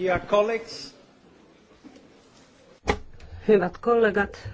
Hyvät kollegat,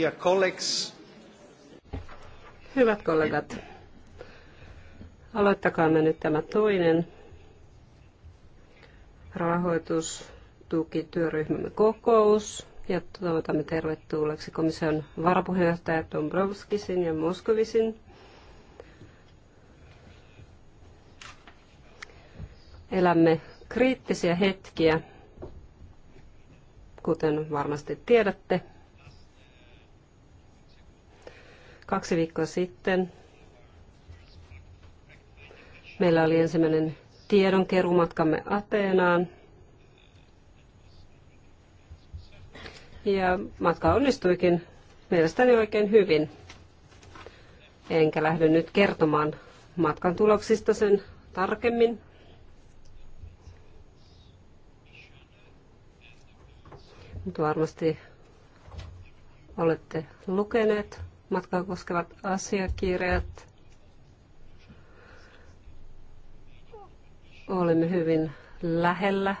Dear colleagues. Hyvät kollegat, aloittakaamme nyt tämä toinen rahoitustukityöryhmämme kokous. Ja toivotamme tervetulleeksi komission varapuheenjohtaja Dombrovskisin ja Moskovisin. Elämme kriittisiä hetkiä, kuten varmasti tiedätte. Kaksi viikkoa sitten meillä oli ensimmäinen tiedonkerumatkamme Ateenaan. Ja matka onnistuikin mielestäni oikein hyvin. Enkä lähde nyt kertomaan matkan tuloksista sen tarkemmin. Mutta varmasti olette lukeneet matkaa koskevat asiakirjat. Olemme hyvin lähellä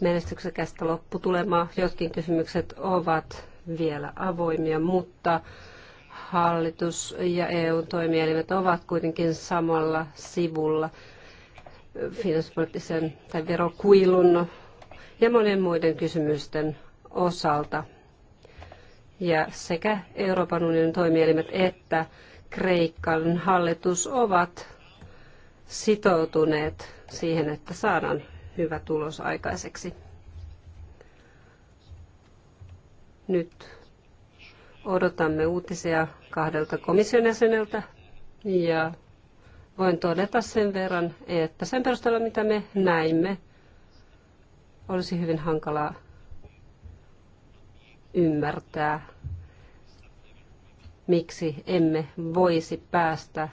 menestyksekästä lopputulemaa. Jotkin kysymykset ovat vielä avoimia, mutta hallitus ja EU-toimielimet ovat kuitenkin samalla sivulla finanssipoliittisen tai verokuilun ja monien muiden kysymysten osalta. Ja sekä Euroopan unionin toimielimet että Kreikan hallitus ovat sitoutuneet siihen, että saadaan hyvä tulos aikaiseksi. Nyt odotamme uutisia kahdelta komission jäseneltä ja voin todeta sen verran, että sen perusteella mitä me näimme, olisi hyvin hankalaa ymmärtää, miksi emme voisi päästä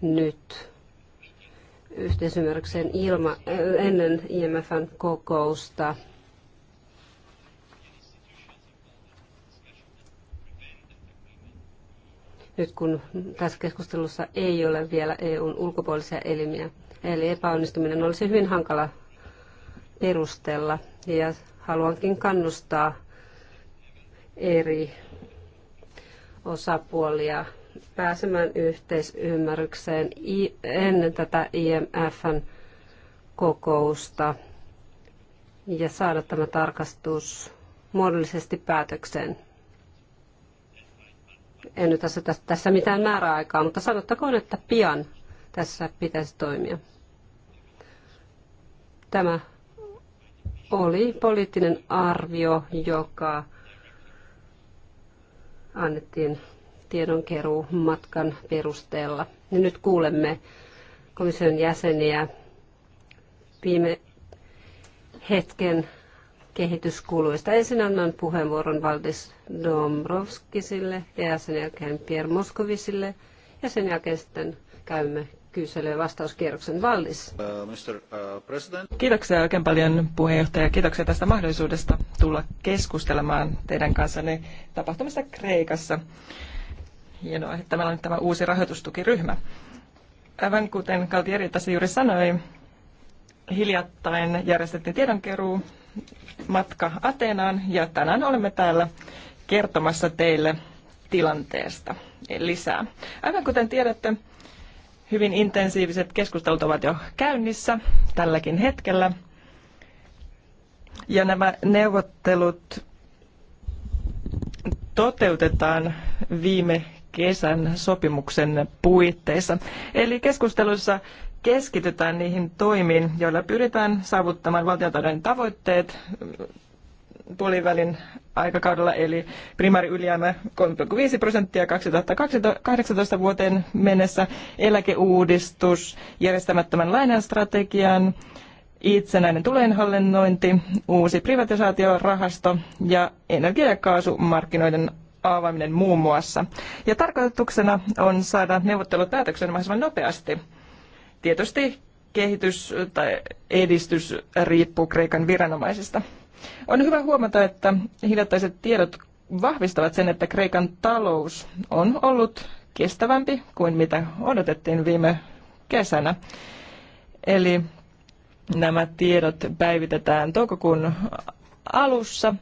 nyt yhteisymmärrykseen ilma, äh, ennen IMFn kokousta. Nyt kun tässä keskustelussa ei ole vielä EUn ulkopuolisia elimiä, eli epäonnistuminen olisi hyvin hankala perustella. Ja haluankin kannustaa eri osapuolia pääsemään yhteisymmärrykseen ennen tätä IMFn kokousta ja saada tämä tarkastus muodollisesti päätökseen. En nyt aseta tässä mitään määräaikaa, mutta sanottakoon, että pian tässä pitäisi toimia. Tämä oli poliittinen arvio, joka annettiin tiedonkeruu matkan perusteella. Ja nyt kuulemme komission jäseniä viime hetken kehityskuluista. Ensin annan puheenvuoron Valdis Dombrovskisille ja sen jälkeen Pierre Moskovisille ja sen jälkeen sitten käymme Kyselyyn vastauskierroksen vallis. Uh, uh, Kiitoksia oikein paljon puheenjohtaja. Kiitoksia tästä mahdollisuudesta tulla keskustelemaan teidän kanssanne tapahtumista Kreikassa. Hienoa, että meillä on nyt tämä uusi rahoitustukiryhmä. Aivan kuten Kaltieri tässä juuri sanoi, hiljattain järjestettiin tiedonkeruu matka Ateenaan ja tänään olemme täällä kertomassa teille tilanteesta lisää. Aivan kuten tiedätte, Hyvin intensiiviset keskustelut ovat jo käynnissä tälläkin hetkellä. Ja nämä neuvottelut toteutetaan viime kesän sopimuksen puitteissa. Eli keskusteluissa keskitytään niihin toimiin, joilla pyritään saavuttamaan valtiontalouden tavoitteet puolivälin aikakaudella, eli primääri ylijäämä 3,5 prosenttia 2018 vuoteen mennessä, eläkeuudistus, järjestämättömän lainanstrategian, itsenäinen tulenhallinnointi, uusi privatisaatiorahasto ja energia- ja kaasumarkkinoiden avaaminen muun muassa. Ja tarkoituksena on saada neuvottelut päätöksen mahdollisimman nopeasti. Tietysti kehitys tai edistys riippuu Kreikan viranomaisista. On hyvä huomata, että hiljattaiset tiedot vahvistavat sen, että Kreikan talous on ollut kestävämpi kuin mitä odotettiin viime kesänä. Eli nämä tiedot päivitetään toukokuun alussa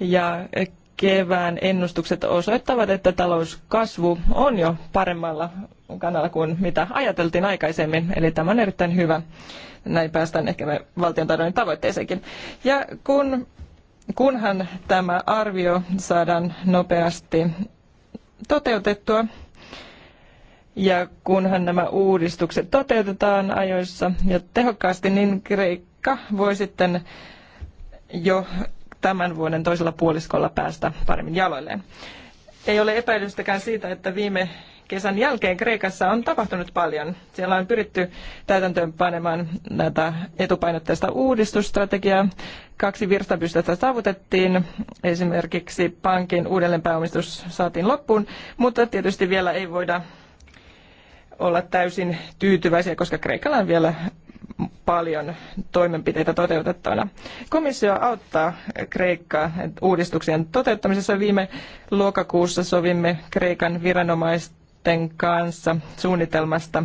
ja kevään ennustukset osoittavat, että talouskasvu on jo paremmalla kannalla kuin mitä ajateltiin aikaisemmin. Eli tämä on erittäin hyvä. Näin päästään ehkä me valtiontalouden tavoitteeseenkin. Ja kun, kunhan tämä arvio saadaan nopeasti toteutettua, ja kunhan nämä uudistukset toteutetaan ajoissa ja tehokkaasti, niin Kreikka voi sitten jo tämän vuoden toisella puoliskolla päästä paremmin jaloilleen. Ei ole epäilystäkään siitä, että viime kesän jälkeen Kreikassa on tapahtunut paljon. Siellä on pyritty täytäntöön panemaan näitä etupainotteista uudistusstrategiaa. Kaksi virstanpystettä saavutettiin. Esimerkiksi pankin uudelleenpääomistus saatiin loppuun, mutta tietysti vielä ei voida olla täysin tyytyväisiä, koska Kreikalla on vielä paljon toimenpiteitä toteutettavana. Komissio auttaa Kreikkaa uudistuksien toteuttamisessa. Viime lokakuussa sovimme Kreikan viranomaisten kanssa suunnitelmasta,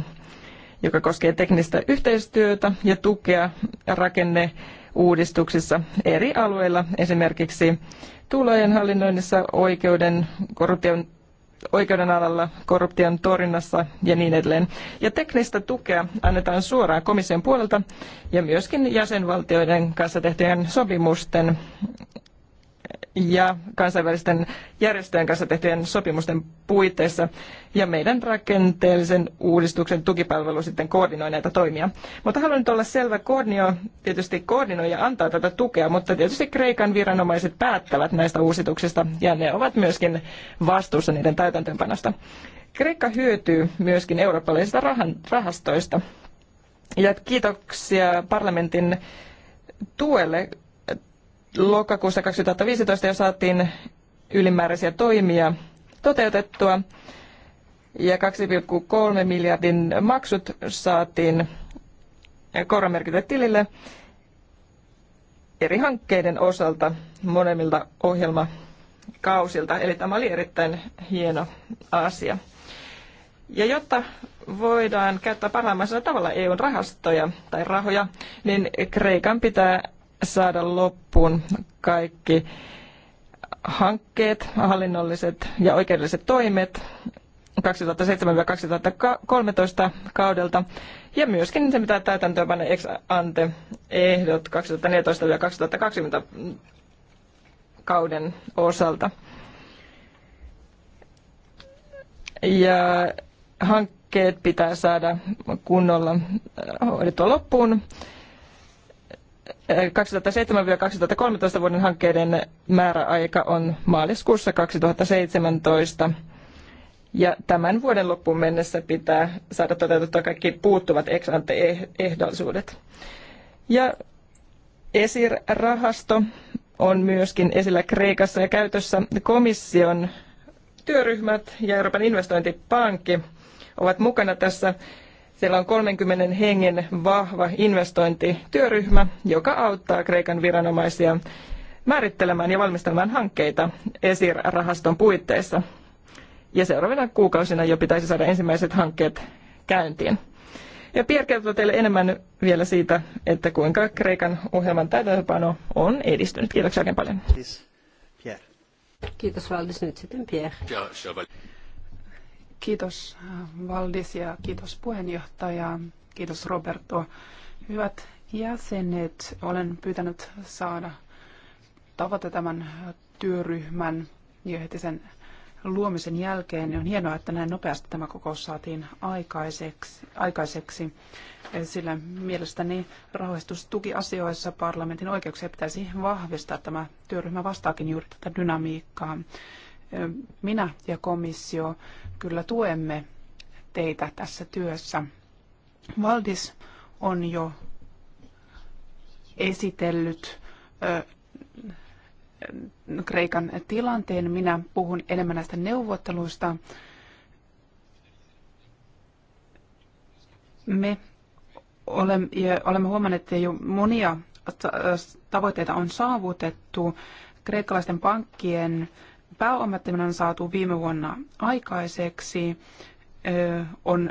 joka koskee teknistä yhteistyötä ja tukea rakenne uudistuksissa eri alueilla, esimerkiksi tulojen hallinnoinnissa, oikeuden, korruption oikeuden alalla, korruption torjunnassa ja niin edelleen. Ja teknistä tukea annetaan suoraan komission puolelta ja myöskin jäsenvaltioiden kanssa tehtyjen sopimusten ja kansainvälisten järjestöjen kanssa tehtyjen sopimusten puitteissa. Ja meidän rakenteellisen uudistuksen tukipalvelu sitten koordinoi näitä toimia. Mutta haluan nyt olla selvä, koordinio, tietysti koordinoi ja antaa tätä tukea, mutta tietysti Kreikan viranomaiset päättävät näistä uusituksista ja ne ovat myöskin vastuussa niiden täytäntöönpanosta. Kreikka hyötyy myöskin eurooppalaisista rahastoista. Ja kiitoksia parlamentin tuelle lokakuussa 2015 jo saatiin ylimääräisiä toimia toteutettua ja 2,3 miljardin maksut saatiin korvamerkille tilille eri hankkeiden osalta molemmilta ohjelmakausilta. Eli tämä oli erittäin hieno asia. Ja jotta voidaan käyttää parhaimmassa tavalla EUn rahastoja tai rahoja, niin Kreikan pitää saada loppuun kaikki hankkeet, hallinnolliset ja oikeudelliset toimet 2007-2013 kaudelta ja myöskin se, mitä täytäntöönpanne ex ante ehdot 2014-2020 kauden osalta. Ja hankkeet pitää saada kunnolla hoidettua loppuun 2007-2013 vuoden hankkeiden määräaika on maaliskuussa 2017. Ja tämän vuoden loppuun mennessä pitää saada toteutettua kaikki puuttuvat ex ante eh- ehdollisuudet. Ja ESIR-rahasto on myöskin esillä Kreikassa ja käytössä komission työryhmät ja Euroopan investointipankki ovat mukana tässä siellä on 30 hengen vahva investointityöryhmä, joka auttaa Kreikan viranomaisia määrittelemään ja valmistelemaan hankkeita ESIR-rahaston puitteissa. Ja seuraavina kuukausina jo pitäisi saada ensimmäiset hankkeet käyntiin. Ja Pierre kertoo teille enemmän vielä siitä, että kuinka Kreikan ohjelman täytäntöpano on edistynyt. Kiitoksia oikein paljon. Kiitos Valdis, nyt sitten Pierre. Kiitos Valdis ja kiitos puheenjohtaja. Kiitos Roberto. Hyvät jäsenet, olen pyytänyt saada tavata tämän työryhmän jo heti sen luomisen jälkeen. On hienoa, että näin nopeasti tämä kokous saatiin aikaiseksi, aikaiseksi sillä mielestäni rahoitustukiasioissa parlamentin oikeuksia pitäisi vahvistaa. Tämä työryhmä vastaakin juuri tätä dynamiikkaa minä ja komissio kyllä tuemme teitä tässä työssä. Valdis on jo esitellyt Kreikan tilanteen. Minä puhun enemmän näistä neuvotteluista. Me olemme, huomanneet, että jo monia tavoitteita on saavutettu. Kreikkalaisten pankkien äh, pääomittaminen on saatu viime vuonna aikaiseksi, on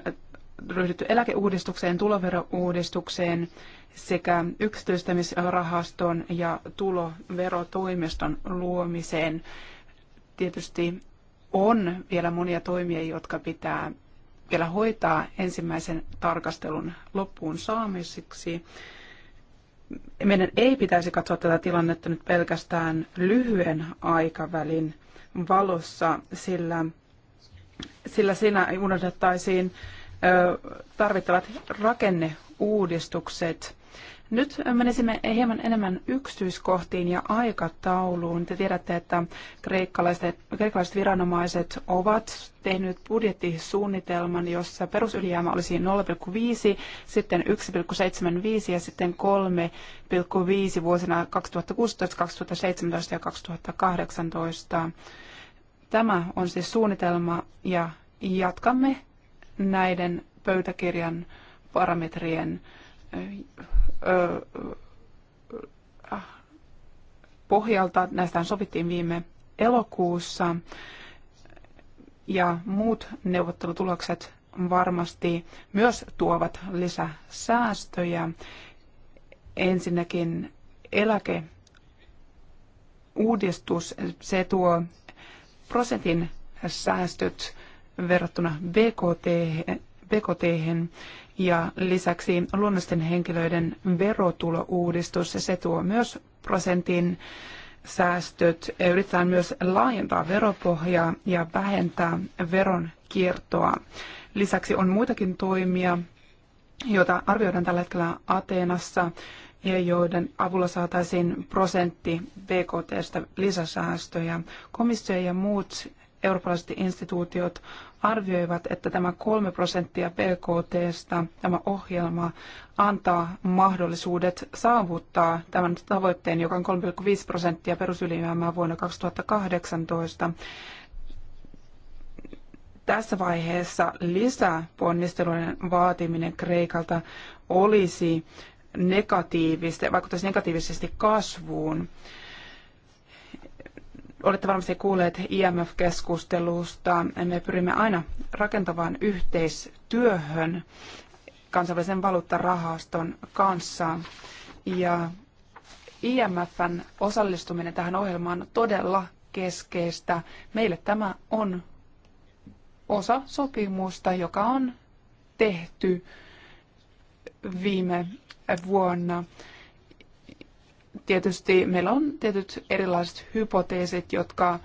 ryhdytty eläkeuudistukseen, tuloverouudistukseen sekä yksityistämisrahaston ja tuloverotoimiston luomiseen. Tietysti on vielä monia toimia, jotka pitää vielä hoitaa ensimmäisen tarkastelun loppuun saamiseksi. Meidän ei pitäisi katsoa tätä tilannetta nyt pelkästään lyhyen aikavälin valossa, sillä, sillä siinä unohdettaisiin tarvittavat rakenneuudistukset. Nyt menisimme hieman enemmän yksityiskohtiin ja aikatauluun. Te tiedätte, että kreikkalaiset, kreikkalaiset viranomaiset ovat tehneet budjettisuunnitelman, jossa perusylijäämä olisi 0,5, sitten 1,75 ja sitten 3,5 vuosina 2016, 2017 ja 2018. Tämä on siis suunnitelma ja jatkamme näiden pöytäkirjan parametrien Äh, pohjalta. Näistä sovittiin viime elokuussa ja muut neuvottelutulokset varmasti myös tuovat lisäsäästöjä. Ensinnäkin eläkeuudistus, se tuo prosentin säästöt verrattuna BKT, BKT ja lisäksi luonnollisten henkilöiden verotulouudistus, se tuo myös prosentin säästöt. Yritetään myös laajentaa veropohjaa ja vähentää veronkiertoa. Lisäksi on muitakin toimia, joita arvioidaan tällä hetkellä Ateenassa ja joiden avulla saataisiin prosentti BKTstä lisäsäästöjä. Komissio ja muut eurooppalaiset instituutiot arvioivat, että tämä 3 prosenttia BKTstä, tämä ohjelma, antaa mahdollisuudet saavuttaa tämän tavoitteen, joka on 3,5 prosenttia perusylijäämää vuonna 2018. Tässä vaiheessa lisäponnistelujen vaatiminen Kreikalta olisi negatiivisesti, vaikuttaisi negatiivisesti kasvuun olette varmasti kuulleet IMF-keskustelusta. Me pyrimme aina rakentavaan yhteistyöhön kansainvälisen valuuttarahaston kanssa. Ja IMFn osallistuminen tähän ohjelmaan on todella keskeistä. Meille tämä on osa sopimusta, joka on tehty viime vuonna tietysti meillä on tietyt erilaiset hypoteesit, jotka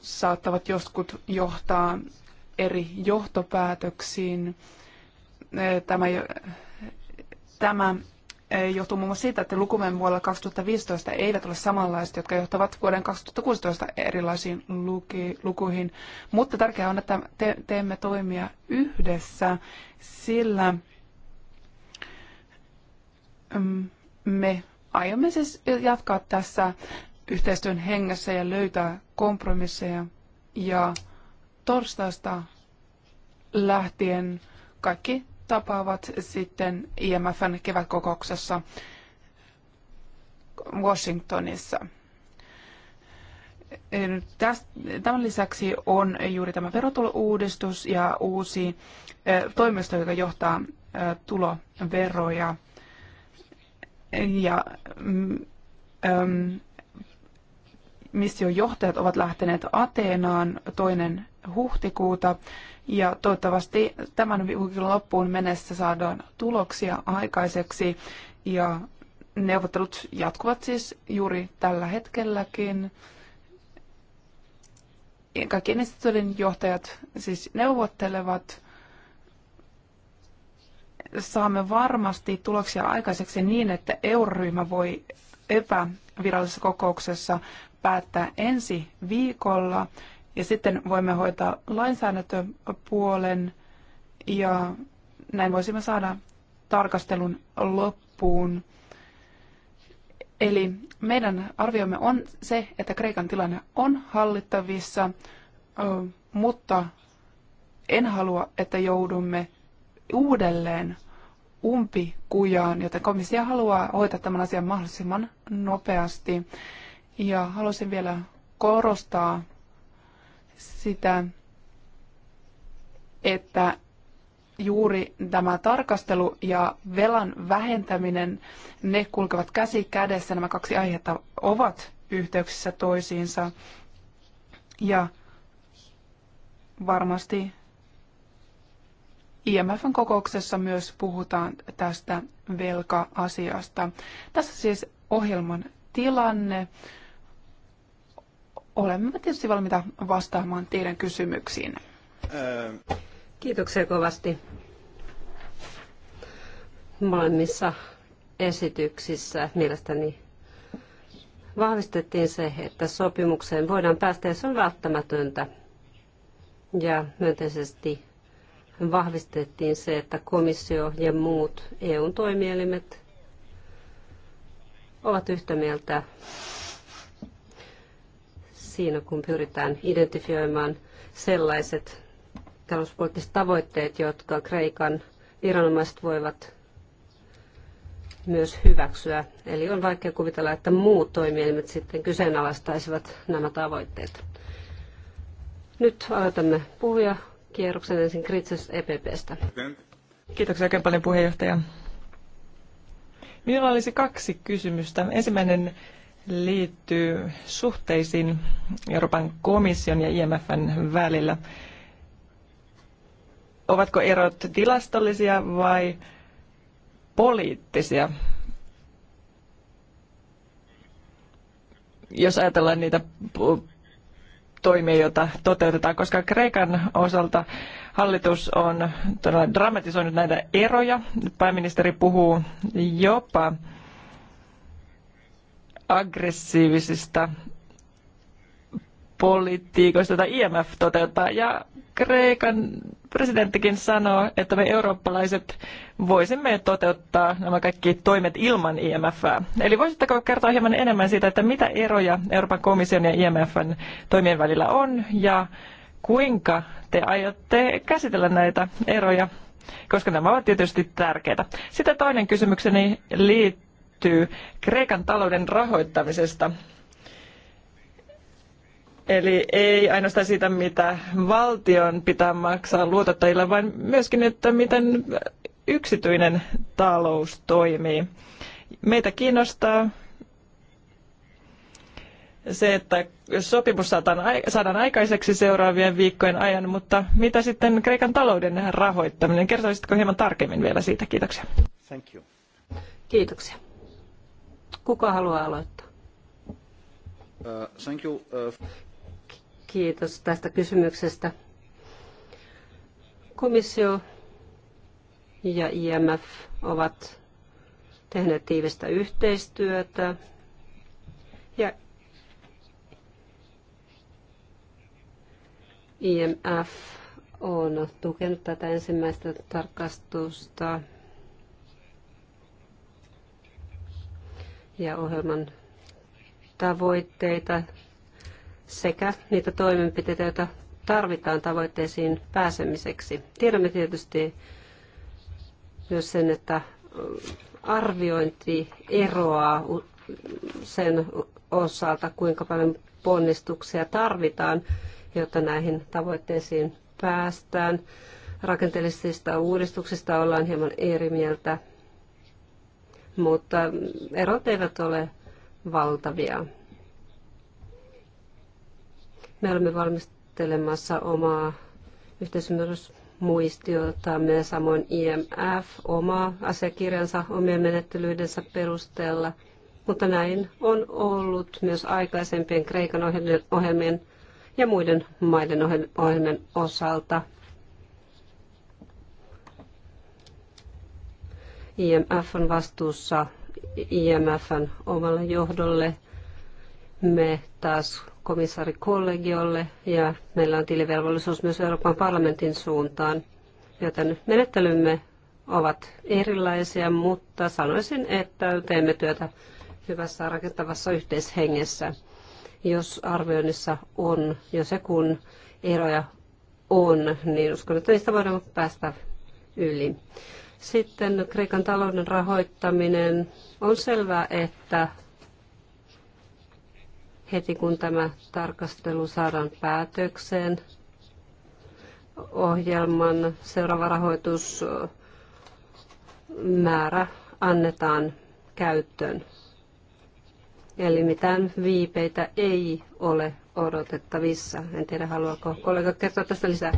saattavat joskus johtaa eri johtopäätöksiin. Tämä, tämä johtuu muun muassa siitä, että lukumen vuodella 2015 eivät ole samanlaiset, jotka johtavat vuoden 2016 erilaisiin luki, lukuihin. Mutta tärkeää on, että te, teemme toimia yhdessä, sillä mm, me aiomme siis jatkaa tässä yhteistyön hengessä ja löytää kompromisseja. Ja torstaista lähtien kaikki tapaavat sitten IMFn kevätkokouksessa Washingtonissa. Tämän lisäksi on juuri tämä verotulouudistus ja uusi toimisto, joka johtaa tuloveroja – ja mm, ähm, mission johtajat ovat lähteneet Ateenaan toinen huhtikuuta ja toivottavasti tämän viikon loppuun mennessä saadaan tuloksia aikaiseksi ja neuvottelut jatkuvat siis juuri tällä hetkelläkin. Kaikkien instituutin johtajat siis neuvottelevat saamme varmasti tuloksia aikaiseksi niin, että euroryhmä voi epävirallisessa kokouksessa päättää ensi viikolla ja sitten voimme hoitaa lainsäädäntöpuolen ja näin voisimme saada tarkastelun loppuun. Eli meidän arviomme on se, että Kreikan tilanne on hallittavissa, mutta en halua, että joudumme uudelleen umpikujaan, joten komissio haluaa hoitaa tämän asian mahdollisimman nopeasti. Ja haluaisin vielä korostaa sitä, että juuri tämä tarkastelu ja velan vähentäminen, ne kulkevat käsi kädessä. Nämä kaksi aihetta ovat yhteyksissä toisiinsa. Ja varmasti IMFn kokouksessa myös puhutaan tästä velka-asiasta. Tässä siis ohjelman tilanne. Olemme tietysti valmiita vastaamaan teidän kysymyksiin. Kiitoksia kovasti molemmissa esityksissä mielestäni vahvistettiin se, että sopimukseen voidaan päästä ja se on välttämätöntä. Ja myönteisesti vahvistettiin se, että komissio ja muut EUn toimielimet ovat yhtä mieltä siinä, kun pyritään identifioimaan sellaiset talouspoliittiset tavoitteet, jotka Kreikan viranomaiset voivat myös hyväksyä. Eli on vaikea kuvitella, että muut toimielimet sitten kyseenalaistaisivat nämä tavoitteet. Nyt aloitamme puhuja kierroksen ensin Kritsos EPPstä. Kiitoksia oikein paljon puheenjohtaja. Minulla olisi kaksi kysymystä. Ensimmäinen liittyy suhteisiin Euroopan komission ja IMFn välillä. Ovatko erot tilastollisia vai poliittisia? Jos ajatellaan niitä toimia, joita toteutetaan, koska Kreikan osalta hallitus on todella dramatisoinut näitä eroja. Pääministeri puhuu jopa aggressiivisista politiikoista, joita IMF toteuttaa, ja Kreikan presidenttikin sanoo, että me eurooppalaiset voisimme toteuttaa nämä kaikki toimet ilman IMFää. Eli voisitteko kertoa hieman enemmän siitä, että mitä eroja Euroopan komission ja IMFn toimien välillä on ja kuinka te aiotte käsitellä näitä eroja, koska nämä ovat tietysti tärkeitä. Sitten toinen kysymykseni liittyy Kreikan talouden rahoittamisesta. Eli ei ainoastaan siitä, mitä valtion pitää maksaa luotottajille, vaan myöskin, että miten yksityinen talous toimii. Meitä kiinnostaa se, että sopimus saadaan aikaiseksi seuraavien viikkojen ajan, mutta mitä sitten Kreikan talouden rahoittaminen? Kertoisitko hieman tarkemmin vielä siitä? Kiitoksia. Thank you. Kiitoksia. Kuka haluaa aloittaa? Uh, thank you, uh... Kiitos tästä kysymyksestä. Komissio ja IMF ovat tehneet tiivistä yhteistyötä ja IMF on tukenut tätä ensimmäistä tarkastusta ja ohjelman tavoitteita sekä niitä toimenpiteitä, joita tarvitaan tavoitteisiin pääsemiseksi. Tiedämme tietysti myös sen, että arviointi eroaa sen osalta, kuinka paljon ponnistuksia tarvitaan, jotta näihin tavoitteisiin päästään. Rakenteellisista uudistuksista ollaan hieman eri mieltä, mutta erot eivät ole valtavia. Me olemme valmistelemassa omaa yhteisymmärrysmuistiotamme, samoin IMF omaa asiakirjansa omien menettelyidensä perusteella. Mutta näin on ollut myös aikaisempien Kreikan ohjelmien ja muiden maiden ohjelmien osalta. IMF on vastuussa IMFn omalle johdolle. Me taas komissaarikollegiolle ja meillä on tilivelvollisuus myös Euroopan parlamentin suuntaan, joten menettelymme ovat erilaisia, mutta sanoisin, että teemme työtä hyvässä rakentavassa yhteishengessä. Jos arvioinnissa on, jos ja kun eroja on, niin uskon, että niistä voidaan päästä yli. Sitten Kreikan talouden rahoittaminen. On selvää, että heti kun tämä tarkastelu saadaan päätökseen. Ohjelman seuraava rahoitusmäärä annetaan käyttöön. Eli mitään viipeitä ei ole odotettavissa. En tiedä, haluaako kollega kertoa tästä lisää.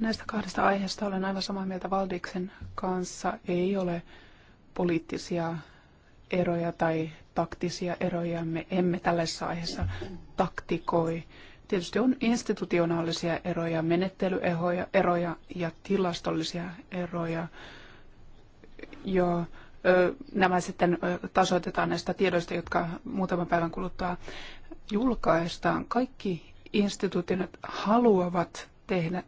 Näistä kahdesta aiheesta olen aivan samaa mieltä Valdiksen kanssa. Ei ole poliittisia eroja tai taktisia eroja, me emme tällaisessa aiheessa taktikoi. Tietysti on institutionaalisia eroja, menettelyeroja eroja ja tilastollisia eroja. Jo nämä sitten tasoitetaan näistä tiedoista, jotka muutaman päivän kuluttua julkaistaan. Kaikki instituutiot haluavat tehdä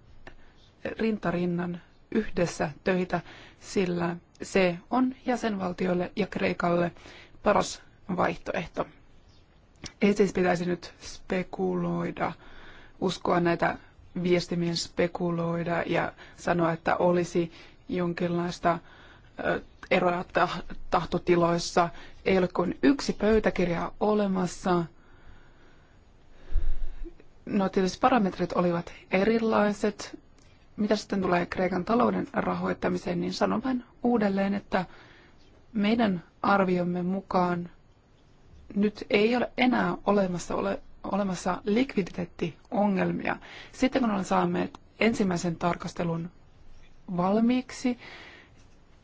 rintarinnan yhdessä töitä, sillä se on jäsenvaltioille ja Kreikalle paras vaihtoehto. Ei siis pitäisi nyt spekuloida, uskoa näitä viestimien spekuloida ja sanoa, että olisi jonkinlaista eroa tahtotiloissa. Ei ole kuin yksi pöytäkirja olemassa. No tietysti parametrit olivat erilaiset. Mitä sitten tulee Kreikan talouden rahoittamiseen, niin sanon vain uudelleen, että meidän arviomme mukaan nyt ei ole enää olemassa, ole, olemassa likviditeettiongelmia. Sitten kun olemme saaneet ensimmäisen tarkastelun valmiiksi,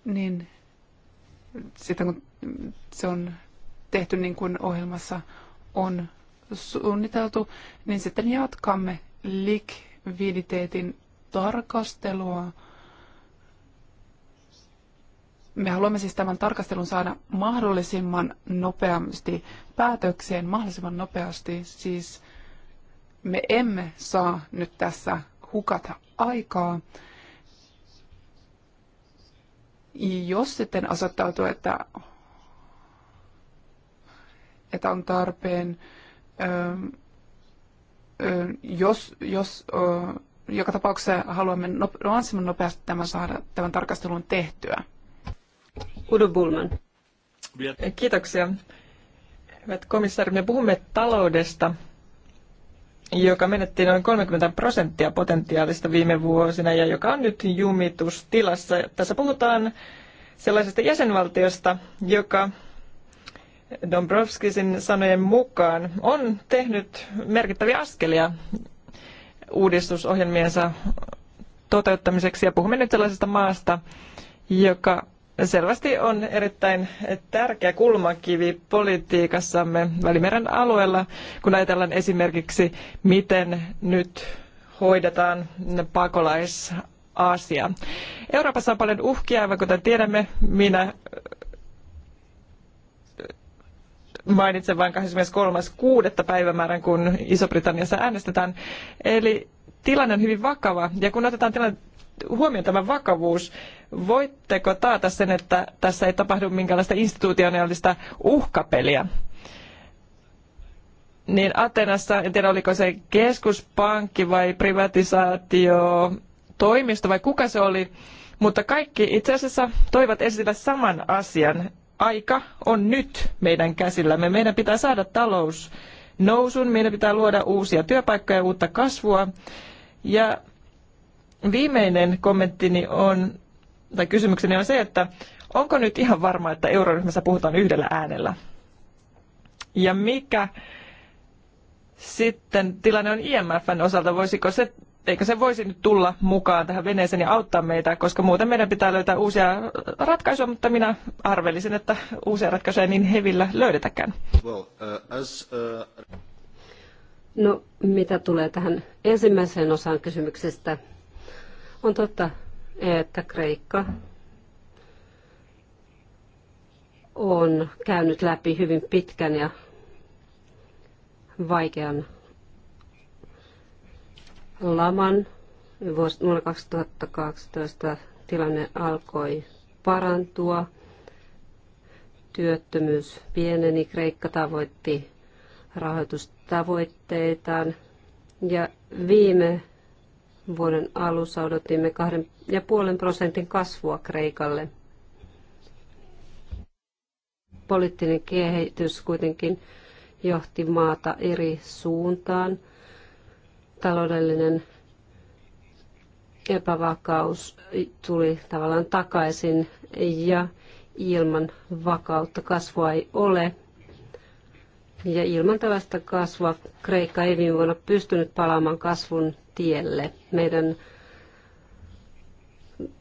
niin sitten kun se on tehty niin kuin ohjelmassa on suunniteltu, niin sitten jatkamme likviditeetin tarkastelua me haluamme siis tämän tarkastelun saada mahdollisimman nopeasti päätökseen, mahdollisimman nopeasti. Siis me emme saa nyt tässä hukata aikaa. Jos sitten asettautuu, että, että on tarpeen, ähm, ähm, jos, jos äh, joka tapauksessa haluamme no- mahdollisimman nopeasti tämän saada tämän tarkastelun tehtyä. Udo Bullman. Kiitoksia. Hyvät komissaari, me puhumme taloudesta, joka menetti noin 30 prosenttia potentiaalista viime vuosina ja joka on nyt jumitustilassa. Tässä puhutaan sellaisesta jäsenvaltiosta, joka Dombrovskisin sanojen mukaan on tehnyt merkittäviä askelia uudistusohjelmiensa toteuttamiseksi. Ja puhumme nyt sellaisesta maasta, joka selvästi on erittäin tärkeä kulmakivi politiikassamme Välimeren alueella, kun ajatellaan esimerkiksi, miten nyt hoidetaan pakolaisasia. Euroopassa on paljon uhkia, aivan kuten tiedämme, minä äh, mainitsen vain 23.6. päivämäärän, kun Iso-Britanniassa äänestetään. Eli tilanne on hyvin vakava, ja kun otetaan tilanne huomioon tämä vakavuus. Voitteko taata sen, että tässä ei tapahdu minkäänlaista institutionaalista uhkapeliä? Niin Atenassa, en tiedä oliko se keskuspankki vai privatisaatio, toimisto vai kuka se oli, mutta kaikki itse asiassa toivat esille saman asian. Aika on nyt meidän käsillämme. Meidän pitää saada talous nousun, meidän pitää luoda uusia työpaikkoja ja uutta kasvua. Ja Viimeinen kommenttini on, tai kysymykseni on se, että onko nyt ihan varma, että euroryhmässä puhutaan yhdellä äänellä? Ja mikä sitten tilanne on IMFn osalta? Voisiko se, eikö se voisi nyt tulla mukaan tähän veneeseen ja auttaa meitä, koska muuten meidän pitää löytää uusia ratkaisuja, mutta minä arvelisin, että uusia ratkaisuja ei niin hevillä löydetäkään. Well, uh, as, uh... No, mitä tulee tähän ensimmäiseen osaan kysymyksestä, on totta, että Kreikka on käynyt läpi hyvin pitkän ja vaikean laman. Vuonna 2012 tilanne alkoi parantua. Työttömyys pieneni, Kreikka tavoitti rahoitustavoitteitaan. Ja viime Vuoden alussa odotimme 2,5 prosentin kasvua Kreikalle. Poliittinen kehitys kuitenkin johti maata eri suuntaan. Taloudellinen epävakaus tuli tavallaan takaisin ja ilman vakautta kasvua ei ole. Ja ilman tällaista kasvua Kreikka ei viime vuonna pystynyt palaamaan kasvun tielle. Meidän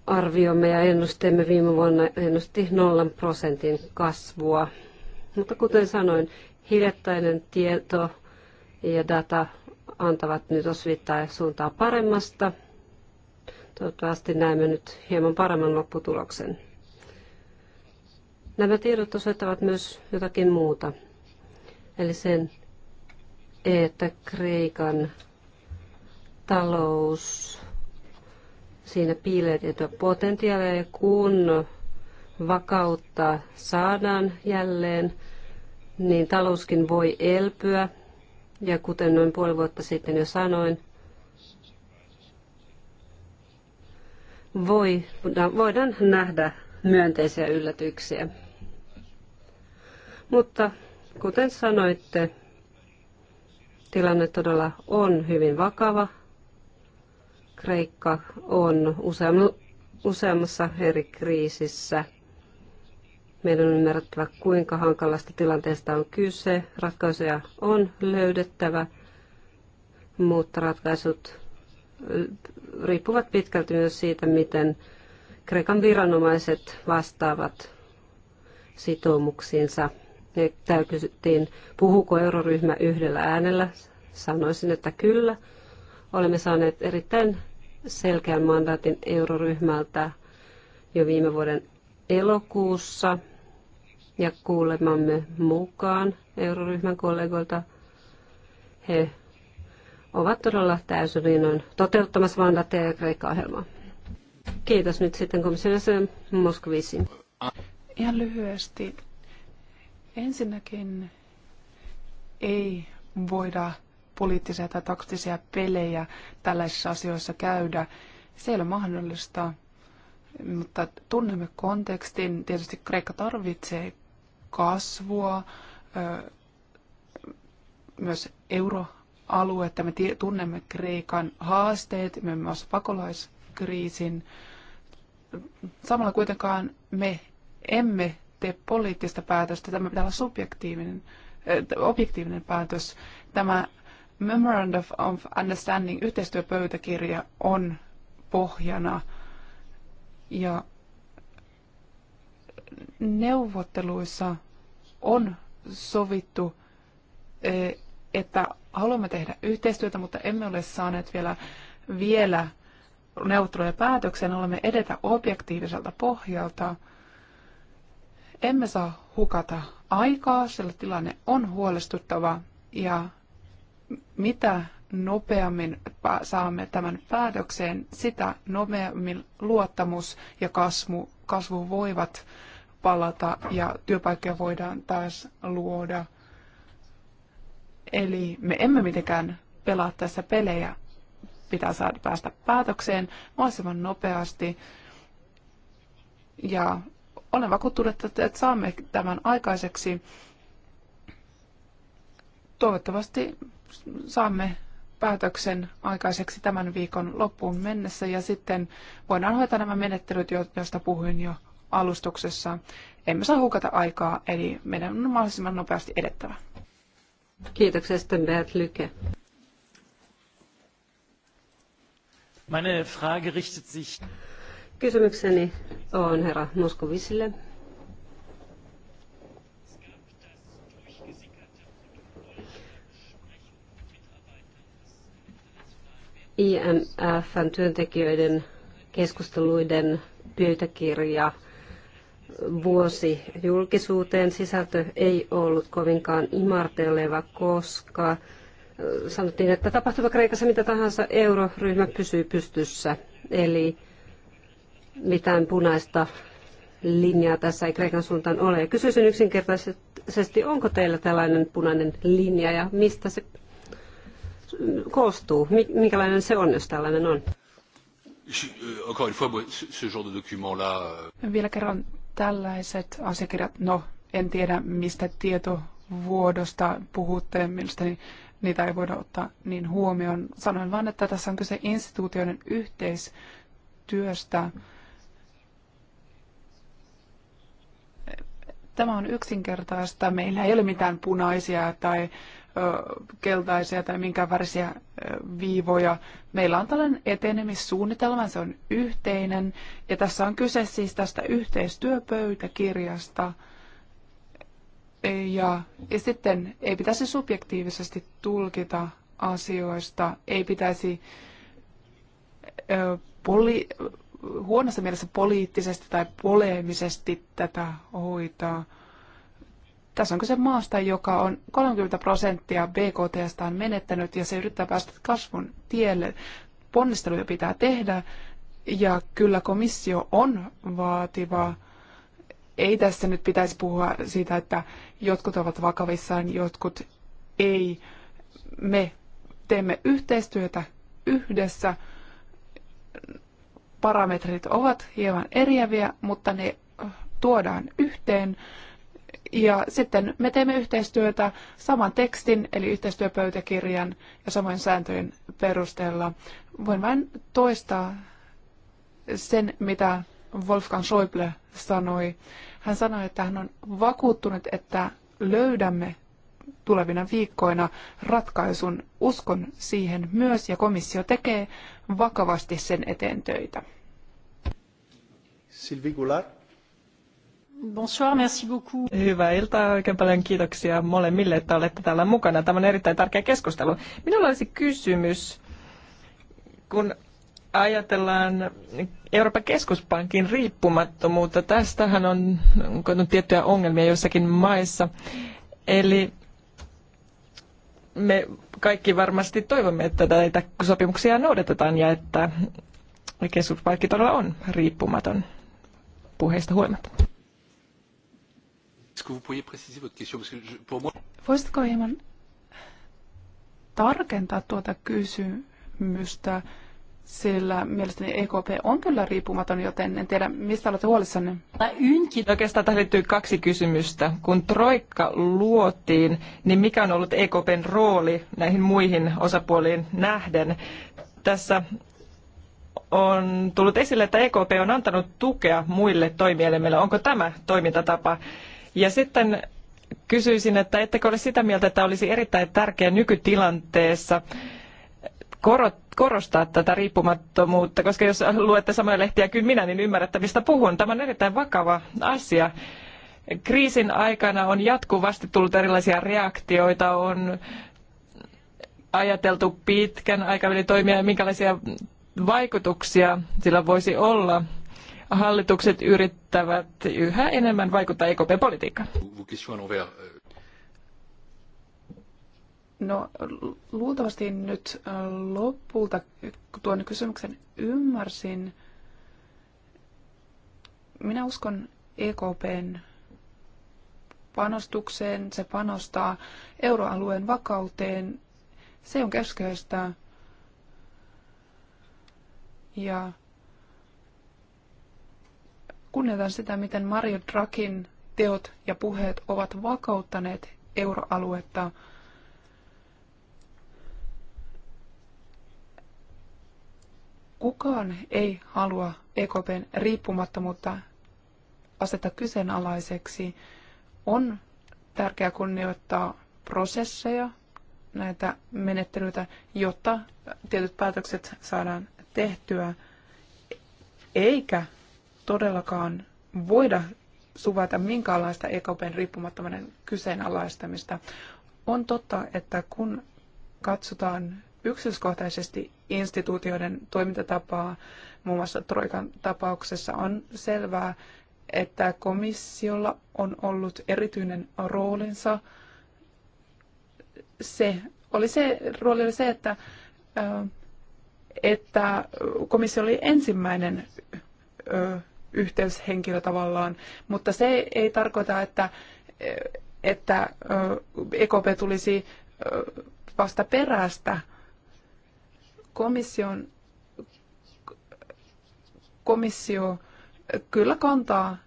arviomme ja ennusteemme viime vuonna ennusti nollan prosentin kasvua. Mutta kuten sanoin, hiljattainen tieto ja data antavat nyt osvittaa suuntaa paremmasta. Toivottavasti näemme nyt hieman paremman lopputuloksen. Nämä tiedot osoittavat myös jotakin muuta, eli sen, että Kreikan talous, siinä piilee tiettyä potentiaalia ja kun vakautta saadaan jälleen, niin talouskin voi elpyä. Ja kuten noin puoli vuotta sitten jo sanoin, voi, voidaan nähdä myönteisiä yllätyksiä. Mutta kuten sanoitte, tilanne todella on hyvin vakava Kreikka on useammassa eri kriisissä. Meidän on ymmärrettävä, kuinka hankalasta tilanteesta on kyse. Ratkaisuja on löydettävä, mutta ratkaisut riippuvat pitkälti myös siitä, miten Kreikan viranomaiset vastaavat sitoumuksiinsa. Täällä kysyttiin, puhuuko euroryhmä yhdellä äänellä. Sanoisin, että kyllä. Olemme saaneet erittäin selkeän mandaatin euroryhmältä jo viime vuoden elokuussa ja kuulemamme mukaan euroryhmän kollegoilta he ovat todella täysin toteuttamassa mandaatteja ja Kreikka-ohjelmaa. Kiitos nyt sitten komissiolle Moskovisiin. Ihan lyhyesti. Ensinnäkin ei voida poliittisia tai taktisia pelejä tällaisissa asioissa käydä. Se ei ole mahdollista, mutta tunnemme kontekstin. Tietysti Kreikka tarvitsee kasvua, myös että Me tunnemme Kreikan haasteet, myös pakolaiskriisin. Samalla kuitenkaan me emme tee poliittista päätöstä. Tämä pitää olla subjektiivinen, objektiivinen päätös. Tämä Memorandum of Understanding yhteistyöpöytäkirja on pohjana ja neuvotteluissa on sovittu, e, että haluamme tehdä yhteistyötä, mutta emme ole saaneet vielä, vielä neuvotteluja päätökseen. Olemme edetä objektiiviselta pohjalta. Emme saa hukata aikaa, sillä tilanne on huolestuttava ja mitä nopeammin saamme tämän päätökseen, sitä nopeammin luottamus ja kasvu, kasvu voivat palata ja työpaikkoja voidaan taas luoda. Eli me emme mitenkään pelaa tässä pelejä, pitää saada päästä päätökseen mahdollisimman nopeasti. Ja olen vakuuttunut, että saamme tämän aikaiseksi. Toivottavasti saamme päätöksen aikaiseksi tämän viikon loppuun mennessä ja sitten voidaan hoitaa nämä menettelyt, joista puhuin jo alustuksessa. Emme saa hukata aikaa, eli meidän on mahdollisimman nopeasti edettävä. Kiitoksia, Stenbert Lyke. Meine Frage richtet sich... Kysymykseni on herra Moskovisille. IMFn työntekijöiden keskusteluiden pyytäkirja vuosi julkisuuteen. Sisältö ei ollut kovinkaan imarteleva, koska sanottiin, että tapahtuva Kreikassa mitä tahansa, euroryhmä pysyy pystyssä. Eli mitään punaista linjaa tässä ei Kreikan suuntaan ole. kysyisin yksinkertaisesti, onko teillä tällainen punainen linja ja mistä se koostuu? Minkälainen se on, jos tällainen on? Euh, euh, Vielä kerran tällaiset asiakirjat, no en tiedä mistä tietovuodosta puhutte, mielestäni niitä ei voida ottaa niin huomioon. Sanoin vain, että tässä on kyse instituutioiden yhteistyöstä. Tämä on yksinkertaista. Meillä ei ole mitään punaisia tai keltaisia tai minkään värisiä viivoja. Meillä on tällainen etenemissuunnitelma, se on yhteinen, ja tässä on kyse siis tästä yhteistyöpöytäkirjasta, ja, ja sitten ei pitäisi subjektiivisesti tulkita asioista, ei pitäisi ö, poli, huonossa mielessä poliittisesti tai poleemisesti tätä hoitaa. Tässä on kyse maasta, joka on 30 prosenttia on menettänyt ja se yrittää päästä kasvun tielle. Ponnisteluja pitää tehdä ja kyllä komissio on vaativa. Ei tässä nyt pitäisi puhua siitä, että jotkut ovat vakavissaan, jotkut ei. Me teemme yhteistyötä yhdessä. Parametrit ovat hieman eriäviä, mutta ne tuodaan yhteen ja sitten me yhteistyötä saman tekstin, eli yhteistyöpöytäkirjan ja samoin sääntöjen perusteella. Voin vain toistaa sen, mitä Wolfgang Schäuble sanoi. Hän sanoi, että hän on vakuuttunut, että löydämme tulevina viikkoina ratkaisun. Uskon siihen myös ja komissio tekee vakavasti sen eteen töitä. Sylvie Goulart. Bonsoir, merci beaucoup. Hyvää iltaa, oikein paljon kiitoksia molemmille, että olette täällä mukana. Tämä on erittäin tärkeä keskustelu. Minulla olisi kysymys, kun ajatellaan Euroopan keskuspankin riippumattomuutta. Tästähän on, on tiettyjä ongelmia joissakin maissa. Eli me kaikki varmasti toivomme, että näitä sopimuksia noudatetaan ja että keskuspankki todella on riippumaton puheista huolimatta. Voisitko hieman tarkentaa tuota kysymystä, sillä mielestäni EKP on kyllä riippumaton, joten en tiedä, mistä olette huolissanne. Oikeastaan tähän liittyy kaksi kysymystä. Kun Troikka luotiin, niin mikä on ollut EKPn rooli näihin muihin osapuoliin nähden? Tässä on tullut esille, että EKP on antanut tukea muille toimielimille. Onko tämä toimintatapa ja sitten kysyisin, että ettekö ole sitä mieltä, että olisi erittäin tärkeää nykytilanteessa korostaa tätä riippumattomuutta, koska jos luette samoja lehtiä kuin minä, niin ymmärrätte, mistä puhun. Tämä on erittäin vakava asia. Kriisin aikana on jatkuvasti tullut erilaisia reaktioita, on ajateltu pitkän aikavälin toimia ja minkälaisia vaikutuksia sillä voisi olla hallitukset yrittävät yhä enemmän vaikuttaa EKP-politiikkaan. No luultavasti nyt äh, lopulta tuon kysymyksen ymmärsin. Minä uskon EKPn panostukseen, se panostaa euroalueen vakauteen. Se on keskeistä. Ja kunnioitan sitä, miten Mario Drakin teot ja puheet ovat vakauttaneet euroaluetta. Kukaan ei halua EKPn riippumattomuutta aseta kyseenalaiseksi. On tärkeää kunnioittaa prosesseja, näitä menettelyitä, jotta tietyt päätökset saadaan tehtyä, eikä todellakaan voida suvata minkäänlaista EKPn riippumattomuuden kyseenalaistamista. On totta, että kun katsotaan yksityiskohtaisesti instituutioiden toimintatapaa, muun muassa Troikan tapauksessa, on selvää, että komissiolla on ollut erityinen roolinsa. Se oli se, rooli oli se, että, että komissio oli ensimmäinen yhteyshenkilö tavallaan, mutta se ei tarkoita, että, että EKP tulisi vasta perästä. Komission, komissio kyllä kantaa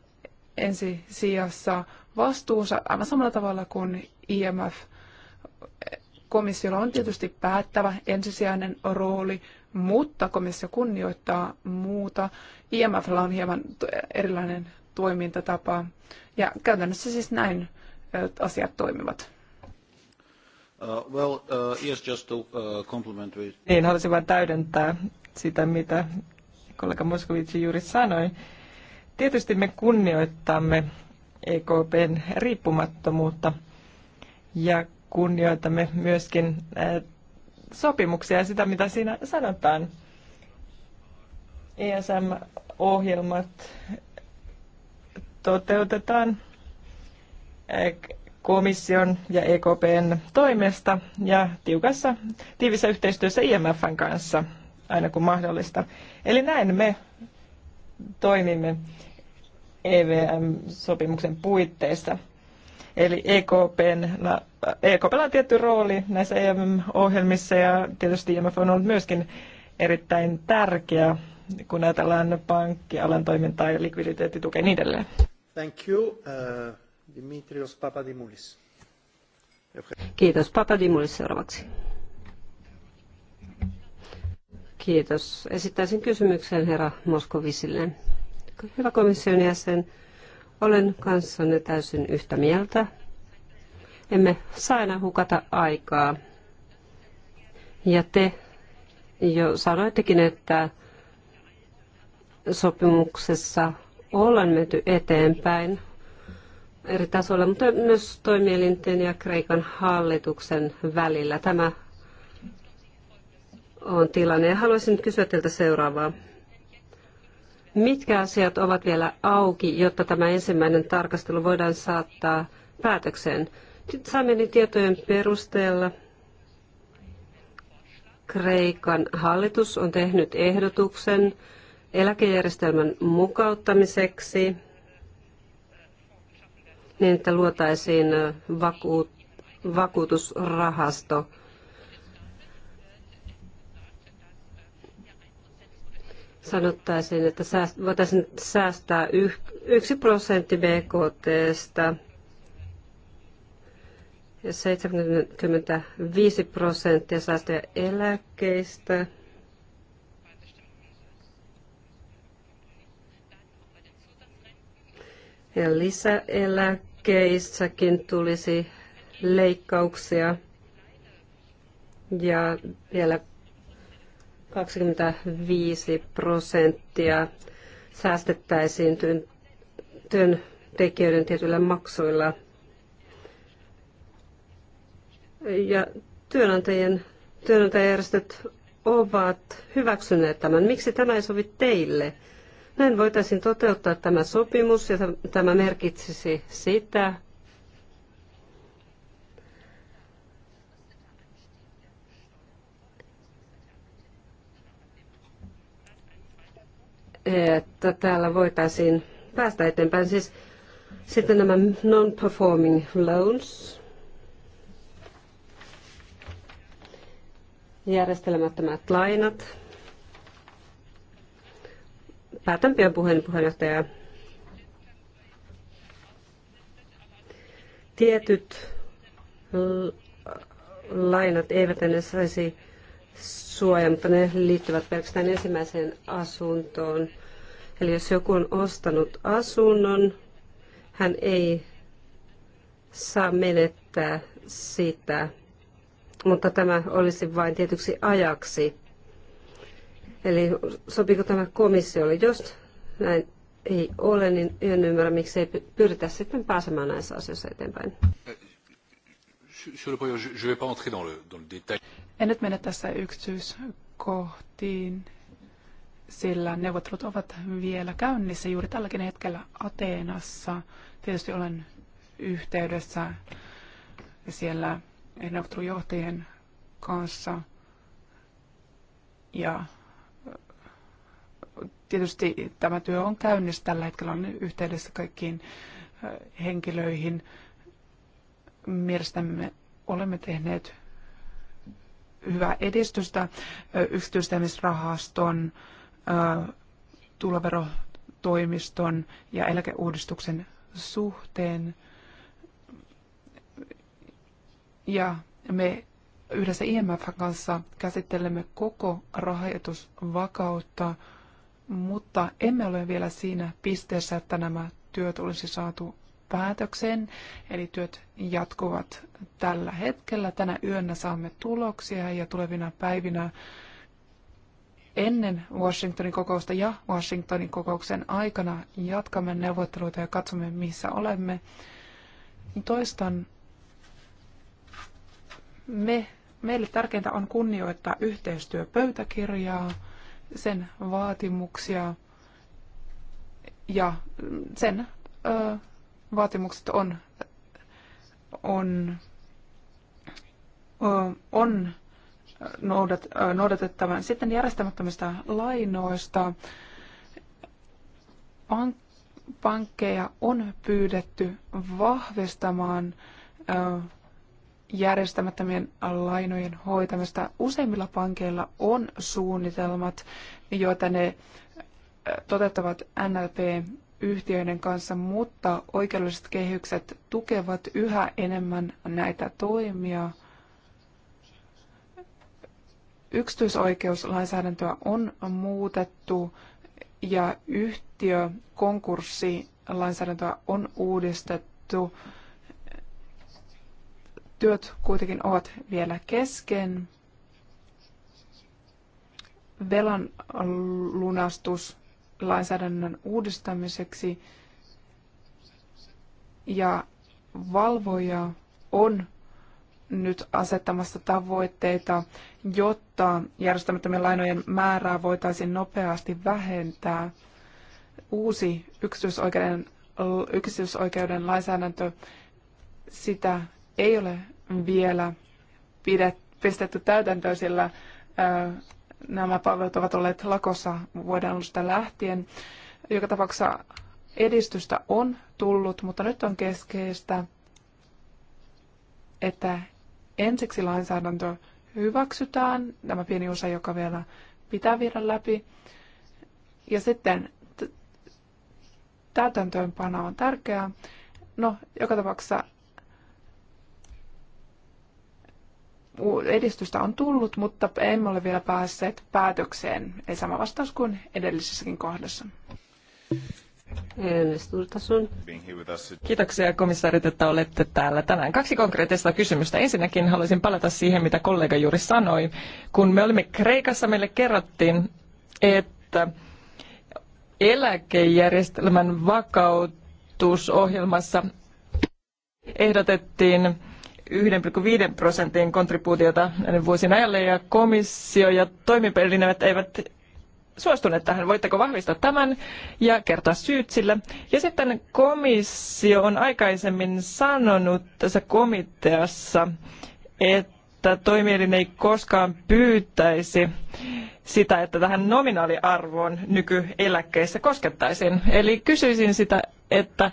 ensi sijassa vastuunsa aivan samalla tavalla kuin IMF. Komissiolla on tietysti päättävä ensisijainen rooli mutta komissio kunnioittaa muuta. IMF on hieman erilainen toimintatapa ja käytännössä siis näin asiat toimivat. Uh, well, uh, yes, just to uh, compliment with... Niin, halusin vain täydentää sitä, mitä kollega Moskovici juuri sanoi. Tietysti me kunnioittamme EKPn riippumattomuutta ja kunnioitamme myöskin sopimuksia ja sitä, mitä siinä sanotaan. ESM-ohjelmat toteutetaan komission ja EKPn toimesta ja tiukassa, tiivissä yhteistyössä IMFn kanssa aina kun mahdollista. Eli näin me toimimme EVM-sopimuksen puitteissa. Eli EKPn EK pelaa tietty rooli näissä emm ohjelmissa ja tietysti IMF e on ollut myöskin erittäin tärkeä, kun ajatellaan pankkialan toimintaa ja likviditeettitukea niin edelleen. Thank you. Uh, Dimitrios Papadimoulis. Kiitos. Papadimulis seuraavaksi. Kiitos. Esittäisin kysymyksen herra Moskovisille. Hyvä komission jäsen, olen kanssanne täysin yhtä mieltä emme saa enää hukata aikaa. Ja te jo sanoittekin, että sopimuksessa ollaan menty eteenpäin eri tasoilla, mutta myös toimielinten ja Kreikan hallituksen välillä. Tämä on tilanne. Ja haluaisin nyt kysyä teiltä seuraavaa. Mitkä asiat ovat vielä auki, jotta tämä ensimmäinen tarkastelu voidaan saattaa päätökseen? Saamieni tietojen perusteella Kreikan hallitus on tehnyt ehdotuksen eläkejärjestelmän mukauttamiseksi niin, että luotaisiin vakuut, vakuutusrahasto. Sanottaisiin, että sääst, voitaisiin säästää yksi prosentti BKTstä 75 prosenttia säästöjä eläkkeistä. Ja lisäeläkkeissäkin tulisi leikkauksia. Ja vielä 25 prosenttia säästettäisiin työntekijöiden tietyillä maksuilla – ja työnantajien, työnantajajärjestöt ovat hyväksyneet tämän. Miksi tämä ei sovi teille? Näin voitaisiin toteuttaa tämä sopimus ja tämä merkitsisi sitä, että täällä voitaisiin päästä eteenpäin. Siis sitten nämä non-performing loans, järjestelemättömät lainat. Päätän pian puheen puheenjohtaja. Tietyt lainat eivät enää saisi suojaa, mutta ne liittyvät pelkästään ensimmäiseen asuntoon. Eli jos joku on ostanut asunnon, hän ei saa menettää sitä mutta tämä olisi vain tietyksi ajaksi. Eli sopiiko tämä komissiolle? Jos näin ei ole, niin en ymmärrä, miksi ei pyritä sitten pääsemään näissä asioissa eteenpäin. En nyt mene tässä yksityiskohtiin, sillä neuvottelut ovat vielä käynnissä juuri tälläkin hetkellä Ateenassa. Tietysti olen yhteydessä siellä neuvottelujohtajien kanssa. Ja tietysti tämä työ on käynnissä tällä hetkellä, on yhteydessä kaikkiin henkilöihin. Mielestämme olemme tehneet hyvää edistystä yksityistämisrahaston, tuloverotoimiston ja eläkeuudistuksen suhteen. Ja me yhdessä IMF kanssa käsittelemme koko rahoitusvakautta, mutta emme ole vielä siinä pisteessä, että nämä työt olisi saatu päätökseen. Eli työt jatkuvat tällä hetkellä. Tänä yönä saamme tuloksia ja tulevina päivinä ennen Washingtonin kokousta ja Washingtonin kokouksen aikana jatkamme neuvotteluita ja katsomme, missä olemme. Toistan me, meille tärkeintä on kunnioittaa yhteistyöpöytäkirjaa, sen vaatimuksia ja sen ö, vaatimukset on, on, ö, on noudat, ö, noudatettava. Sitten järjestämättömistä lainoista. Pank, pankkeja on pyydetty vahvistamaan ö, järjestämättömien lainojen hoitamista. Useimmilla pankeilla on suunnitelmat, joita ne toteuttavat NLP-yhtiöiden kanssa, mutta oikeudelliset kehykset tukevat yhä enemmän näitä toimia. Yksityisoikeuslainsäädäntöä on muutettu ja yhtiökonkurssilainsäädäntöä on uudistettu työt kuitenkin ovat vielä kesken. Velan lunastus lainsäädännön uudistamiseksi ja valvoja on nyt asettamassa tavoitteita, jotta järjestämättömien lainojen määrää voitaisiin nopeasti vähentää. Uusi yksityisoikeuden, yksityisoikeuden lainsäädäntö sitä ei ole vielä pidet, pistetty täytäntöön, sillä nämä palvelut ovat olleet lakossa vuoden alusta lähtien. Joka tapauksessa edistystä on tullut, mutta nyt on keskeistä, että ensiksi lainsäädäntö hyväksytään, tämä pieni osa, joka vielä pitää viedä läpi, ja sitten täytäntöönpano on tärkeää. No, joka tapauksessa edistystä on tullut, mutta emme ole vielä päässeet päätökseen. Ei sama vastaus kuin edellisessäkin kohdassa. Kiitoksia komissaarit, että olette täällä tänään. Kaksi konkreettista kysymystä. Ensinnäkin haluaisin palata siihen, mitä kollega juuri sanoi. Kun me olimme Kreikassa, meille kerrottiin, että eläkejärjestelmän vakautusohjelmassa ehdotettiin 1,5 prosentin kontribuutiota vuosien ajalle ja komissio ja toimipelinevet eivät suostuneet tähän. Voitteko vahvistaa tämän ja kertoa syyt sille? Ja sitten komissio on aikaisemmin sanonut tässä komiteassa, että toimielin ei koskaan pyytäisi sitä, että tähän nominaaliarvoon nykyeläkkeissä koskettaisiin. Eli kysyisin sitä, että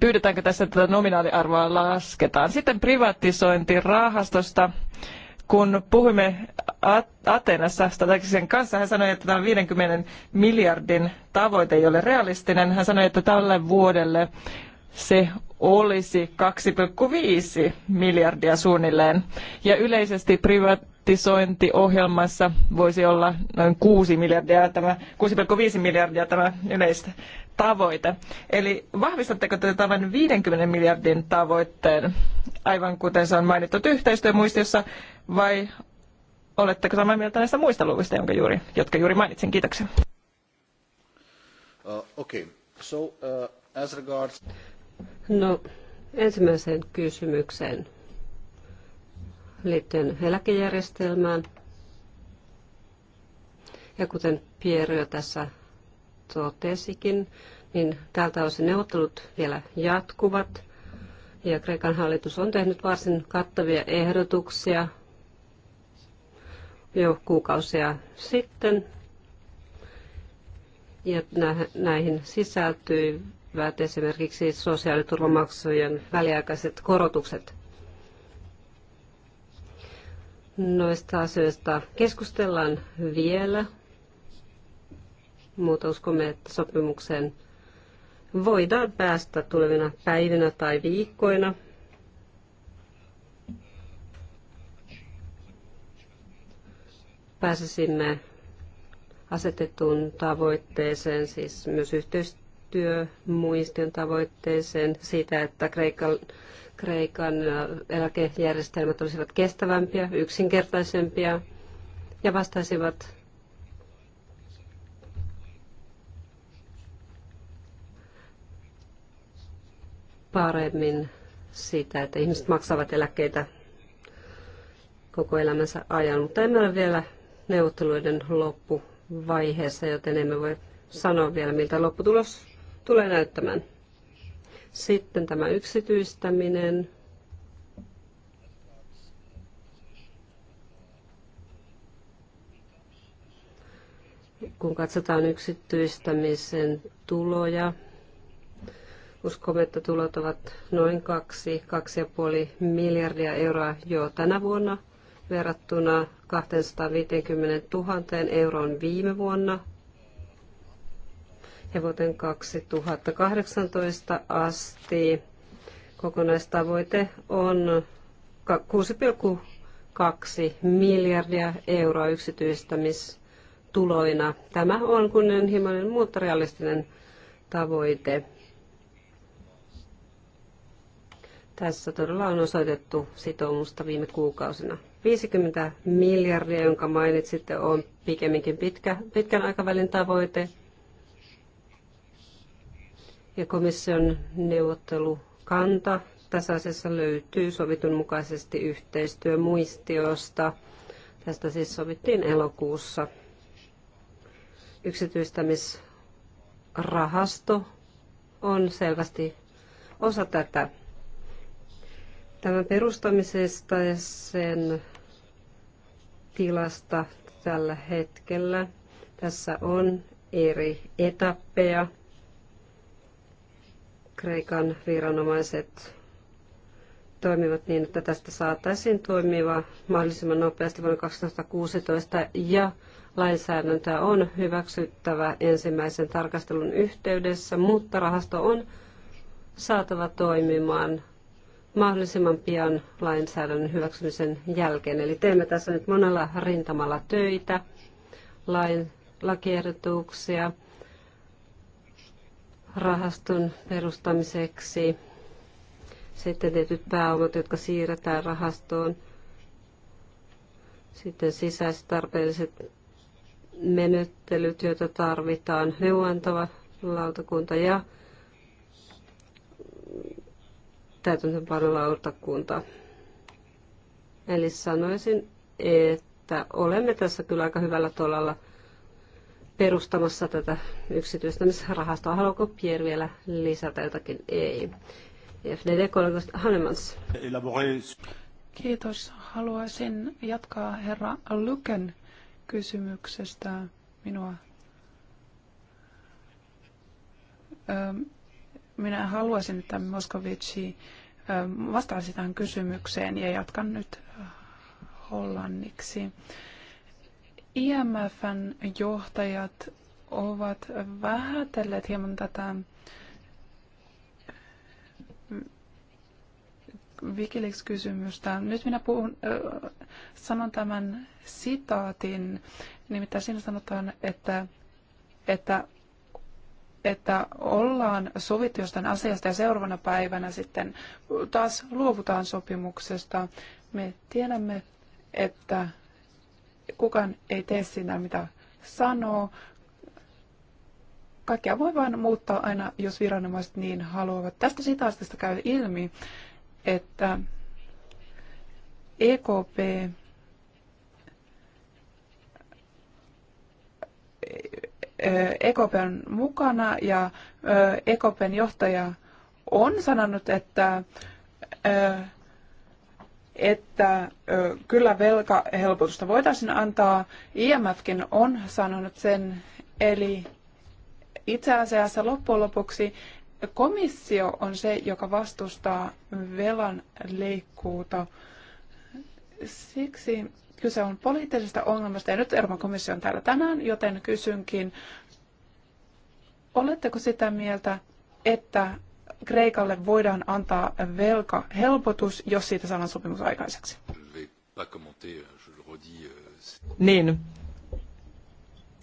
pyydetäänkö tässä, että nominaaliarvoa lasketaan. Sitten privatisointi rahastosta. Kun puhuimme Atenassa strategisen kanssa, hän sanoi, että tämä 50 miljardin tavoite ei ole realistinen. Hän sanoi, että tälle vuodelle se olisi 2,5 miljardia suunnilleen. Ja yleisesti privatisointiohjelmassa voisi olla noin 6 miljardia tämä, 6,5 miljardia tämä yleistä tavoite. Eli vahvistatteko te tämän 50 miljardin tavoitteen, aivan kuten se on mainittu yhteistyömuistiossa, vai oletteko samaa mieltä näistä muista luvuista, jonka juuri, jotka juuri mainitsin? Kiitoksia. Uh, okay. so, uh, as regards... No, ensimmäiseen kysymykseen liittyen eläkejärjestelmään. Ja kuten Pierre jo tässä totesikin, niin tältä osin neuvottelut vielä jatkuvat. Ja Kreikan hallitus on tehnyt varsin kattavia ehdotuksia jo kuukausia sitten. Ja näihin sisältyy esimerkiksi sosiaaliturvamaksujen väliaikaiset korotukset. Noista asioista keskustellaan vielä Muuta uskomme, että sopimukseen voidaan päästä tulevina päivinä tai viikkoina. Pääsisimme asetetun tavoitteeseen, siis myös yhteistyömuistion tavoitteeseen siitä, että Kreikan, Kreikan eläkejärjestelmät olisivat kestävämpiä, yksinkertaisempia ja vastaisivat paremmin sitä, että ihmiset maksavat eläkkeitä koko elämänsä ajan, mutta emme ole vielä neuvotteluiden loppuvaiheessa, joten emme voi sanoa vielä, miltä lopputulos tulee näyttämään. Sitten tämä yksityistäminen. Kun katsotaan yksityistämisen tuloja, Uskomme, että tulot ovat noin 2-2,5 miljardia euroa jo tänä vuonna verrattuna 250 000 euroon viime vuonna. Ja vuoteen 2018 asti kokonaistavoite on 6,2 miljardia euroa yksityistämistuloina. Tämä on kunnianhimoinen, mutta realistinen tavoite. Tässä todella on osoitettu sitoumusta viime kuukausina. 50 miljardia, jonka mainitsitte, on pikemminkin pitkä, pitkän aikavälin tavoite. Ja komission neuvottelukanta tässä asiassa löytyy sovitun mukaisesti yhteistyömuistiosta. Tästä siis sovittiin elokuussa. Yksityistämisrahasto on selvästi osa tätä Tämän perustamisesta ja sen tilasta tällä hetkellä. Tässä on eri etappeja. Kreikan viranomaiset toimivat niin, että tästä saataisiin toimiva mahdollisimman nopeasti vuonna 2016 ja lainsäädäntöä on hyväksyttävä ensimmäisen tarkastelun yhteydessä, mutta rahasto on saatava toimimaan mahdollisimman pian lainsäädännön hyväksymisen jälkeen. Eli teemme tässä nyt monella rintamalla töitä, lain, lakiehdotuksia rahaston perustamiseksi, sitten tietyt pääomat, jotka siirretään rahastoon, sitten sisäiset tarpeelliset menettelyt, joita tarvitaan, neuvontava lautakunta ja lautakunta. Eli sanoisin, että olemme tässä kyllä aika hyvällä tolalla perustamassa tätä yksityistämisrahastoa. Haluatko Pierre vielä lisätä jotakin? Ei. fdd Hannemans. Kiitos. Haluaisin jatkaa herra Lyken kysymyksestä minua minä haluaisin, että Moskovici vastaisi tähän kysymykseen ja jatkan nyt hollanniksi. IMFn johtajat ovat vähätelleet hieman tätä Wikileaks-kysymystä. Nyt minä puhun, äh, sanon tämän sitaatin, nimittäin siinä sanotaan, että, että että ollaan sovittu jostain asiasta ja seuraavana päivänä sitten taas luovutaan sopimuksesta. Me tiedämme, että kukaan ei tee siinä, mitä sanoo. Kaikkea voi vain muuttaa aina, jos viranomaiset niin haluavat. Tästä sitaastista käy ilmi, että EKP Ekopen mukana ja ekopen johtaja on sanonut, että, että kyllä velkahelpotusta voitaisiin antaa. IMFkin on sanonut sen, eli itse asiassa loppujen lopuksi komissio on se, joka vastustaa velan leikkuuta. Siksi Kyse on poliittisesta ongelmasta ja nyt Euroopan komissio on täällä tänään, joten kysynkin, oletteko sitä mieltä, että Kreikalle voidaan antaa velka helpotus jos siitä saadaan sopimus aikaiseksi? Niin.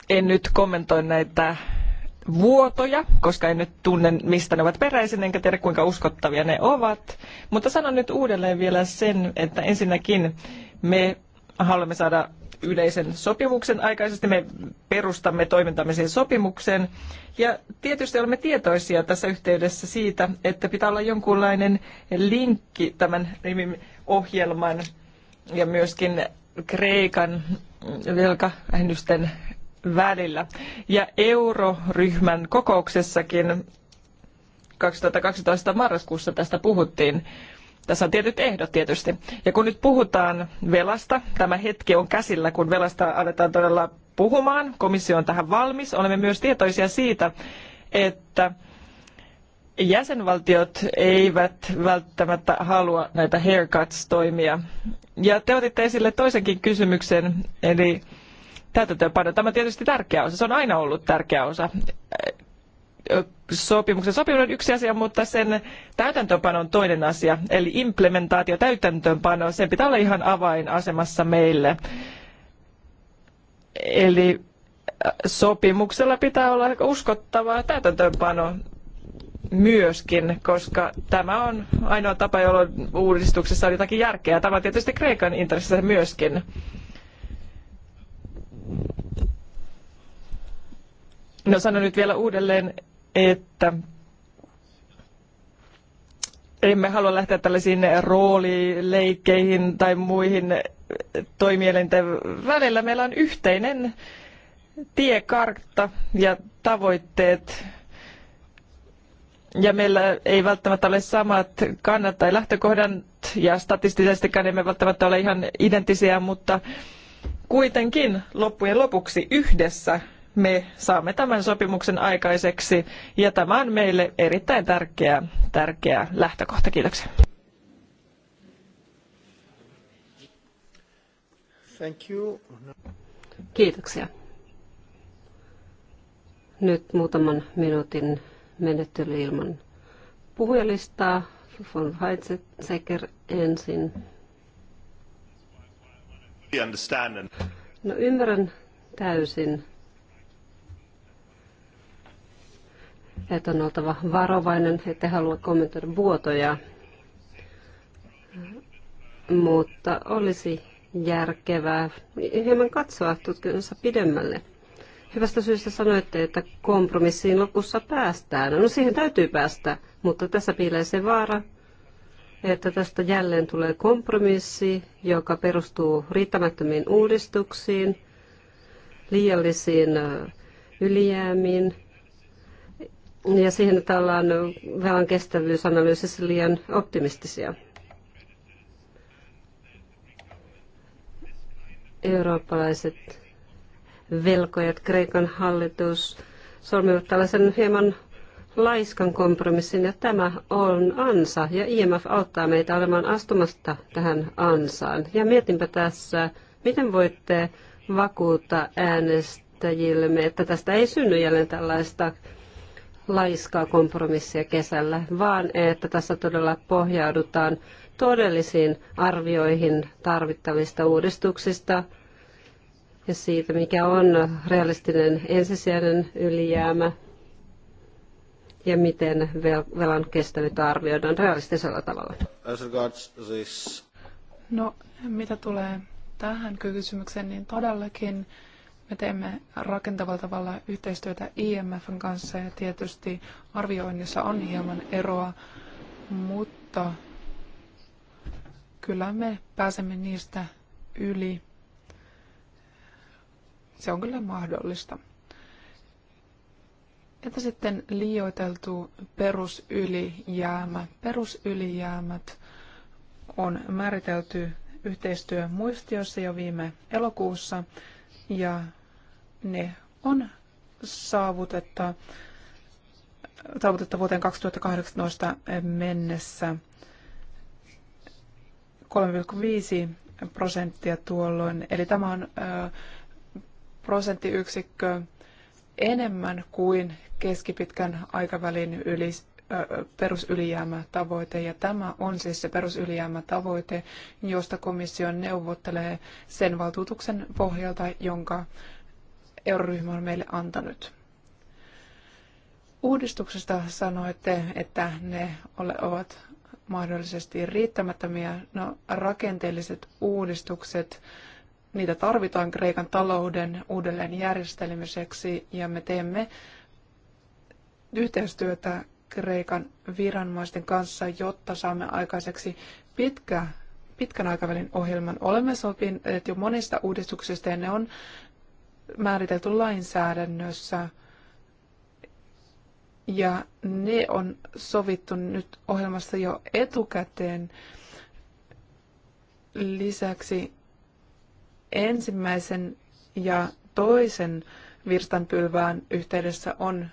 En nyt kommentoi näitä vuotoja, koska en nyt tunne, mistä ne ovat peräisin, enkä tiedä kuinka uskottavia ne ovat. Mutta sanon nyt uudelleen vielä sen, että ensinnäkin me haluamme saada yleisen sopimuksen aikaisesti. Me perustamme toimintamme siihen sopimukseen. Ja tietysti olemme tietoisia tässä yhteydessä siitä, että pitää olla jonkunlainen linkki tämän ohjelman ja myöskin Kreikan velkavähennysten välillä. Ja euroryhmän kokouksessakin 2012 marraskuussa tästä puhuttiin. Tässä on tietyt ehdot tietysti. Ja kun nyt puhutaan velasta, tämä hetki on käsillä, kun velasta aletaan todella puhumaan. Komissio on tähän valmis. Olemme myös tietoisia siitä, että jäsenvaltiot eivät välttämättä halua näitä haircuts-toimia. Ja te otitte esille toisenkin kysymyksen, eli täytäntöönpano. Tämä on tietysti tärkeä osa, se on aina ollut tärkeä osa sopimuksen sopiminen on yksi asia, mutta sen täytäntöönpano on toinen asia. Eli implementaatio, täytäntöönpano, sen pitää olla ihan avainasemassa meille. Eli sopimuksella pitää olla uskottava täytäntöönpano myöskin, koska tämä on ainoa tapa, jolloin uudistuksessa on jotakin järkeä. Tämä on tietysti Kreikan intressissä myöskin. No sanon nyt vielä uudelleen, että emme halua lähteä tällaisiin roolileikkeihin tai muihin toimielinten välillä. Meillä on yhteinen tiekartta ja tavoitteet ja meillä ei välttämättä ole samat kannat tai lähtökohdat ja statistisesti emme välttämättä ole ihan identtisiä, mutta kuitenkin loppujen lopuksi yhdessä me saamme tämän sopimuksen aikaiseksi ja tämä on meille erittäin tärkeä, tärkeä lähtökohta. Kiitoksia. Thank you. Kiitoksia. Nyt muutaman minuutin menettely ilman puhujalistaa. Von Heitzecker ensin. No, ymmärrän täysin että on oltava varovainen, että halua kommentoida vuotoja, mutta olisi järkevää hieman katsoa tutkimusta pidemmälle. Hyvästä syystä sanoitte, että kompromissiin lopussa päästään. No siihen täytyy päästä, mutta tässä piilee se vaara, että tästä jälleen tulee kompromissi, joka perustuu riittämättömiin uudistuksiin, liiallisiin ylijäämiin ja siihen, että ollaan velan kestävyysanalyysissä liian optimistisia. Eurooppalaiset velkojat, Kreikan hallitus solmivat tällaisen hieman laiskan kompromissin ja tämä on ansa ja IMF auttaa meitä olemaan astumasta tähän ansaan. Ja mietinpä tässä, miten voitte vakuuttaa äänestäjillemme, että tästä ei synny jälleen tällaista laiskaa kompromissia kesällä, vaan että tässä todella pohjaudutaan todellisiin arvioihin tarvittavista uudistuksista ja siitä, mikä on realistinen ensisijainen ylijäämä ja miten velan kestävyyttä arvioidaan realistisella tavalla. No, mitä tulee tähän kysymykseen, niin todellakin me teemme rakentavalla tavalla yhteistyötä IMFn kanssa ja tietysti arvioinnissa on hieman eroa, mutta kyllä me pääsemme niistä yli. Se on kyllä mahdollista. Entä sitten liioiteltu perusylijäämä? Perusylijäämät on määritelty yhteistyömuistiossa jo viime elokuussa ja ne on saavutetta, saavutetta vuoteen 2018 mennessä. 3,5 prosenttia tuolloin, eli tämä on prosenttiyksikkö enemmän kuin keskipitkän aikavälin yli, perusylijäämätavoite, ja tämä on siis se perusylijäämätavoite, josta komissio neuvottelee sen valtuutuksen pohjalta, jonka euroryhmä on meille antanut. Uudistuksesta sanoitte, että ne ovat mahdollisesti riittämättömiä. No, rakenteelliset uudistukset, niitä tarvitaan Kreikan talouden uudelleen järjestelmiseksi ja me teemme yhteistyötä Kreikan viranomaisten kanssa, jotta saamme aikaiseksi pitkä, pitkän aikavälin ohjelman. Olemme sopineet jo monista uudistuksista ja ne on määritelty lainsäädännössä ja ne on sovittu nyt ohjelmassa jo etukäteen. Lisäksi ensimmäisen ja toisen virstanpylvään yhteydessä on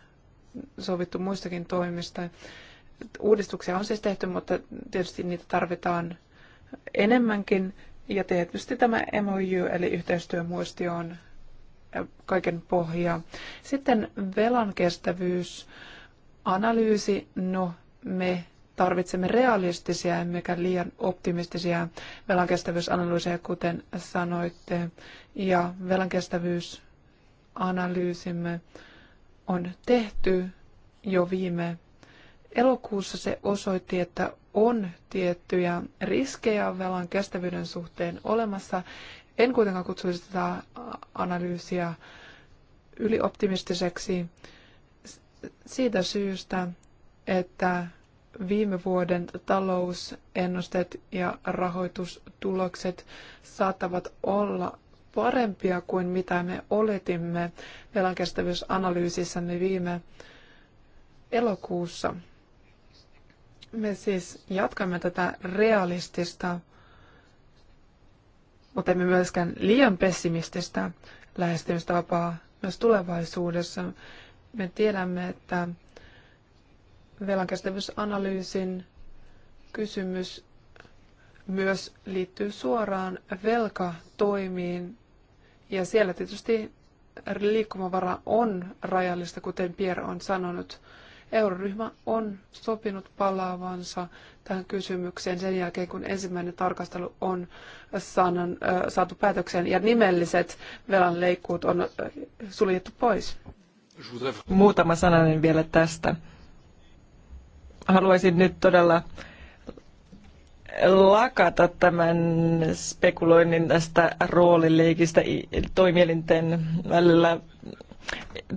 sovittu muistakin toimista. Uudistuksia on siis tehty, mutta tietysti niitä tarvitaan enemmänkin. Ja tietysti tämä MOU eli yhteistyömuistio on kaiken pohja. Sitten velan kestävyys, analyysi, no me tarvitsemme realistisia emmekä liian optimistisia velan kuten sanoitte. Ja velan kestävyysanalyysimme on tehty jo viime elokuussa. Se osoitti, että on tiettyjä riskejä velan kestävyyden suhteen olemassa, en kuitenkaan kutsuisi tätä analyysiä ylioptimistiseksi siitä syystä, että viime vuoden talousennusteet ja rahoitustulokset saattavat olla parempia kuin mitä me oletimme velankestävyysanalyysissämme viime elokuussa. Me siis jatkamme tätä realistista mutta emme myöskään liian pessimististä lähestymistapaa myös tulevaisuudessa. Me tiedämme, että velankestävyysanalyysin kysymys myös liittyy suoraan velkatoimiin. Ja siellä tietysti liikkumavara on rajallista, kuten Pierre on sanonut. Euroryhmä on sopinut palaavansa tähän kysymykseen sen jälkeen, kun ensimmäinen tarkastelu on saanan, saatu päätökseen ja nimelliset velan leikkuut on suljettu pois. Muutama sananen vielä tästä. Haluaisin nyt todella lakata tämän spekuloinnin tästä roolileikistä toimielinten välillä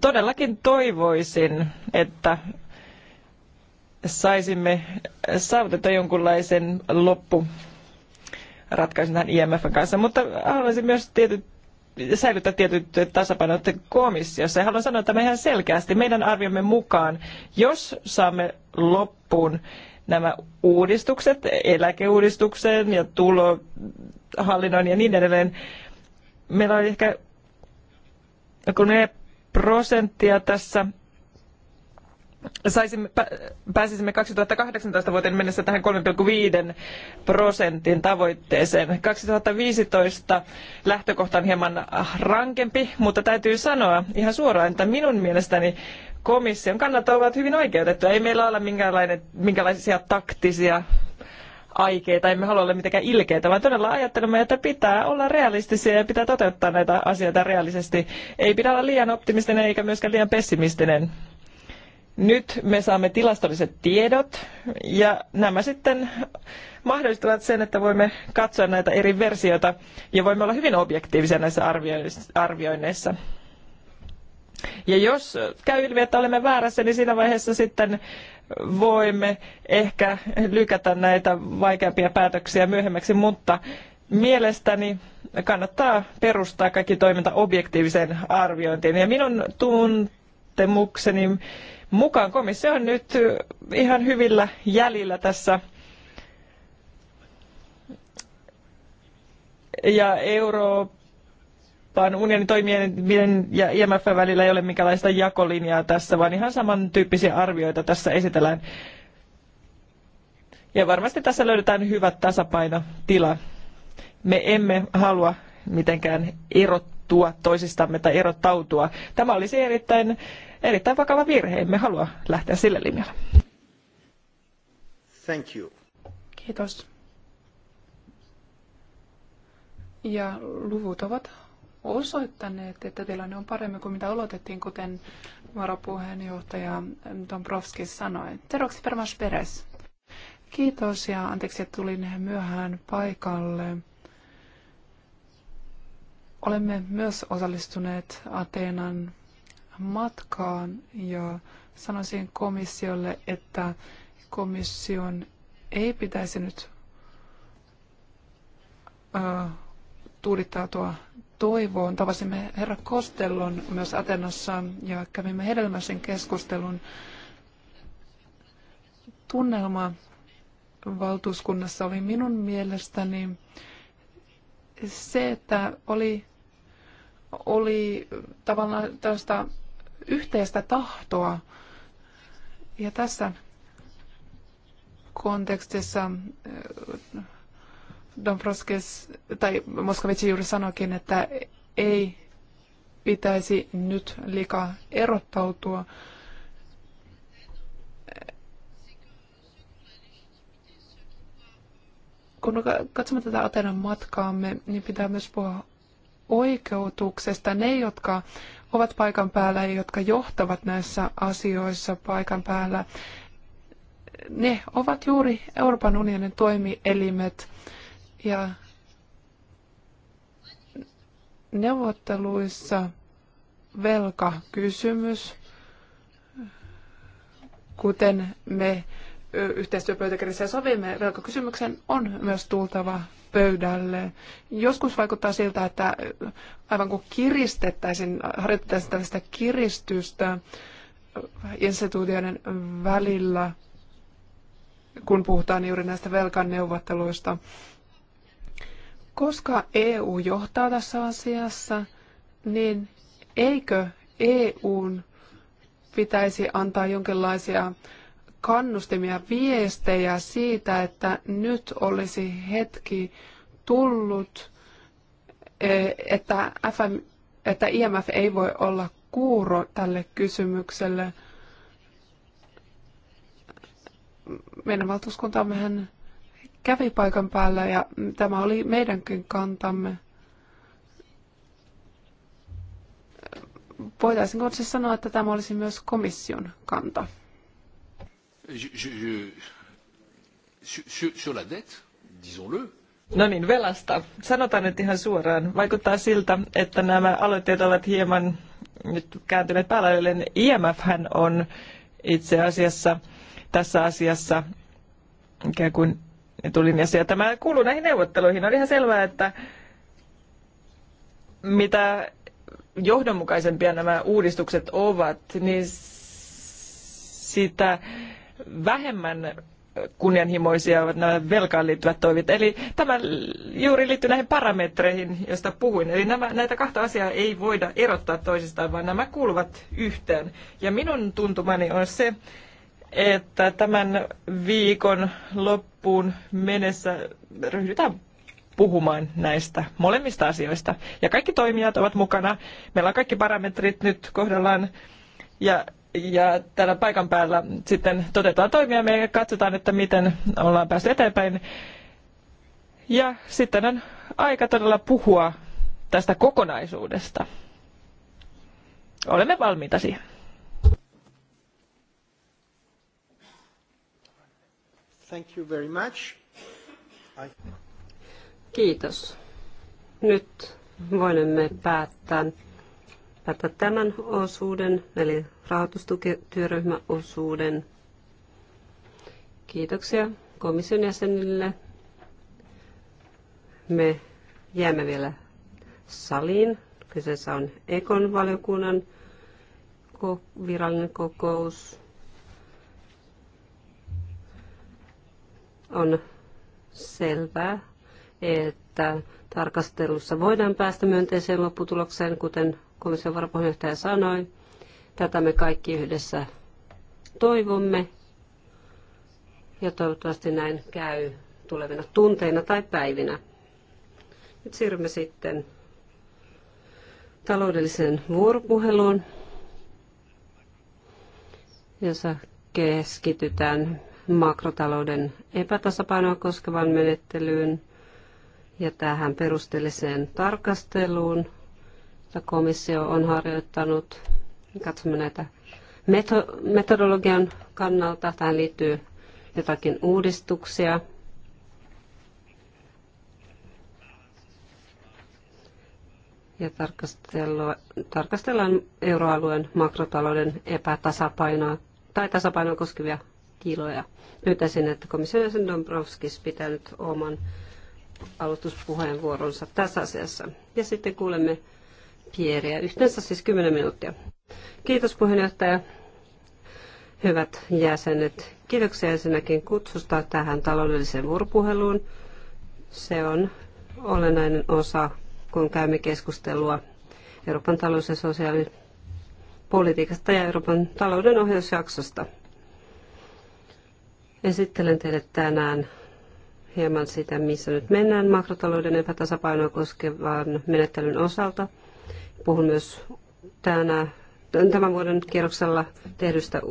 Todellakin toivoisin, että saisimme saavutettua jonkunlaisen loppu ratkaisun tähän IMFn kanssa, mutta haluaisin myös tietyt säilyttää tietyt tasapainot komissiossa. Ja haluan sanoa tämän ihan selkeästi. Meidän arviomme mukaan, jos saamme loppuun nämä uudistukset, eläkeuudistuksen ja tulohallinnon ja niin edelleen, meillä on ehkä kun ne prosenttia tässä. Saisimme, pääsisimme 2018 vuoteen mennessä tähän 3,5 prosentin tavoitteeseen. 2015 lähtökohta on hieman rankempi, mutta täytyy sanoa ihan suoraan, että minun mielestäni komission kannat ovat hyvin oikeutettuja. Ei meillä ole minkälaisia taktisia aikeita, emme halua olla mitenkään ilkeitä, vaan todella ajattelemme, että pitää olla realistisia ja pitää toteuttaa näitä asioita realisesti. Ei pidä olla liian optimistinen eikä myöskään liian pessimistinen. Nyt me saamme tilastolliset tiedot ja nämä sitten mahdollistavat sen, että voimme katsoa näitä eri versioita ja voimme olla hyvin objektiivisia näissä arvioinneissa. Ja jos käy ilmi, että olemme väärässä, niin siinä vaiheessa sitten voimme ehkä lykätä näitä vaikeampia päätöksiä myöhemmäksi, mutta mielestäni kannattaa perustaa kaikki toiminta objektiiviseen arviointiin. Ja minun tuntemukseni mukaan komissio on nyt ihan hyvillä jäljillä tässä ja Euroopan vaan Unionin toimien ja IMF välillä ei ole minkäänlaista jakolinjaa tässä, vaan ihan samantyyppisiä arvioita tässä esitellään. Ja varmasti tässä löydetään hyvä tasapainotila. Me emme halua mitenkään erottua toisistamme tai erottautua. Tämä olisi erittäin, erittäin vakava virhe. Emme halua lähteä sille linjalle. Thank you. Kiitos. Ja luvut ovat osoittaneet, että tilanne on paremmin kuin mitä olotettiin, kuten varapuheenjohtaja Dombrovski sanoi. Teroksi Permas Peres. Kiitos ja anteeksi, että tulin myöhään paikalle. Olemme myös osallistuneet Ateenan matkaan ja sanoisin komissiolle, että komission ei pitäisi nyt ö, tuudittautua toivoon. Tavasimme herra Kostellon myös Atenassa ja kävimme hedelmällisen keskustelun. Tunnelma valtuuskunnassa oli minun mielestäni se, että oli, oli tavallaan tällaista yhteistä tahtoa. Ja tässä kontekstissa Don Dombrovskis tai Moskovitsi juuri sanoikin, että ei pitäisi nyt liikaa erottautua. Kun katsomme tätä Atenan matkaamme, niin pitää myös puhua oikeutuksesta. Ne, jotka ovat paikan päällä ja jotka johtavat näissä asioissa paikan päällä, ne ovat juuri Euroopan unionin toimielimet. Ja neuvotteluissa velkakysymys, kuten me yhteistyöpöytäkirjassa sovimme, velkakysymyksen on myös tultava pöydälle. Joskus vaikuttaa siltä, että aivan kuin kiristettäisiin, harjoitettaisiin tällaista kiristystä instituutioiden välillä, kun puhutaan juuri näistä velkaneuvotteluista. Koska EU johtaa tässä asiassa, niin eikö EUn pitäisi antaa jonkinlaisia kannustimia, viestejä siitä, että nyt olisi hetki tullut, e, että, FM, että IMF ei voi olla kuuro tälle kysymykselle. Meidän valtuuskuntammehän kävi paikan päällä ja tämä oli meidänkin kantamme. Voitaisinko siis sanoa, että tämä olisi myös komission kanta? Sur la dette, disons-le, No niin, velasta. Sanotaan nyt ihan suoraan. Vaikuttaa siltä, että nämä aloitteet ovat hieman nyt kääntyneet päälle. IMF on itse asiassa tässä asiassa ikään kuin etulinjassa. Ja tämä kuuluu näihin neuvotteluihin. On ihan selvää, että mitä johdonmukaisempia nämä uudistukset ovat, niin sitä vähemmän kunnianhimoisia ovat nämä velkaan liittyvät toimet. Eli tämä juuri liittyy näihin parametreihin, joista puhuin. Eli nämä, näitä kahta asiaa ei voida erottaa toisistaan, vaan nämä kuuluvat yhteen. Ja minun tuntumani on se, että tämän viikon loppuun mennessä ryhdytään puhumaan näistä molemmista asioista. Ja kaikki toimijat ovat mukana. Meillä on kaikki parametrit nyt kohdallaan ja, ja täällä paikan päällä sitten toteutetaan toimia. Me katsotaan, että miten ollaan päästy eteenpäin. Ja sitten on aika todella puhua tästä kokonaisuudesta. Olemme valmiita siihen. Thank you very much. I... Kiitos. Nyt voimme päättää, päättää tämän osuuden, eli rahoitustukityöryhmäosuuden. Kiitoksia komission jäsenille. Me jäämme vielä saliin. Kyseessä on Ekon valiokunnan virallinen kokous. On selvää, että tarkastelussa voidaan päästä myönteiseen lopputulokseen, kuten komission varapuheenjohtaja sanoi. Tätä me kaikki yhdessä toivomme ja toivottavasti näin käy tulevina tunteina tai päivinä. Nyt siirrymme sitten taloudelliseen vuoropuheluun, jossa keskitytään makrotalouden epätasapainoa koskevan menettelyyn ja tähän perusteelliseen tarkasteluun, jota komissio on harjoittanut. Katsomme näitä metodologian kannalta. Tähän liittyy jotakin uudistuksia. Ja tarkastellaan euroalueen makrotalouden epätasapainoa tai tasapainoa koskevia kiloja. Pyytäisin, että komissio jäsen Dombrovskis pitää nyt oman aloituspuheenvuoronsa tässä asiassa. Ja sitten kuulemme Pieriä, yhteensä siis 10 minuuttia. Kiitos puheenjohtaja. Hyvät jäsenet, kiitoksia ensinnäkin kutsusta tähän taloudelliseen vuoropuheluun. Se on olennainen osa, kun käymme keskustelua Euroopan talous- ja sosiaalipolitiikasta ja Euroopan talouden ohjausjaksosta – Esittelen teille tänään hieman sitä, missä nyt mennään makrotalouden epätasapainoa koskevan menettelyn osalta. Puhun myös tänä, tämän vuoden kierroksella tehdystä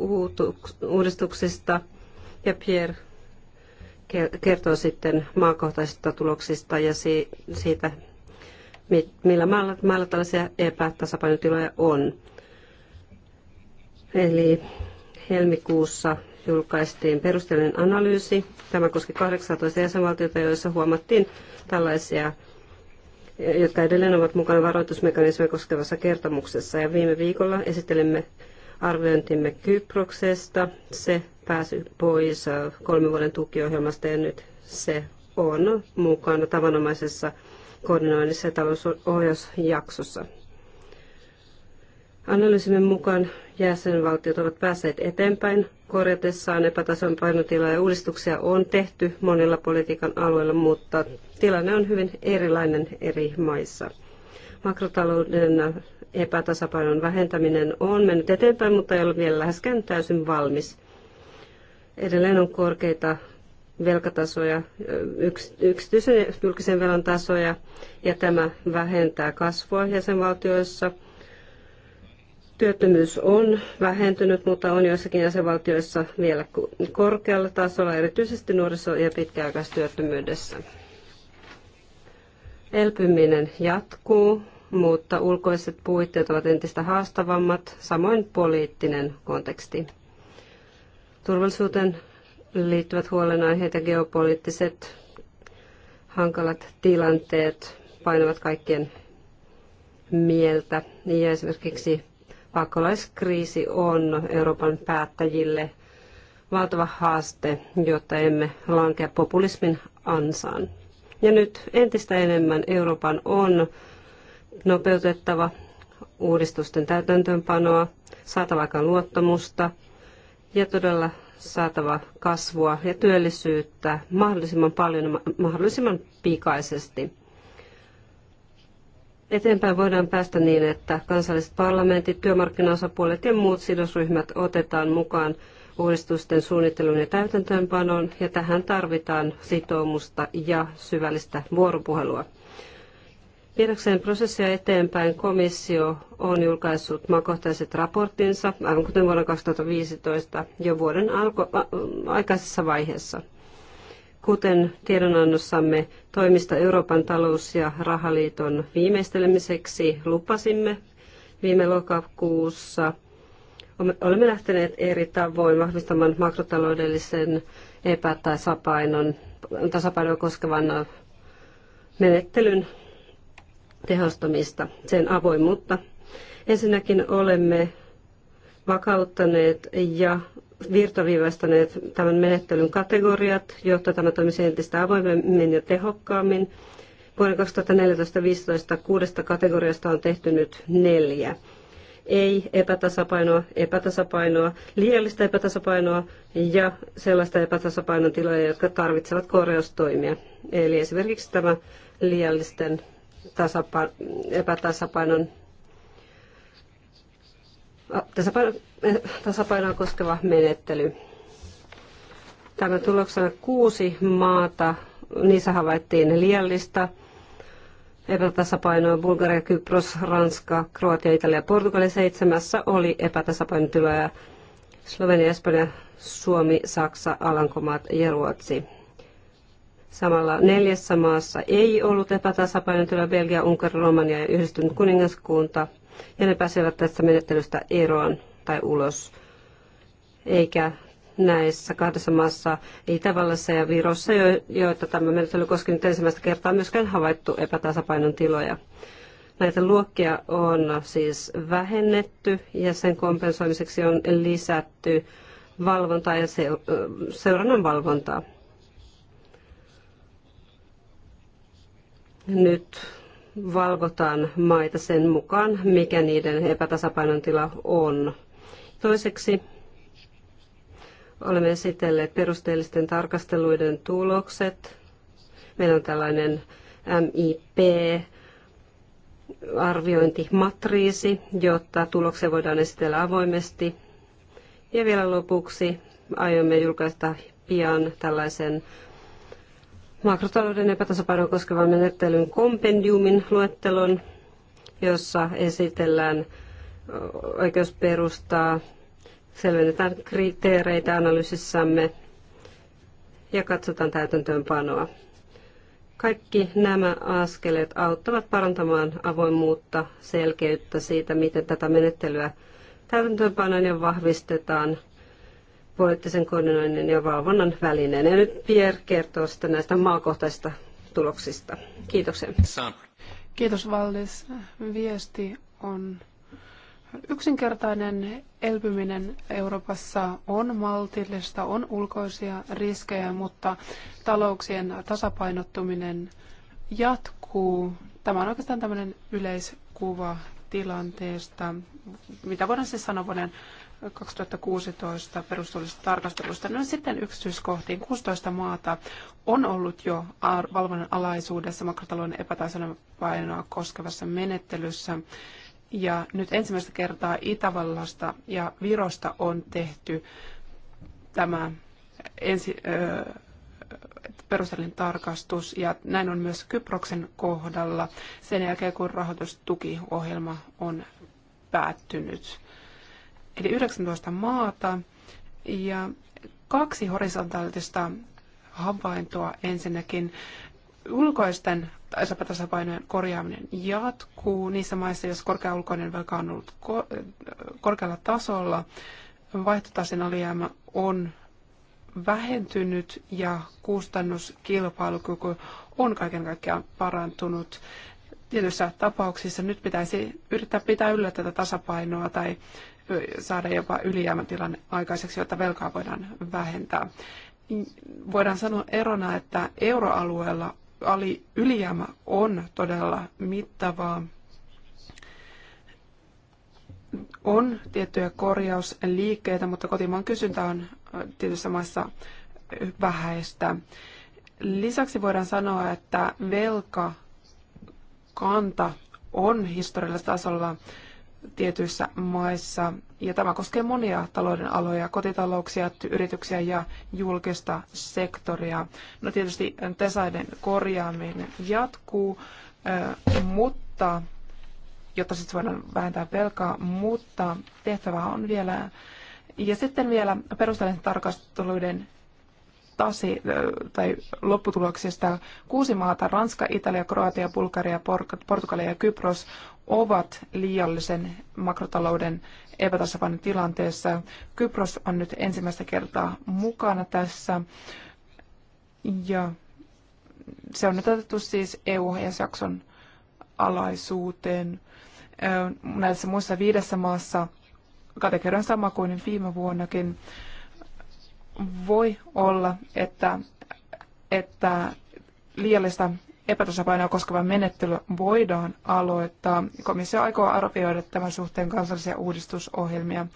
uudistuksista ja Pierre kertoo sitten maakohtaisista tuloksista ja siitä, millä mailla, mailla tällaisia epätasapainotiloja on. Eli helmikuussa julkaistiin perusteellinen analyysi. Tämä koski 18 jäsenvaltiota, joissa huomattiin tällaisia, jotka edelleen ovat mukana varoitusmekanismia koskevassa kertomuksessa. Ja viime viikolla esittelimme arviointimme Kyproksesta. Se pääsi pois äh, kolmen vuoden tukiohjelmasta ja nyt se on mukana tavanomaisessa koordinoinnissa ja talousohjausjaksossa. Analyysimme mukaan jäsenvaltiot ovat päässeet eteenpäin korjatessaan epätasapainotilaa ja uudistuksia on tehty monilla politiikan alueilla, mutta tilanne on hyvin erilainen eri maissa. Makrotalouden epätasapainon vähentäminen on mennyt eteenpäin, mutta ei ole vielä läheskään täysin valmis. Edelleen on korkeita velkatasoja, yksityisen ja julkisen velan tasoja, ja tämä vähentää kasvua jäsenvaltioissa – Työttömyys on vähentynyt, mutta on joissakin jäsenvaltioissa vielä korkealla tasolla, erityisesti nuoriso- ja pitkäaikaistyöttömyydessä. Elpyminen jatkuu, mutta ulkoiset puitteet ovat entistä haastavammat, samoin poliittinen konteksti. Turvallisuuteen liittyvät huolenaiheet ja geopoliittiset hankalat tilanteet painavat kaikkien mieltä. Ja esimerkiksi Pakolaiskriisi on Euroopan päättäjille valtava haaste, jotta emme lankea populismin ansaan. Ja nyt entistä enemmän Euroopan on nopeutettava uudistusten täytäntöönpanoa, saatava aikaan luottamusta ja todella saatava kasvua ja työllisyyttä mahdollisimman paljon mahdollisimman pikaisesti. Eteenpäin voidaan päästä niin, että kansalliset parlamentit, työmarkkinaosapuolet ja muut sidosryhmät otetaan mukaan uudistusten suunnitteluun ja täytäntöönpanoon, ja tähän tarvitaan sitoumusta ja syvällistä vuoropuhelua. Viedäkseen prosessia eteenpäin komissio on julkaissut maakohtaiset raporttinsa, aivan kuten vuonna 2015, jo vuoden alko- aikaisessa vaiheessa – Kuten tiedonannossamme toimista Euroopan talous- ja rahaliiton viimeistelemiseksi lupasimme viime lokakuussa, olemme lähteneet eri tavoin vahvistamaan makrotaloudellisen epätasapainon tasapainoa koskevan menettelyn tehostamista, sen avoimuutta. Ensinnäkin olemme vakauttaneet ja virtaviivaistaneet tämän menettelyn kategoriat, jotta tämä toimisi entistä avoimemmin ja tehokkaammin. Vuoden 2014-2015 kuudesta kategoriasta on tehty nyt neljä. Ei epätasapainoa, epätasapainoa, liiallista epätasapainoa ja sellaista epätasapainon tiloja, jotka tarvitsevat korjaustoimia. Eli esimerkiksi tämä liiallisten epätasapainon tasapainoa koskeva menettely. Tämä tuloksena kuusi maata, niissä havaittiin liiallista epätasapainoa. Bulgaria, Kypros, Ranska, Kroatia, Italia, Portugali seitsemässä oli epätasapainotiloja. Slovenia, Espanja, Suomi, Saksa, Alankomaat ja Ruotsi. Samalla neljässä maassa ei ollut epätasapainotila Belgia, Unkari, Romania ja Yhdistynyt kuningaskunta – ja ne pääsevät tästä menettelystä eroon tai ulos. Eikä näissä kahdessa maassa, Itävallassa ja Virossa, joita tämä menettely koski nyt ensimmäistä kertaa, myöskään havaittu epätasapainon tiloja. Näitä luokkia on siis vähennetty ja sen kompensoimiseksi on lisätty valvontaa ja seurannan valvontaa. Nyt valvotaan maita sen mukaan, mikä niiden epätasapainon tila on. Toiseksi olemme esitelleet perusteellisten tarkasteluiden tulokset. Meillä on tällainen MIP, arviointimatriisi, jotta tuloksia voidaan esitellä avoimesti. Ja vielä lopuksi aiomme julkaista pian tällaisen makrotalouden epätasapainoa koskevan menettelyn kompendiumin luettelon, jossa esitellään oikeusperustaa, selvennetään kriteereitä analyysissamme ja katsotaan täytäntöönpanoa. Kaikki nämä askeleet auttavat parantamaan avoimuutta, selkeyttä siitä, miten tätä menettelyä täytäntöönpanoon ja vahvistetaan poliittisen koordinoinnin ja valvonnan välineen. Ja nyt Pierre kertoo sitten näistä maakohtaisista tuloksista. Kiitoksia. Kiitos Vallis. Viesti on yksinkertainen elpyminen Euroopassa on maltillista, on ulkoisia riskejä, mutta talouksien tasapainottuminen jatkuu. Tämä on oikeastaan tämmöinen yleiskuva tilanteesta. Mitä voidaan siis sanoa vuoden 2016 perustuollisesta tarkastelusta. No sitten yksityiskohtiin. 16 maata on ollut jo valvonnan alaisuudessa makrotalouden epätasapainoa koskevassa menettelyssä. Ja nyt ensimmäistä kertaa Itävallasta ja Virosta on tehty tämä ensi, perusteellinen tarkastus ja näin on myös Kyproksen kohdalla sen jälkeen, kun rahoitustukiohjelma on päättynyt eli 19 maata, ja kaksi horisontaalista havaintoa ensinnäkin. Ulkoisten epätasapainojen korjaaminen jatkuu niissä maissa, jos korkea ulkoinen velka on ollut ko- korkealla tasolla. Vaihtotasen alijäämä on vähentynyt ja kustannuskilpailukyky on kaiken kaikkiaan parantunut. Tietyissä tapauksissa nyt pitäisi yrittää pitää yllä tätä tasapainoa tai saada jopa ylijäämätilanne aikaiseksi, jotta velkaa voidaan vähentää. Voidaan sanoa erona, että euroalueella ali, ylijäämä on todella mittavaa. On tiettyjä korjausliikkeitä, mutta kotimaan kysyntä on tietyissä maissa vähäistä. Lisäksi voidaan sanoa, että velkakanta on historiallisella tasolla tietyissä maissa. Ja tämä koskee monia talouden aloja, kotitalouksia, yrityksiä ja julkista sektoria. No tietysti tesaiden korjaaminen jatkuu, mutta jotta sitten voidaan vähentää velkaa, mutta tehtävää on vielä. Ja sitten vielä perusteellisen tarkasteluiden tasi, tai lopputuloksesta kuusi maata, Ranska, Italia, Kroatia, Bulgaria, Portugalia ja Kypros, ovat liiallisen makrotalouden epätasapainon tilanteessa. Kypros on nyt ensimmäistä kertaa mukana tässä ja se on nyt otettu siis EU-ohjausjakson alaisuuteen. Näissä muissa viidessä maassa kategorian sama kuin viime vuonnakin. Voi olla, että, että liiallista epätasapainoa koskeva menettely voidaan aloittaa. Komissio aikoo arvioida tämän suhteen kansallisia uudistusohjelmia.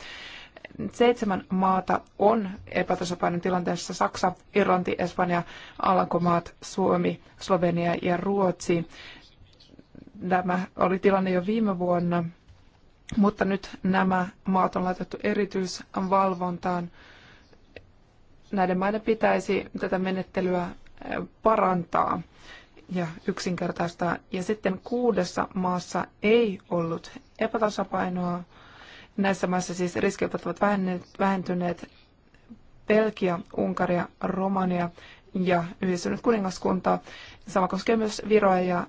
Seitsemän maata on epätasapainon tilanteessa Saksa, Irlanti, Espanja, Alankomaat, Suomi, Slovenia ja Ruotsi. Tämä oli tilanne jo viime vuonna, mutta nyt nämä maat on laitettu erityisvalvontaan. Näiden maiden pitäisi tätä menettelyä parantaa ja yksinkertaistaa. Ja sitten kuudessa maassa ei ollut epätasapainoa. Näissä maissa siis riskit ovat vähentyneet. Belgia, Unkaria, Romania ja yhdistynyt kuningaskunta. Sama koskee myös Viroa ja,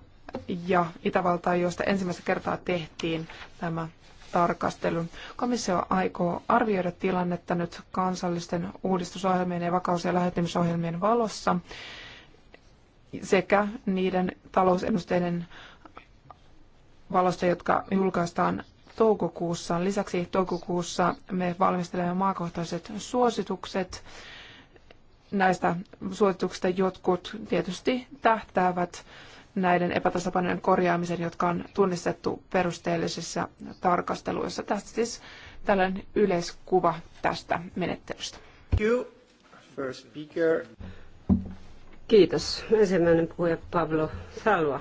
ja Itävaltaa, joista ensimmäistä kertaa tehtiin tämä tarkastelu. Komissio aikoo arvioida tilannetta nyt kansallisten uudistusohjelmien ja vakaus- ja lähettämisohjelmien valossa sekä niiden talousennusteiden valosta, jotka julkaistaan toukokuussa. Lisäksi toukokuussa me valmistelemme maakohtaiset suositukset. Näistä suosituksista jotkut tietysti tähtäävät näiden epätasapainojen korjaamisen, jotka on tunnistettu perusteellisissa tarkasteluissa. Tästä siis tällainen yleiskuva tästä menettelystä. Thank you. First speaker. Kiitos. Ensimmäinen puhuja Pablo Salva.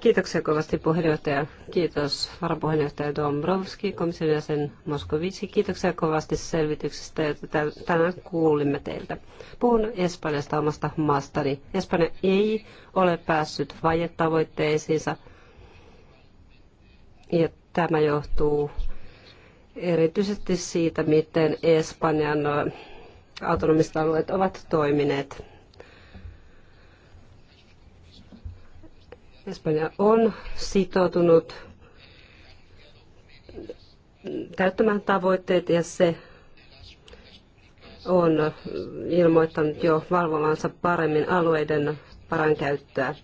Kiitoksia kovasti puheenjohtaja. Kiitos varapuheenjohtaja Dombrovski, komission jäsen Moskovici. Kiitoksia kovasti selvityksestä, jota tänään kuulimme teiltä. Puhun Espanjasta omasta maastani. Espanja ei ole päässyt vajetavoitteisiinsa ja tämä johtuu erityisesti siitä, miten Espanjan autonomiset alueet ovat toimineet. Espanja on sitoutunut täyttämään tavoitteet ja se on ilmoittanut jo valvovansa paremmin alueiden parankäyttöä.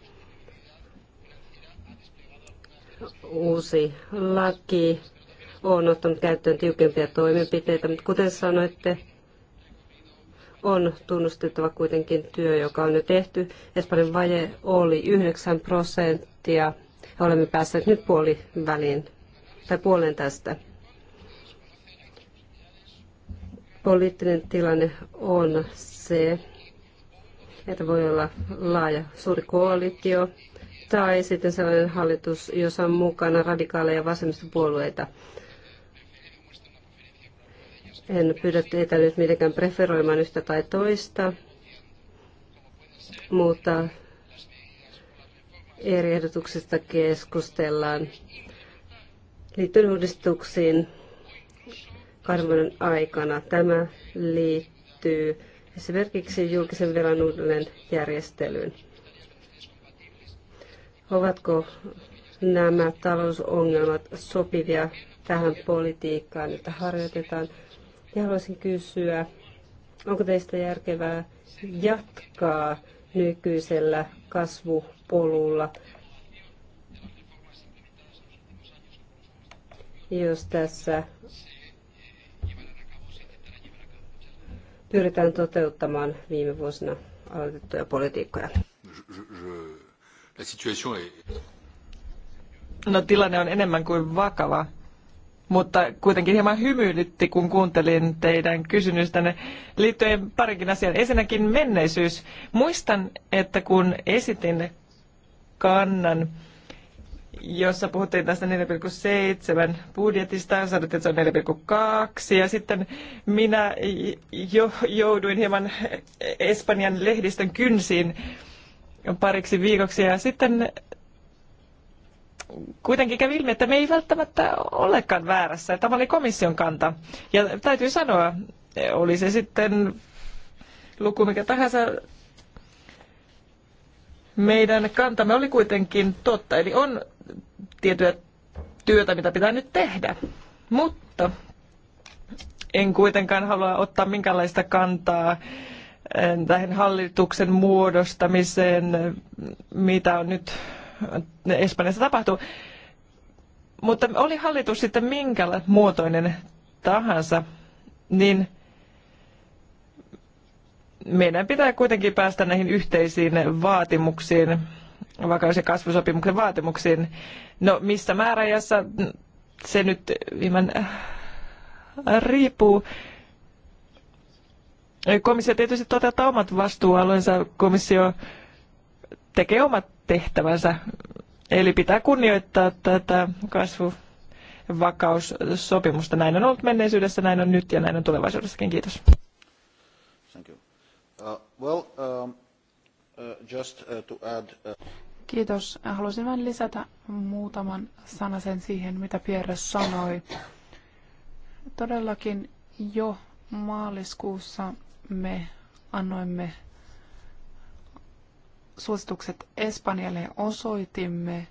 Uusi laki on ottanut käyttöön tiukempia toimenpiteitä, mutta kuten sanoitte, on tunnustettava kuitenkin työ, joka on jo tehty. Espanjan vaje oli 9 prosenttia. Olemme päässeet nyt puoli väliin, tai puolen tästä. Poliittinen tilanne on se, että voi olla laaja suuri koalitio tai sitten sellainen hallitus, jossa on mukana radikaaleja vasemmistopuolueita. En pyydä teitä nyt mitenkään preferoimaan yhtä tai toista, mutta eri ehdotuksista keskustellaan liittyen uudistuksiin kahden vuoden aikana. Tämä liittyy esimerkiksi julkisen velan uudelleen järjestelyyn. Ovatko nämä talousongelmat sopivia tähän politiikkaan, että harjoitetaan – ja haluaisin kysyä, onko teistä järkevää jatkaa nykyisellä kasvupolulla, jos tässä pyritään toteuttamaan viime vuosina aloitettuja politiikkoja. No, tilanne on enemmän kuin vakava mutta kuitenkin hieman hymyilytti, kun kuuntelin teidän kysymystänne liittyen parinkin asiaan. Ensinnäkin menneisyys. Muistan, että kun esitin kannan, jossa puhuttiin tästä 4,7 budjetista, sanottiin, että se on 4,2, ja sitten minä jo, jouduin hieman Espanjan lehdistön kynsiin pariksi viikoksi, ja sitten kuitenkin kävi ilmi, että me ei välttämättä olekaan väärässä. Tämä oli komission kanta. Ja täytyy sanoa, oli se sitten luku mikä tahansa, meidän kantamme oli kuitenkin totta. Eli on tiettyä työtä, mitä pitää nyt tehdä. Mutta en kuitenkaan halua ottaa minkäänlaista kantaa eh, tähän hallituksen muodostamiseen, mitä on nyt Espanjassa tapahtuu. Mutta oli hallitus sitten minkä muotoinen tahansa, niin meidän pitää kuitenkin päästä näihin yhteisiin vaatimuksiin, vakaus- ja kasvusopimuksen vaatimuksiin. No missä määräajassa se nyt hieman äh, riippuu. Komissio tietysti toteuttaa omat vastuualueensa. Komissio tekee omat tehtävänsä. Eli pitää kunnioittaa tätä kasvuvakaussopimusta Näin on ollut menneisyydessä, näin on nyt ja näin on tulevaisuudessakin. Kiitos. Uh, um, uh, uh, Kiitos. Haluaisin vain lisätä muutaman sanasen siihen, mitä Pierre sanoi. Todellakin jo maaliskuussa me annoimme suositukset Espanjalle osoitimme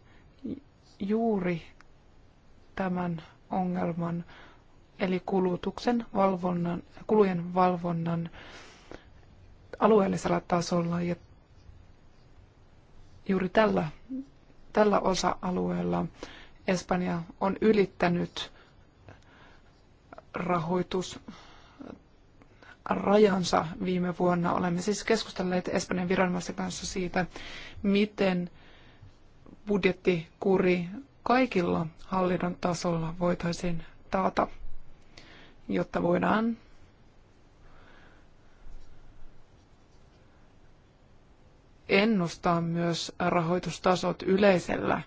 juuri tämän ongelman, eli kulutuksen valvonnan, kulujen valvonnan alueellisella tasolla ja juuri tällä, tällä osa-alueella Espanja on ylittänyt rahoitus rajansa viime vuonna. Olemme siis keskustelleet Espanjan viranomaisten kanssa siitä, miten budjettikuri kaikilla hallinnon tasolla voitaisiin taata, jotta voidaan ennustaa myös rahoitustasot yleisellä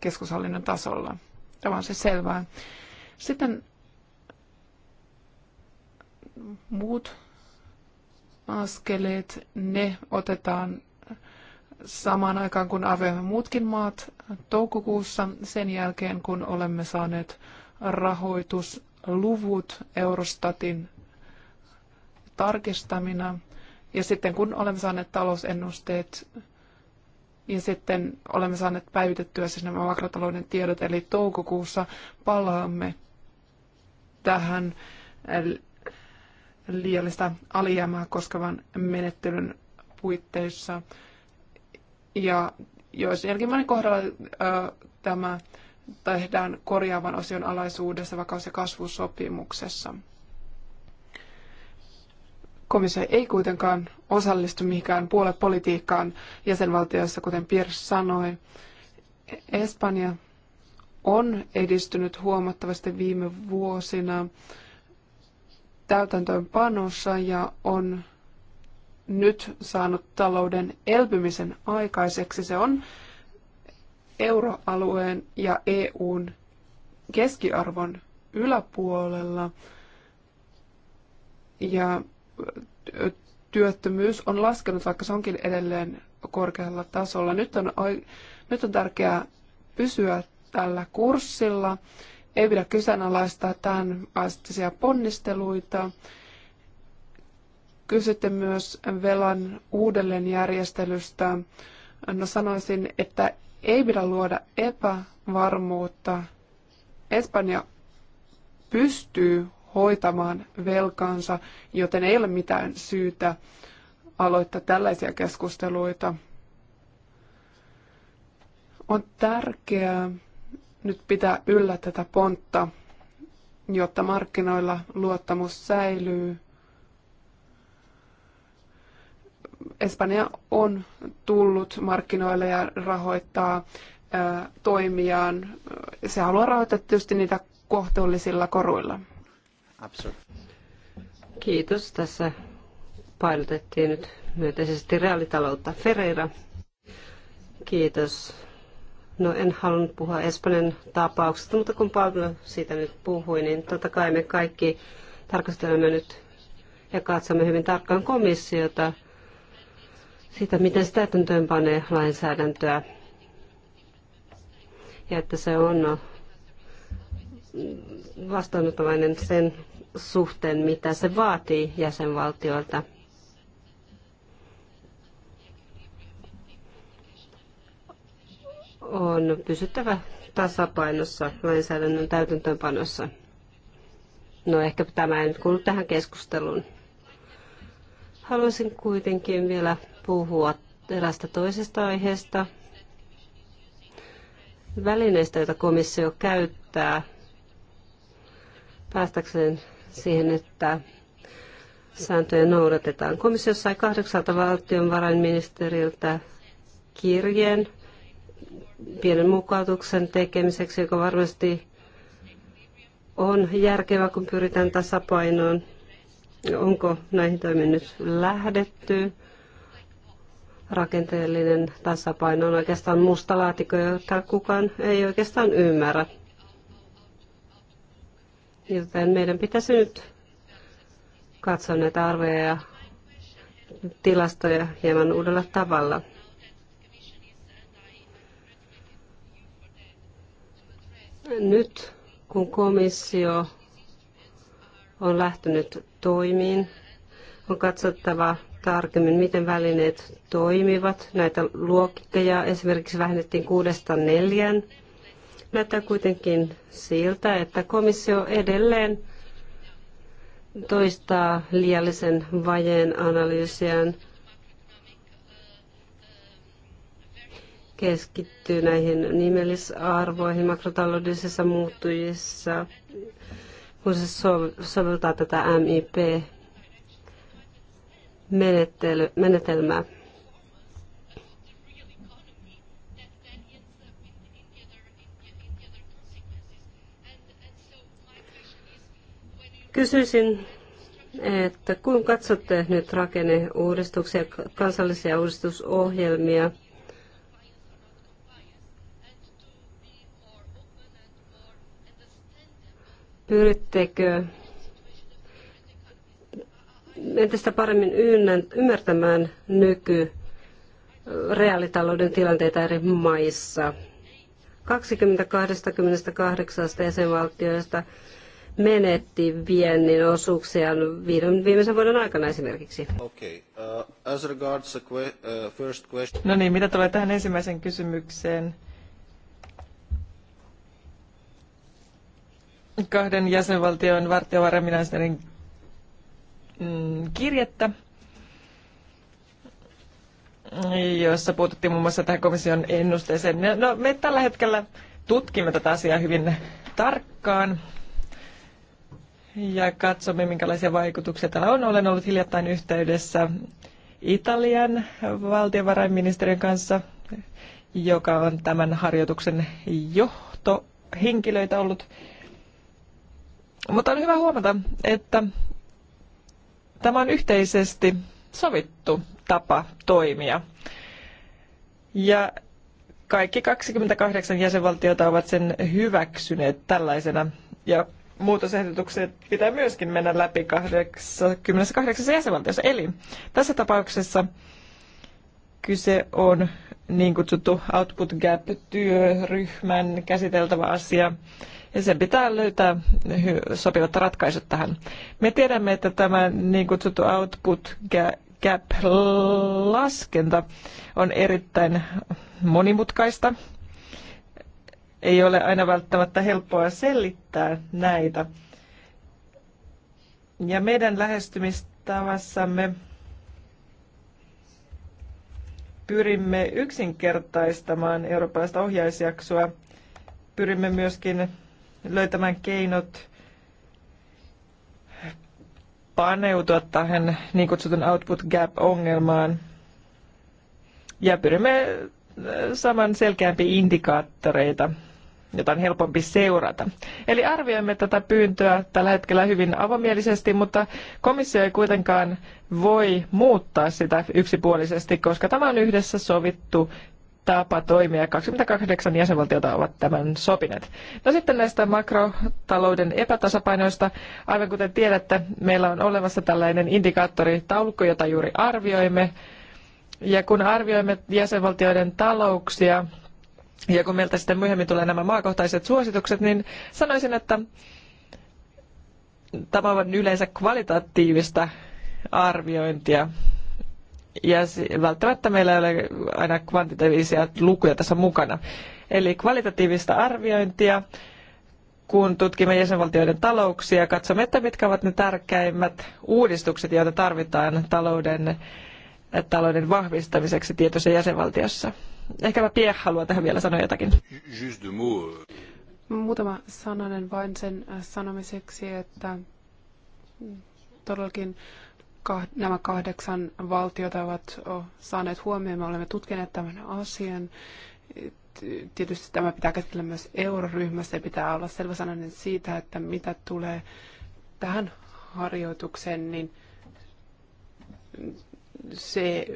keskushallinnon tasolla. Tämä on se siis selvää. Sitten muut askeleet, ne otetaan samaan aikaan kuin arvioimme muutkin maat toukokuussa sen jälkeen, kun olemme saaneet rahoitusluvut Eurostatin tarkistamina. Ja sitten kun olemme saaneet talousennusteet ja sitten olemme saaneet päivitettyä siis nämä makrotalouden tiedot, eli toukokuussa palaamme tähän liiallista alijäämää koskevan menettelyn puitteissa. Ja jos jälkimmäinen kohdalla ää, tämä tehdään korjaavan osion alaisuudessa vakaus- ja kasvusopimuksessa. Komissio ei kuitenkaan osallistu mihinkään politiikkaan jäsenvaltioissa, kuten Pierre sanoi. Espanja on edistynyt huomattavasti viime vuosina täytäntöönpanossa ja on nyt saanut talouden elpymisen aikaiseksi. Se on euroalueen ja EUn keskiarvon yläpuolella ja työttömyys on laskenut, vaikka se onkin edelleen korkealla tasolla. Nyt on, nyt on tärkeää pysyä tällä kurssilla ei pidä kyseenalaistaa tämän astisia ponnisteluita. Kysytte myös velan uudelleenjärjestelystä. No sanoisin, että ei pidä luoda epävarmuutta. Espanja pystyy hoitamaan velkansa, joten ei ole mitään syytä aloittaa tällaisia keskusteluita. On tärkeää, nyt pitää yllä tätä pontta, jotta markkinoilla luottamus säilyy. Espanja on tullut markkinoille ja rahoittaa toimiaan. Se haluaa rahoittaa tietysti niitä kohtuullisilla koruilla. Absolut. Kiitos. Tässä painotettiin nyt myönteisesti reaalitaloutta. Ferreira, kiitos. No en halunnut puhua Espanjan tapauksesta, mutta kun Pablo siitä nyt puhui, niin totta kai me kaikki tarkastelemme nyt ja katsomme hyvin tarkkaan komissiota sitä, miten sitä panee lainsäädäntöä. Ja että se on vastaanottavainen sen suhteen, mitä se vaatii jäsenvaltioilta. on pysyttävä tasapainossa lainsäädännön täytäntöönpanossa. No ehkä tämä ei nyt kuulu tähän keskusteluun. Haluaisin kuitenkin vielä puhua erästä toisesta aiheesta. Välineistä, joita komissio käyttää päästäkseen siihen, että sääntöjä noudatetaan. Komissio sai kahdeksalta valtionvarainministeriltä kirjeen pienen mukautuksen tekemiseksi, joka varmasti on järkevä, kun pyritään tasapainoon. Onko näihin toimiin nyt lähdetty? Rakenteellinen tasapaino on oikeastaan musta laatikko, jota kukaan ei oikeastaan ymmärrä. Joten meidän pitäisi nyt katsoa näitä arvoja ja tilastoja hieman uudella tavalla. Nyt kun komissio on lähtenyt toimiin, on katsottava tarkemmin, miten välineet toimivat. Näitä luokitteja esimerkiksi vähennettiin kuudesta neljään. Näyttää kuitenkin siltä, että komissio edelleen toistaa liiallisen vajeen analyysiään – keskittyy näihin nimellisarvoihin makrotaloudellisissa muuttujissa, kun se soveltaa tätä MIP-menetelmää. Kysyisin, että kun katsotte nyt rakenneuudistuksia, kansallisia uudistusohjelmia, Pyrittekö entistä paremmin ymmärtämään nyky reaalitalouden tilanteita eri maissa? 20-28 jäsenvaltioista menetti viennin osuuksia viimeisen vuoden aikana esimerkiksi? Okay. Uh, as regards the uh, first question... No niin, mitä tulee tähän ensimmäiseen kysymykseen? kahden jäsenvaltion vartiovarainministerin mm, kirjettä, jossa puututtiin muun muassa tähän komission ennusteeseen. No, no, me tällä hetkellä tutkimme tätä asiaa hyvin tarkkaan ja katsomme, minkälaisia vaikutuksia täällä on. Olen ollut hiljattain yhteydessä Italian valtiovarainministeriön kanssa, joka on tämän harjoituksen johtohenkilöitä ollut mutta on hyvä huomata, että tämä on yhteisesti sovittu tapa toimia. Ja kaikki 28 jäsenvaltiota ovat sen hyväksyneet tällaisena. Ja muutosehdotukset pitää myöskin mennä läpi 28 jäsenvaltiossa. Eli tässä tapauksessa kyse on niin kutsuttu output gap-työryhmän käsiteltävä asia ja sen pitää löytää sopivat ratkaisut tähän. Me tiedämme, että tämä niin kutsuttu output gap-laskenta on erittäin monimutkaista. Ei ole aina välttämättä helppoa selittää näitä. Ja meidän lähestymistavassamme pyrimme yksinkertaistamaan eurooppalaista ohjausjaksoa. Pyrimme myöskin löytämään keinot paneutua tähän niin kutsutun output gap-ongelmaan. Ja pyrimme äh, saman selkeämpiä indikaattoreita, jota on helpompi seurata. Eli arvioimme tätä pyyntöä tällä hetkellä hyvin avomielisesti, mutta komissio ei kuitenkaan voi muuttaa sitä yksipuolisesti, koska tämä on yhdessä sovittu tapa toimia. 28 jäsenvaltiota ovat tämän sopineet. No sitten näistä makrotalouden epätasapainoista. Aivan kuten tiedätte, meillä on olemassa tällainen indikaattoritaulukko, jota juuri arvioimme. Ja kun arvioimme jäsenvaltioiden talouksia, ja kun meiltä sitten myöhemmin tulee nämä maakohtaiset suositukset, niin sanoisin, että tämä on yleensä kvalitatiivista arviointia ja välttämättä meillä ei ole aina kvantitatiivisia lukuja tässä mukana. Eli kvalitatiivista arviointia, kun tutkimme jäsenvaltioiden talouksia, katsomme, että mitkä ovat ne tärkeimmät uudistukset, joita tarvitaan talouden, talouden vahvistamiseksi tietyssä jäsenvaltiossa. Ehkäpä Pierre haluaa tähän vielä sanoa jotakin. Muutama sananen vain sen sanomiseksi, että todellakin nämä kahdeksan valtiota ovat saaneet huomioon. Me olemme tutkineet tämän asian. Tietysti tämä pitää käsitellä myös euroryhmässä ja pitää olla selvä sananen siitä, että mitä tulee tähän harjoitukseen, niin se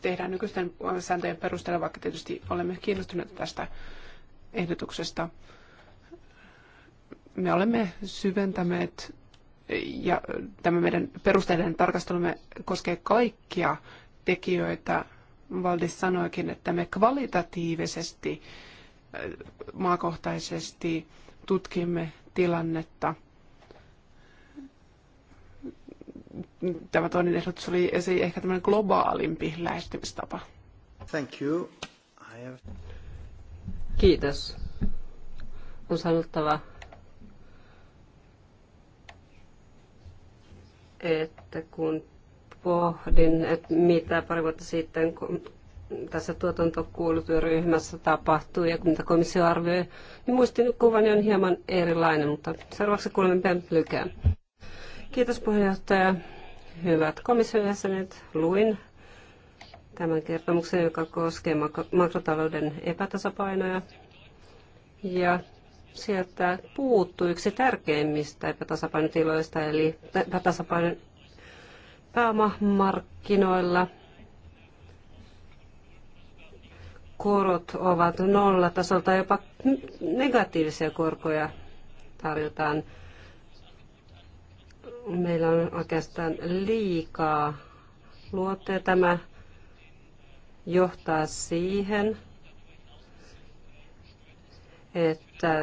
tehdään nykyisten sääntöjen perusteella, vaikka tietysti olemme kiinnostuneita tästä ehdotuksesta. Me olemme syventäneet ja tämä meidän perusteiden tarkastelumme koskee kaikkia tekijöitä. Valdis sanoikin, että me kvalitatiivisesti, äh, maakohtaisesti tutkimme tilannetta. Tämä toinen ehdotus oli se ehkä tämmöinen globaalimpi lähestymistapa. Thank you. I have... Kiitos. On sanottava että kun pohdin, että mitä pari vuotta sitten kun tässä tuotantokuulutyöryhmässä tapahtui ja mitä komissio arvioi, niin kuvani on hieman erilainen, mutta seuraavaksi kuulemme Ben Lykään. Kiitos puheenjohtaja. Hyvät komission jäsenet, luin tämän kertomuksen, joka koskee makrotalouden epätasapainoja. Ja sieltä puuttuu yksi tärkeimmistä epätasapainotiloista, eli epätasapainon pääomamarkkinoilla korot ovat nolla tasolta, jopa negatiivisia korkoja tarjotaan. Meillä on oikeastaan liikaa luotteja. Tämä johtaa siihen, että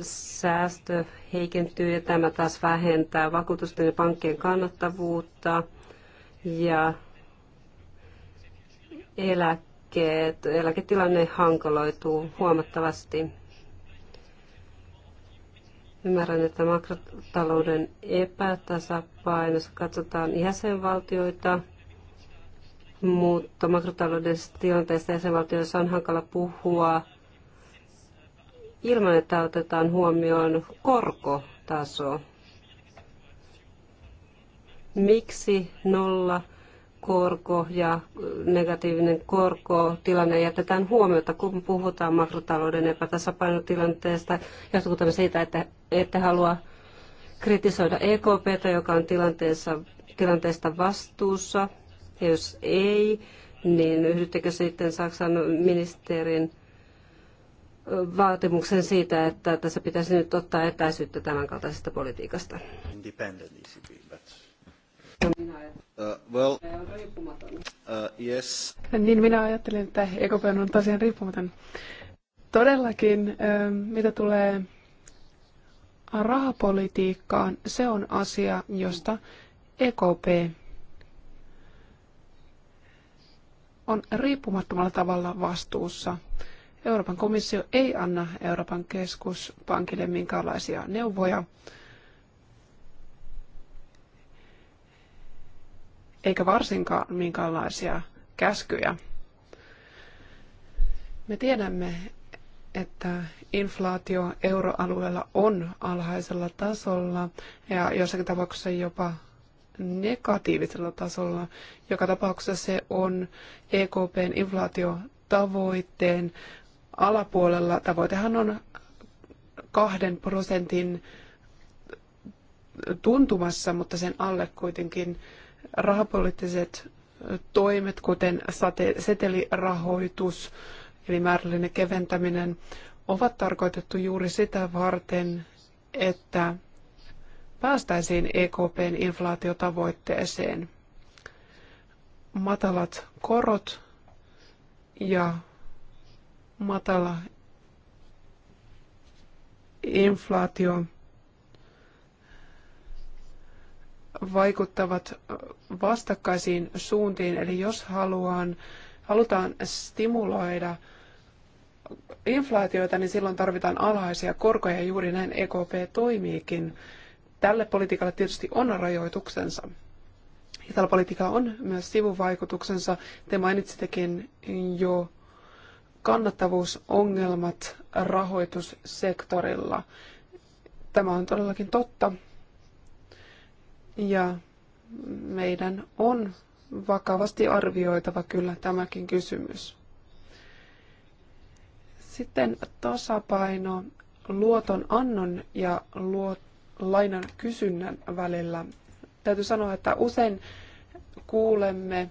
säästö heikentyy ja tämä taas vähentää vakuutusten ja pankkien kannattavuutta ja eläkkeet, eläketilanne hankaloituu huomattavasti. Ymmärrän, että makrotalouden epätasapainossa katsotaan jäsenvaltioita mutta makrotaloudellisesta tilanteesta jäsenvaltioissa on hankala puhua ilman, että otetaan huomioon korkotaso. Miksi nolla korko ja negatiivinen korko tilanne jätetään huomiota, kun puhutaan makrotalouden epätasapainotilanteesta, johtuuko siitä, että ette halua kritisoida EKPtä, joka on tilanteessa, tilanteesta vastuussa, ja jos ei, niin yhdyttekö sitten Saksan ministerin vaatimuksen siitä, että tässä pitäisi nyt ottaa etäisyyttä tämän kaltaisesta politiikasta? No minä uh, well, uh, yes. Niin minä ajattelin, että EKP on tosiaan riippumaton. Todellakin, mitä tulee rahapolitiikkaan, se on asia, josta EKP on riippumattomalla tavalla vastuussa. Euroopan komissio ei anna Euroopan keskuspankille minkäänlaisia neuvoja, eikä varsinkaan minkäänlaisia käskyjä. Me tiedämme, että inflaatio euroalueella on alhaisella tasolla ja jossakin tapauksessa jopa negatiivisella tasolla. Joka tapauksessa se on EKPn inflaatiotavoitteen alapuolella. Tavoitehan on kahden prosentin tuntumassa, mutta sen alle kuitenkin rahapoliittiset toimet, kuten setelirahoitus, eli määrällinen keventäminen, ovat tarkoitettu juuri sitä varten, että päästäisiin EKPn inflaatiotavoitteeseen. Matalat korot ja matala inflaatio vaikuttavat vastakkaisiin suuntiin. Eli jos haluan, halutaan stimuloida inflaatiota, niin silloin tarvitaan alhaisia korkoja. Juuri näin EKP toimiikin. Tälle politiikalle tietysti on rajoituksensa. Ja tällä politiikalla on myös sivuvaikutuksensa. Te mainitsittekin jo kannattavuusongelmat rahoitussektorilla. Tämä on todellakin totta. Ja meidän on vakavasti arvioitava kyllä tämäkin kysymys. Sitten tasapaino luoton annon ja luot lainan kysynnän välillä. Täytyy sanoa, että usein kuulemme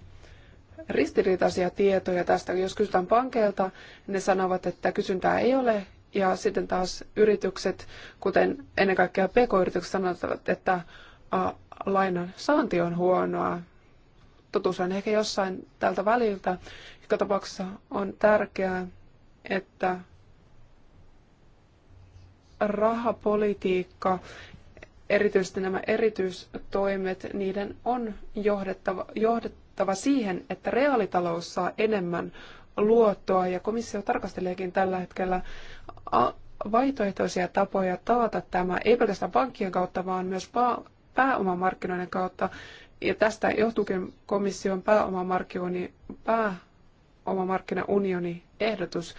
ristiriitaisia tietoja tästä. Jos kysytään pankeilta, ne sanovat, että kysyntää ei ole, ja sitten taas yritykset, kuten ennen kaikkea pk-yritykset, sanovat, että a, lainan saanti on huonoa. Totuus on ehkä jossain tältä väliltä. Joka tapauksessa on tärkeää, että rahapolitiikka erityisesti nämä erityistoimet, niiden on johdettava, johdettava siihen, että reaalitalous saa enemmän luottoa ja komissio tarkasteleekin tällä hetkellä vaihtoehtoisia tapoja taata tämä, ei pelkästään pankkien kautta, vaan myös pääomamarkkinoiden kautta. Ja tästä johtuukin komission pääomamarkkinoinnin pääomamarkkinaunioni ehdotus.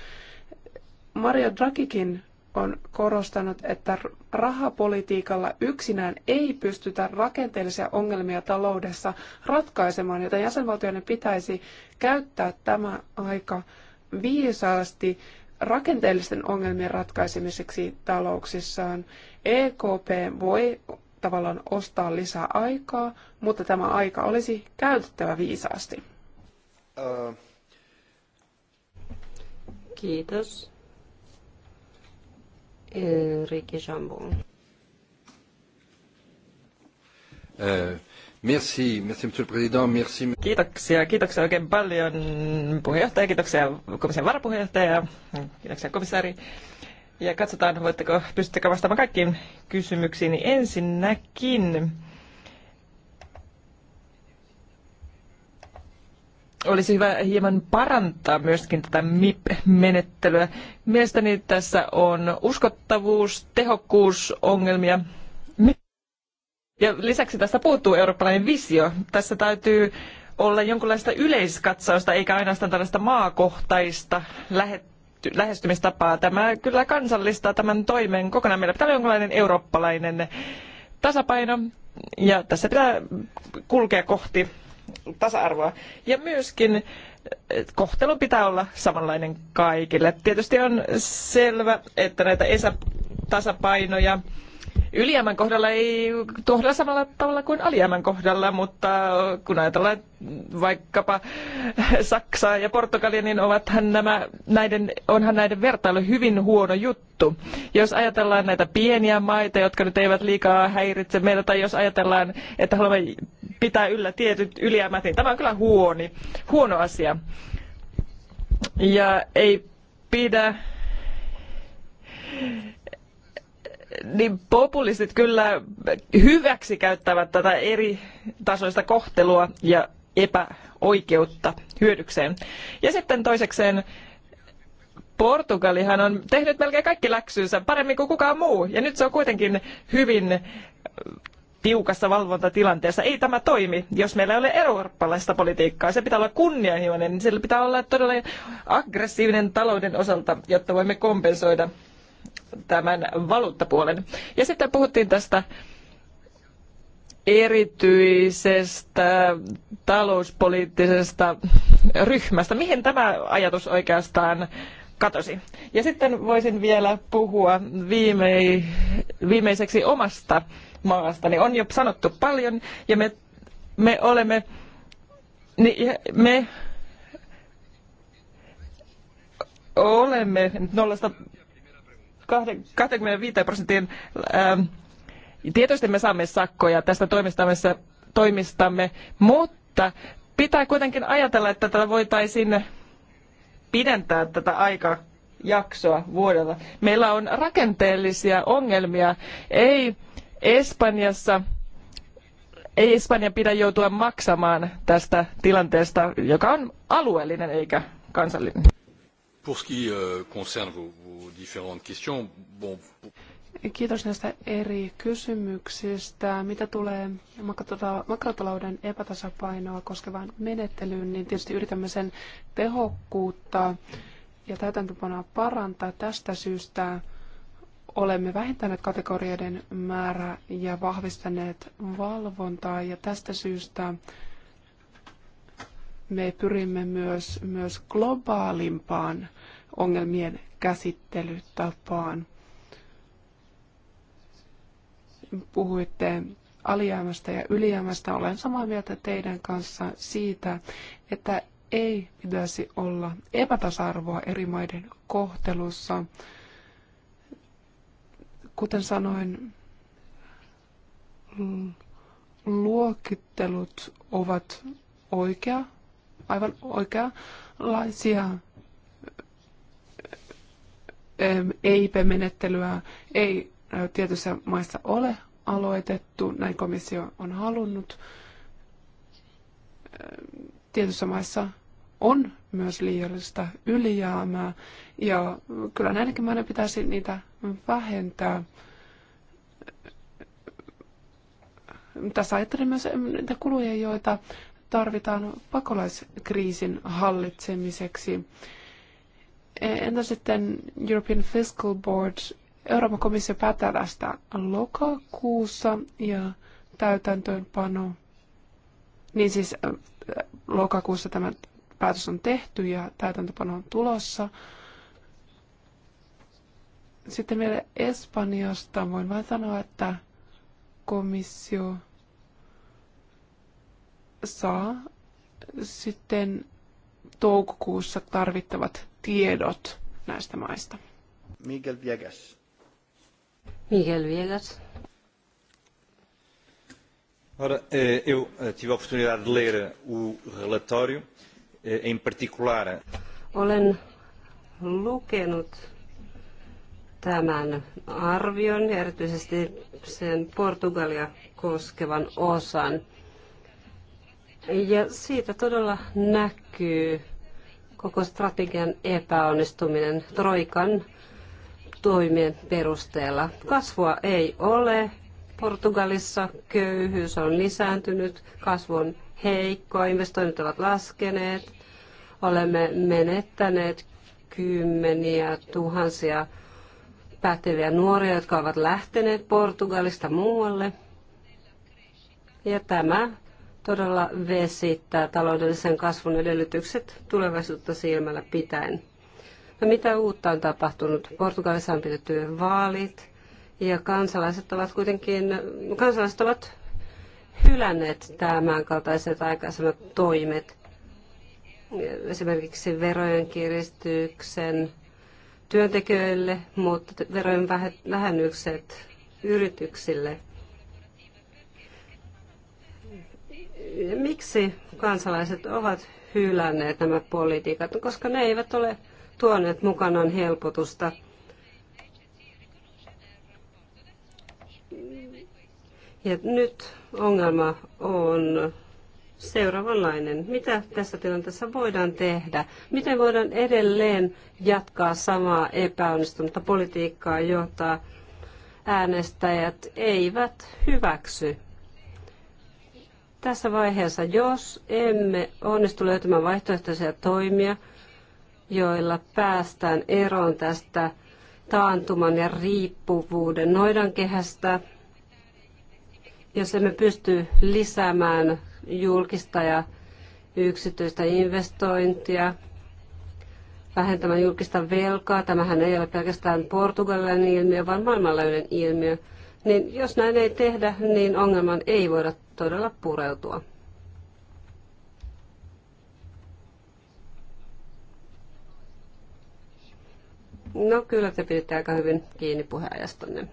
Mario Drakikin on korostanut, että rahapolitiikalla yksinään ei pystytä rakenteellisia ongelmia taloudessa ratkaisemaan, joten jäsenvaltioiden pitäisi käyttää tämä aika viisaasti rakenteellisten ongelmien ratkaisemiseksi talouksissaan. EKP voi tavallaan ostaa lisää aikaa, mutta tämä aika olisi käytettävä viisaasti. Kiitos. Enrique Jambon. Euh, merci, merci, monsieur Président, merci. Kiitoksia, kiitoksia oikein paljon puheenjohtaja, kiitoksia komission varapuheenjohtaja, kiitoksia komissaari. Ja katsotaan, voitteko, pystyttekö vastaamaan kaikkiin kysymyksiin. Niin ensinnäkin olisi hyvä hieman parantaa myöskin tätä MIP-menettelyä. Mielestäni tässä on uskottavuus, tehokkuusongelmia. Ja lisäksi tästä puuttuu eurooppalainen visio. Tässä täytyy olla jonkinlaista yleiskatsausta, eikä ainoastaan tällaista maakohtaista lähestymistapaa. Tämä kyllä kansallistaa tämän toimen kokonaan. Meillä pitää olla jonkinlainen eurooppalainen tasapaino, ja tässä pitää kulkea kohti tasa-arvoa. Ja myöskin eh, kohtelun pitää olla samanlainen kaikille. Tietysti on selvä, että näitä epätasapainoja tasapainoja Ylijäämän kohdalla ei kohdella samalla tavalla kuin alijäämän kohdalla, mutta kun ajatellaan vaikkapa Saksaa ja Portugalia, niin ovathan nämä, näiden, onhan näiden vertailu hyvin huono juttu. Jos ajatellaan näitä pieniä maita, jotka nyt eivät liikaa häiritse meitä, tai jos ajatellaan, että haluamme pitää yllä tietyt ylijäämät, niin tämä on kyllä huoni, huono asia. Ja ei pidä niin populistit kyllä hyväksi käyttävät tätä eri tasoista kohtelua ja epäoikeutta hyödykseen. Ja sitten toisekseen Portugalihan on tehnyt melkein kaikki läksynsä paremmin kuin kukaan muu. Ja nyt se on kuitenkin hyvin äh, tiukassa valvontatilanteessa. Ei tämä toimi, jos meillä ei ole eurooppalaista politiikkaa. Se pitää olla kunnianhimoinen, niin sillä pitää olla todella aggressiivinen talouden osalta, jotta voimme kompensoida tämän valuuttapuolen. Ja sitten puhuttiin tästä erityisestä talouspoliittisesta ryhmästä. Mihin tämä ajatus oikeastaan katosi? Ja sitten voisin vielä puhua viime, viimeiseksi omasta maastani. On jo sanottu paljon ja me, me olemme, niin me olemme nollasta 25 prosentin ähm, tietysti me saamme sakkoja tästä toimistamme, mutta pitää kuitenkin ajatella, että tätä voitaisiin pidentää tätä jaksoa vuodella. Meillä on rakenteellisia ongelmia. Ei Espanjassa ei Espanja pidä joutua maksamaan tästä tilanteesta, joka on alueellinen eikä kansallinen. Pour ce qui euh, concerne vos, vos différentes questions, bon... Kiitos näistä eri kysymyksistä. Mitä tulee makrotalouden epätasapainoa koskevaan menettelyyn, niin tietysti yritämme sen tehokkuutta ja täytäntöpanoa parantaa. Tästä syystä olemme vähentäneet kategorioiden määrää ja vahvistaneet valvontaa ja tästä syystä me pyrimme myös, myös globaalimpaan ongelmien käsittelytapaan. Puhuitte alijäämästä ja ylijäämästä. Olen samaa mieltä teidän kanssa siitä, että ei pitäisi olla epätasa-arvoa eri maiden kohtelussa. Kuten sanoin, luokittelut ovat oikea aivan oikeanlaisia EIP-menettelyä e ei tietyissä maissa ole aloitettu, näin komissio on halunnut. Tietyissä maissa on myös liiallista ylijäämää, ja kyllä näinkin maiden pitäisi niitä vähentää. Tässä ajattelin myös niitä kuluja, joita tarvitaan pakolaiskriisin hallitsemiseksi. E, entä sitten European Fiscal Board? Euroopan komissio päättää tästä lokakuussa ja täytäntöönpano. Niin siis lokakuussa tämä päätös on tehty ja täytäntöpano on tulossa. Sitten vielä Espanjasta voin vain sanoa, että komissio saa sitten toukokuussa tarvittavat tiedot näistä maista. Miguel Viegas. Miguel Viegas. Ora, eh, eu eh, tive a oportunidade de ler eh, o relatório, em particular. Olen lukenut tämän arvion, erityisesti sen Portugalia koskevan osan. Ja siitä todella näkyy koko strategian epäonnistuminen Troikan toimien perusteella. Kasvua ei ole. Portugalissa köyhyys on lisääntynyt, kasvu on heikkoa, investoinnit ovat laskeneet. Olemme menettäneet kymmeniä tuhansia päteviä nuoria, jotka ovat lähteneet Portugalista muualle. Ja tämä todella vesittää taloudellisen kasvun edellytykset tulevaisuutta silmällä pitäen. No mitä uutta on tapahtunut? Portugalissa on pidetty vaalit ja kansalaiset ovat kuitenkin, kansalaiset ovat hylänneet tämän kaltaiset aikaisemmat toimet. Esimerkiksi verojen kiristyksen työntekijöille, mutta verojen vähennykset yrityksille. Miksi kansalaiset ovat hylänneet nämä politiikat? Koska ne eivät ole tuoneet mukanaan helpotusta. Ja nyt ongelma on seuraavanlainen. Mitä tässä tilanteessa voidaan tehdä? Miten voidaan edelleen jatkaa samaa epäonnistunutta politiikkaa, jota äänestäjät eivät hyväksy? tässä vaiheessa, jos emme onnistu löytämään vaihtoehtoisia toimia, joilla päästään eroon tästä taantuman ja riippuvuuden noidankehästä, jos emme pysty lisäämään julkista ja yksityistä investointia, vähentämään julkista velkaa, tämähän ei ole pelkästään portugalilainen ilmiö, vaan maailmanlaajuinen ilmiö, niin jos näin ei tehdä, niin ongelman ei voida todella pureutua. No kyllä te piditte aika hyvin kiinni puheenajastanne.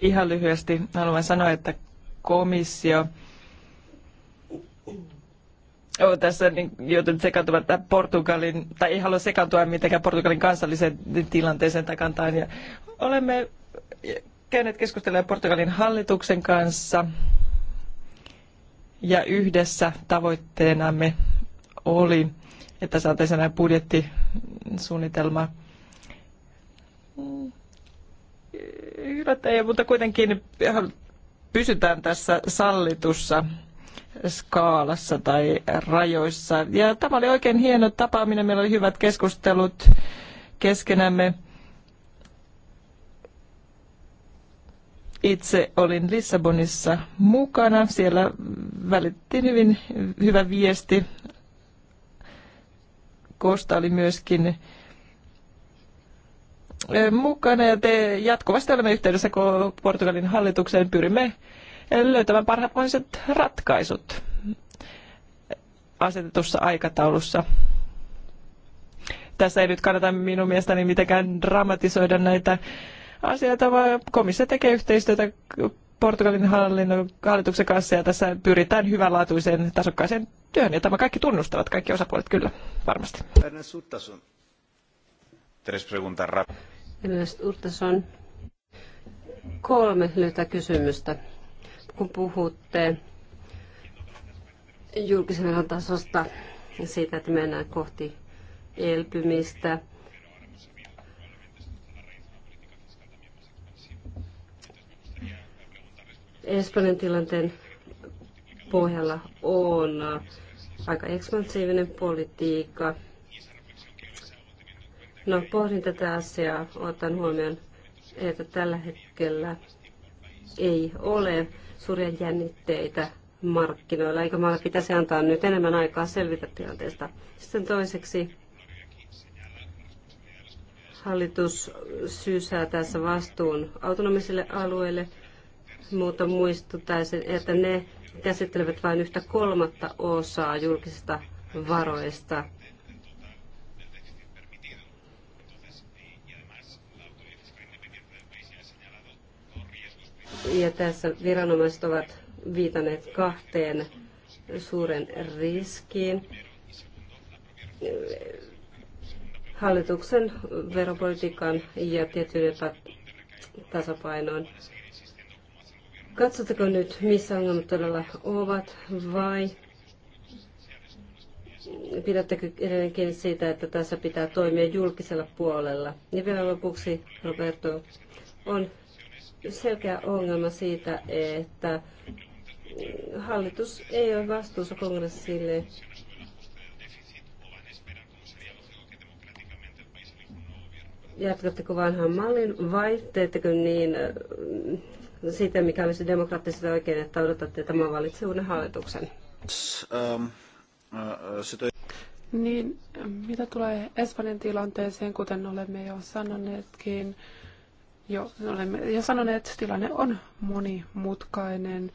Ihan lyhyesti haluan sanoa, että komissio on tässä niin joutunut sekaantumaan tämän Portugalin, tai ei halua sekaantua mitenkään Portugalin kansalliseen tilanteeseen tai Ja olemme käyneet keskustelemaan Portugalin hallituksen kanssa ja yhdessä tavoitteenamme oli, että saataisiin näin budjettisuunnitelma yllättäjä, mutta kuitenkin pysytään tässä sallitussa skaalassa tai rajoissa. Ja tämä oli oikein hieno tapaaminen. Meillä oli hyvät keskustelut keskenämme. Itse olin Lissabonissa mukana. Siellä välittiin hyvin hyvä viesti. Kosta oli myöskin mukana ja te jatkuvasti olemme yhteydessä Portugalin hallitukseen. Pyrimme löytämään parhaat mahdolliset ratkaisut asetetussa aikataulussa. Tässä ei nyt kannata minun mielestäni mitenkään dramatisoida näitä asioita, vaan komissio tekee yhteistyötä Portugalin hallinnon, hallituksen kanssa ja tässä pyritään hyvänlaatuiseen tasokkaaseen työhön. Ja tämä kaikki tunnustavat, kaikki osapuolet kyllä, varmasti. kolme lyhyttä kysymystä. Kun puhutte julkisen tasosta ja siitä, että mennään kohti elpymistä – Espanjan tilanteen pohjalla on aika ekspansiivinen politiikka. No, pohdin tätä asiaa, otan huomioon, että tällä hetkellä ei ole suuria jännitteitä markkinoilla, eikä maalla pitäisi antaa nyt enemmän aikaa selvitä tilanteesta. Sitten toiseksi hallitus syysää tässä vastuun autonomisille alueille – mutta muistuttaisin, että ne käsittelevät vain yhtä kolmatta osaa julkisista varoista. Ja tässä viranomaiset ovat viitanneet kahteen suuren riskiin. Hallituksen veropolitiikan ja tietyn tasapainoon Katsotteko nyt, missä ongelmat todella ovat vai pidättekö edelleen kiinni siitä, että tässä pitää toimia julkisella puolella? Ja vielä lopuksi, Roberto, on selkeä ongelma siitä, että hallitus ei ole vastuussa kongressille jatkatteko vanhan mallin vai teettekö niin siitä, mikä olisi demokraattisesti oikein, että odotatte, että maa valitsee uuden hallituksen? Ähm, äh, äh, niin, mitä tulee Espanjan tilanteeseen, kuten olemme jo sanoneetkin, jo, olemme jo sanoneet, että tilanne on monimutkainen.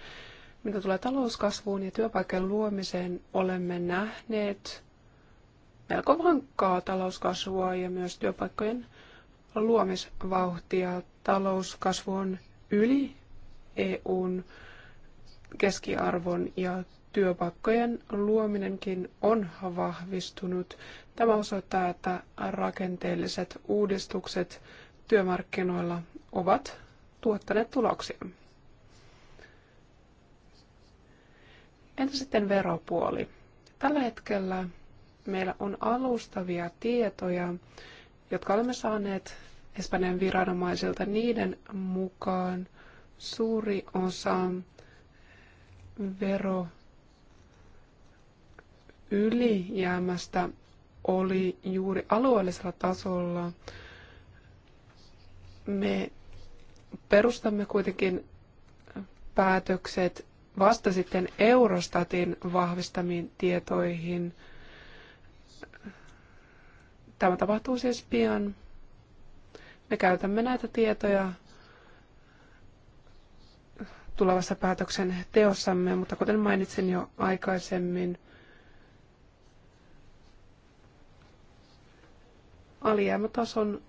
Mitä tulee talouskasvuun ja työpaikan luomiseen, olemme nähneet melko vankkaa talouskasvua ja myös työpaikkojen luomisvauhtia. Talouskasvu on yli EUn keskiarvon ja työpaikkojen luominenkin on vahvistunut. Tämä osoittaa, että rakenteelliset uudistukset työmarkkinoilla ovat tuottaneet tuloksia. Entä sitten veropuoli? Tällä hetkellä meillä on alustavia tietoja, jotka olemme saaneet Espanjan viranomaisilta. Niiden mukaan suuri osa vero ylijäämästä oli juuri alueellisella tasolla. Me perustamme kuitenkin päätökset vasta sitten Eurostatin vahvistamiin tietoihin. Tämä tapahtuu siis pian. Me käytämme näitä tietoja tulevassa päätöksen teossamme, mutta kuten mainitsin jo aikaisemmin, alijäämätason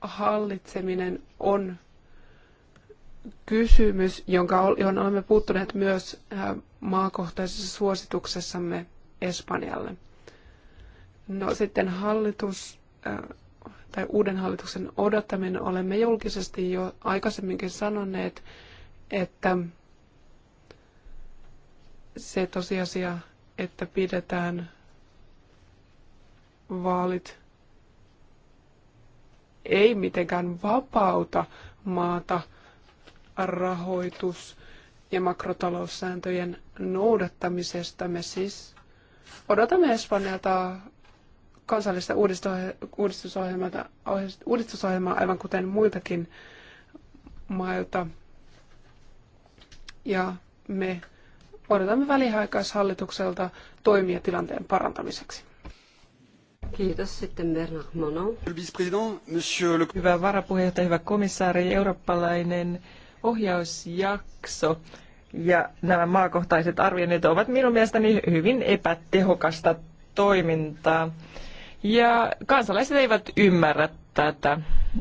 hallitseminen on kysymys, jonka, johon olemme puuttuneet myös äh, maakohtaisessa suosituksessamme Espanjalle. No sitten hallitus äh, tai uuden hallituksen odottaminen olemme julkisesti jo aikaisemminkin sanoneet, että se tosiasia, että pidetään vaalit ei mitenkään vapauta maata rahoitus- ja makrotaloussääntöjen noudattamisesta. Me siis odotamme Espanjalta kansallista uudistusohjelmaa, uudistusohjelmaa aivan kuten muiltakin mailta. Ja me odotamme välihaikaishallitukselta toimia tilanteen parantamiseksi. Kiitos. Sitten Bernard Monon. Hyvä varapuheenjohtaja, hyvä komissaari, eurooppalainen ohjausjakso ja nämä maakohtaiset arvioinnit ovat minun mielestäni hyvin epätehokasta toimintaa. Ja kansalaiset eivät ymmärrä tätä.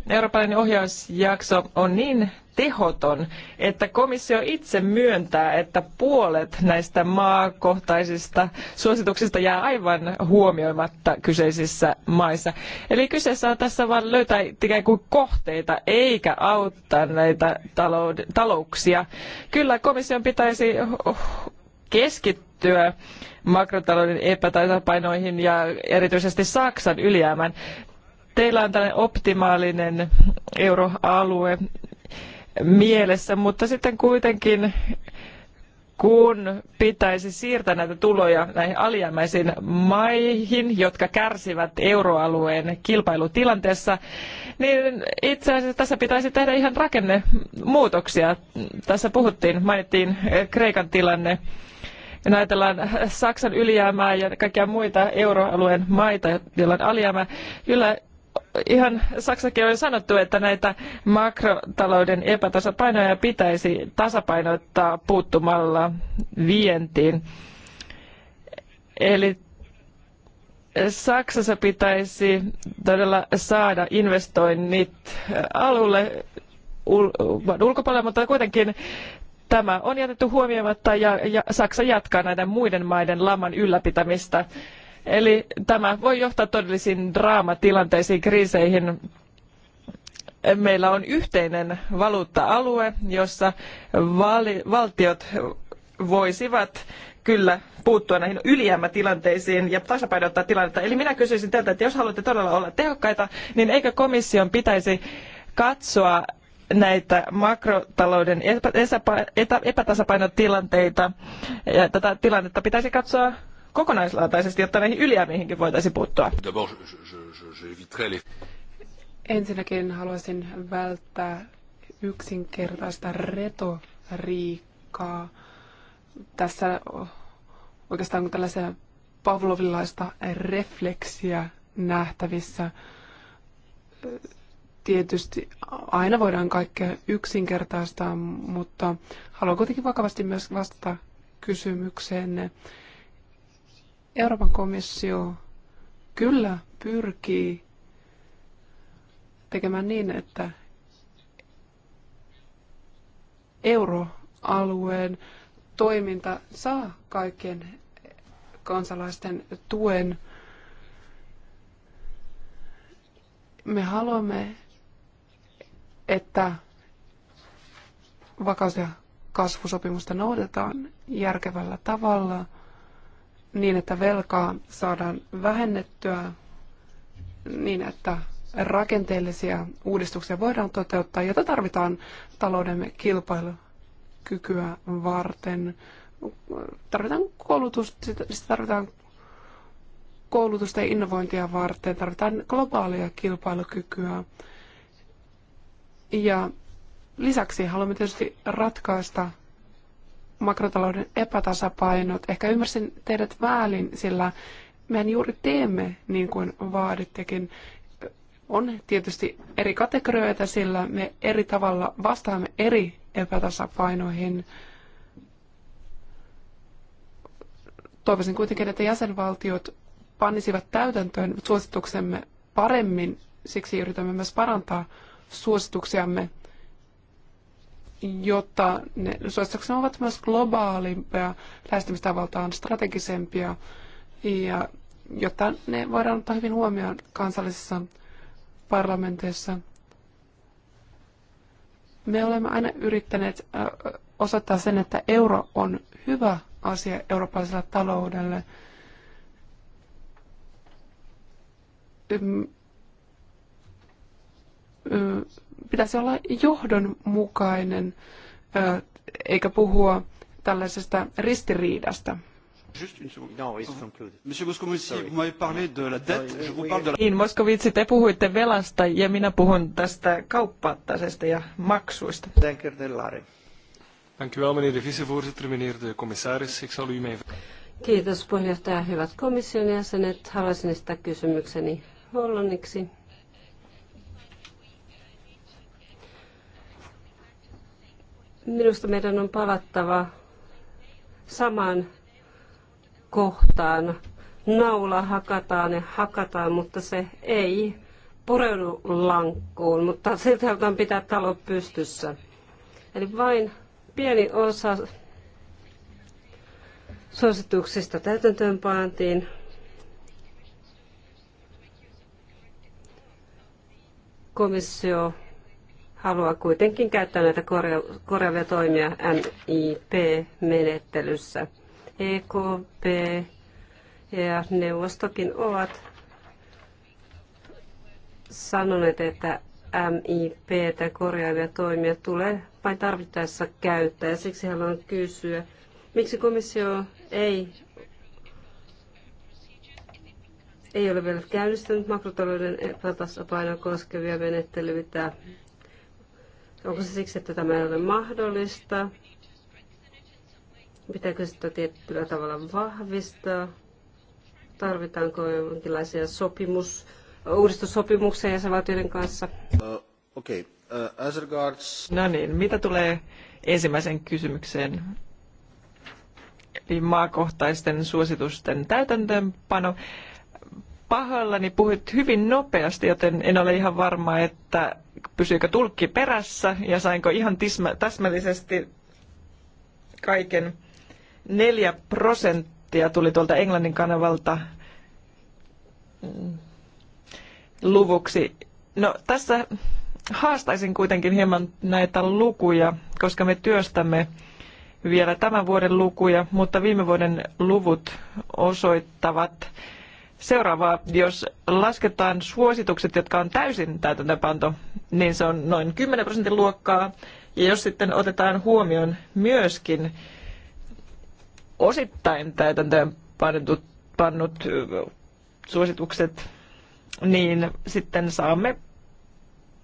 Eurooppalainen ohjausjakso on niin tehoton, että komissio itse myöntää, että puolet näistä maakohtaisista suosituksista jää aivan huomioimatta kyseisissä maissa. Eli kyseessä on tässä vain löytää ikään kuin kohteita, eikä auttaa näitä talouksia. Kyllä komission pitäisi keskittyä liittyä makrotalouden epätasapainoihin ja erityisesti Saksan ylijäämään. Teillä on tällainen optimaalinen euroalue mielessä, mutta sitten kuitenkin kun pitäisi siirtää näitä tuloja näihin alijäämäisiin maihin, jotka kärsivät euroalueen kilpailutilanteessa, niin itse asiassa tässä pitäisi tehdä ihan rakennemuutoksia. Tässä puhuttiin, mainittiin Kreikan tilanne ja ajatellaan Saksan ylijäämää ja kaikkia muita euroalueen maita, joilla on alijäämää, kyllä ihan Saksakin on jo sanottu, että näitä makrotalouden epätasapainoja pitäisi tasapainottaa puuttumalla vientiin. Eli Saksassa pitäisi todella saada investoinnit alulle ulkopuolella, mutta kuitenkin Tämä on jätetty huomioimatta ja, Saksa jatkaa näiden muiden maiden laman ylläpitämistä. Eli tämä voi johtaa todellisiin draamatilanteisiin, kriiseihin. Meillä on yhteinen valuutta-alue, jossa valtiot voisivat kyllä puuttua näihin ylijäämätilanteisiin ja tasapainottaa tilannetta. Eli minä kysyisin teiltä, että jos haluatte todella olla tehokkaita, niin eikö komission pitäisi katsoa näitä makrotalouden epätasapainotilanteita ja tätä tilannetta pitäisi katsoa kokonaislaataisesti, jotta näihin ylijäämiihinkin voitaisiin puuttua. Ensinnäkin haluaisin välttää yksinkertaista retoriikkaa. Tässä oikeastaan on tällaisia pavlovilaista refleksiä nähtävissä Tietysti aina voidaan kaikkea yksinkertaistaa, mutta haluan kuitenkin vakavasti myös vastata kysymykseen. Euroopan komissio kyllä pyrkii tekemään niin, että euroalueen toiminta saa kaikkien kansalaisten tuen. Me haluamme että vakaus- ja kasvusopimusta noudatetaan järkevällä tavalla niin, että velkaa saadaan vähennettyä niin, että rakenteellisia uudistuksia voidaan toteuttaa, jota tarvitaan taloudemme kilpailukykyä varten. Tarvitaan koulutusta, sitä tarvitaan koulutusta ja innovointia varten, tarvitaan globaalia kilpailukykyä ja lisäksi haluamme tietysti ratkaista makrotalouden epätasapainot. Ehkä ymmärsin teidät väärin, sillä mehän juuri teemme niin kuin vaadittekin. On tietysti eri kategorioita, sillä me eri tavalla vastaamme eri epätasapainoihin. Toivoisin kuitenkin, että jäsenvaltiot panisivat täytäntöön suosituksemme paremmin, siksi yritämme myös parantaa suosituksiamme, jotta ne suosituksemme ovat myös globaalimpia, lähestymistavaltaan strategisempia, ja jotta ne voidaan ottaa hyvin huomioon kansallisissa parlamenteissa. Me olemme aina yrittäneet osoittaa sen, että euro on hyvä asia eurooppalaiselle taloudelle pitäisi olla johdonmukainen, eikä puhua tällaisesta ristiriidasta. No, no, niin, Moskovitsi, te puhuitte velasta ja minä puhun tästä kauppatasesta ja maksuista. Kiitos puheenjohtaja. Hyvät komission jäsenet, haluaisin esittää kysymykseni hollanniksi. Minusta meidän on palattava samaan kohtaan. Naula hakataan ja hakataan, mutta se ei pureudu lankkuun, mutta silti halutaan pitää talo pystyssä. Eli vain pieni osa suosituksista täytäntöönpaantiin. Komissio haluaa kuitenkin käyttää näitä korja- korjaavia toimia MIP-menettelyssä. EKP ja neuvostokin ovat sanoneet, että MIP tai korjaavia toimia tulee vain tarvittaessa käyttää. Ja siksi haluan kysyä, miksi komissio ei, ei ole vielä käynnistänyt makrotalouden epätasapainoa koskevia menettelyitä Onko se siksi, että tämä ei ole mahdollista? Pitääkö sitä tietyllä tavalla vahvistaa? Tarvitaanko jonkinlaisia sopimus, uudistussopimuksia jäsenvaltioiden kanssa? Uh, okay. uh, as regards... No niin, mitä tulee ensimmäisen kysymykseen? Eli maakohtaisten suositusten täytäntöönpano pahoillani, puhuit hyvin nopeasti, joten en ole ihan varma, että pysyykö tulkki perässä ja sainko ihan tismä, täsmällisesti kaiken. Neljä prosenttia tuli tuolta Englannin kanavalta luvuksi. No tässä haastaisin kuitenkin hieman näitä lukuja, koska me työstämme vielä tämän vuoden lukuja, mutta viime vuoden luvut osoittavat Seuraavaa, jos lasketaan suositukset, jotka on täysin täytäntöpanto, niin se on noin 10 prosentin luokkaa. Ja jos sitten otetaan huomioon myöskin osittain täytäntöön pannut, suositukset, niin sitten saamme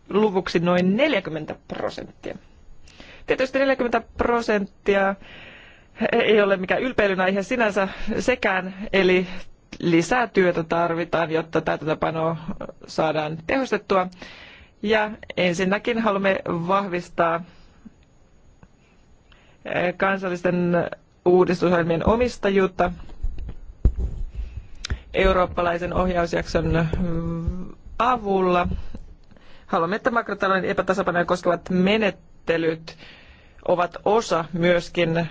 luvuksi noin 40 prosenttia. Tietysti 40 prosenttia ei ole mikään ylpeilyn aihe sinänsä sekään, eli lisää työtä tarvitaan, jotta täytäntöpanoa saadaan tehostettua. Ja ensinnäkin haluamme vahvistaa eh, kansallisten uudistusohjelmien omistajuutta eurooppalaisen ohjausjakson avulla. Haluamme, että makrotalouden epätasapainoja koskevat menettelyt ovat osa myöskin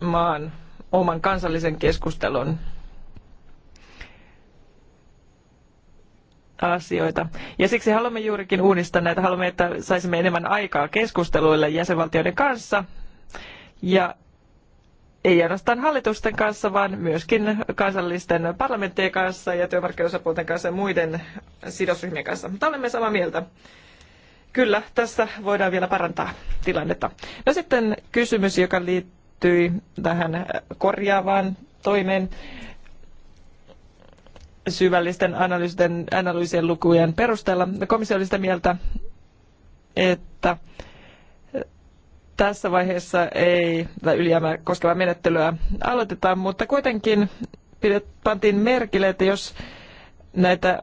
maan oman kansallisen keskustelun asioita. Ja siksi haluamme juurikin uudistaa näitä, haluamme, että saisimme enemmän aikaa keskusteluille jäsenvaltioiden kanssa ja ei ainoastaan hallitusten kanssa, vaan myöskin kansallisten parlamenttien kanssa ja työmarkkinosapuolten kanssa ja muiden sidosryhmien kanssa. Mutta olemme samaa mieltä. Kyllä, tässä voidaan vielä parantaa tilannetta. No sitten kysymys, joka liittyy tähän korjaavaan toimeen syvällisten analyysien, analyysien lukujen perusteella. Komissio oli sitä mieltä, että tässä vaiheessa ei tätä ylijäämää koskevaa menettelyä aloiteta, mutta kuitenkin pidet, pantiin merkille, että jos näitä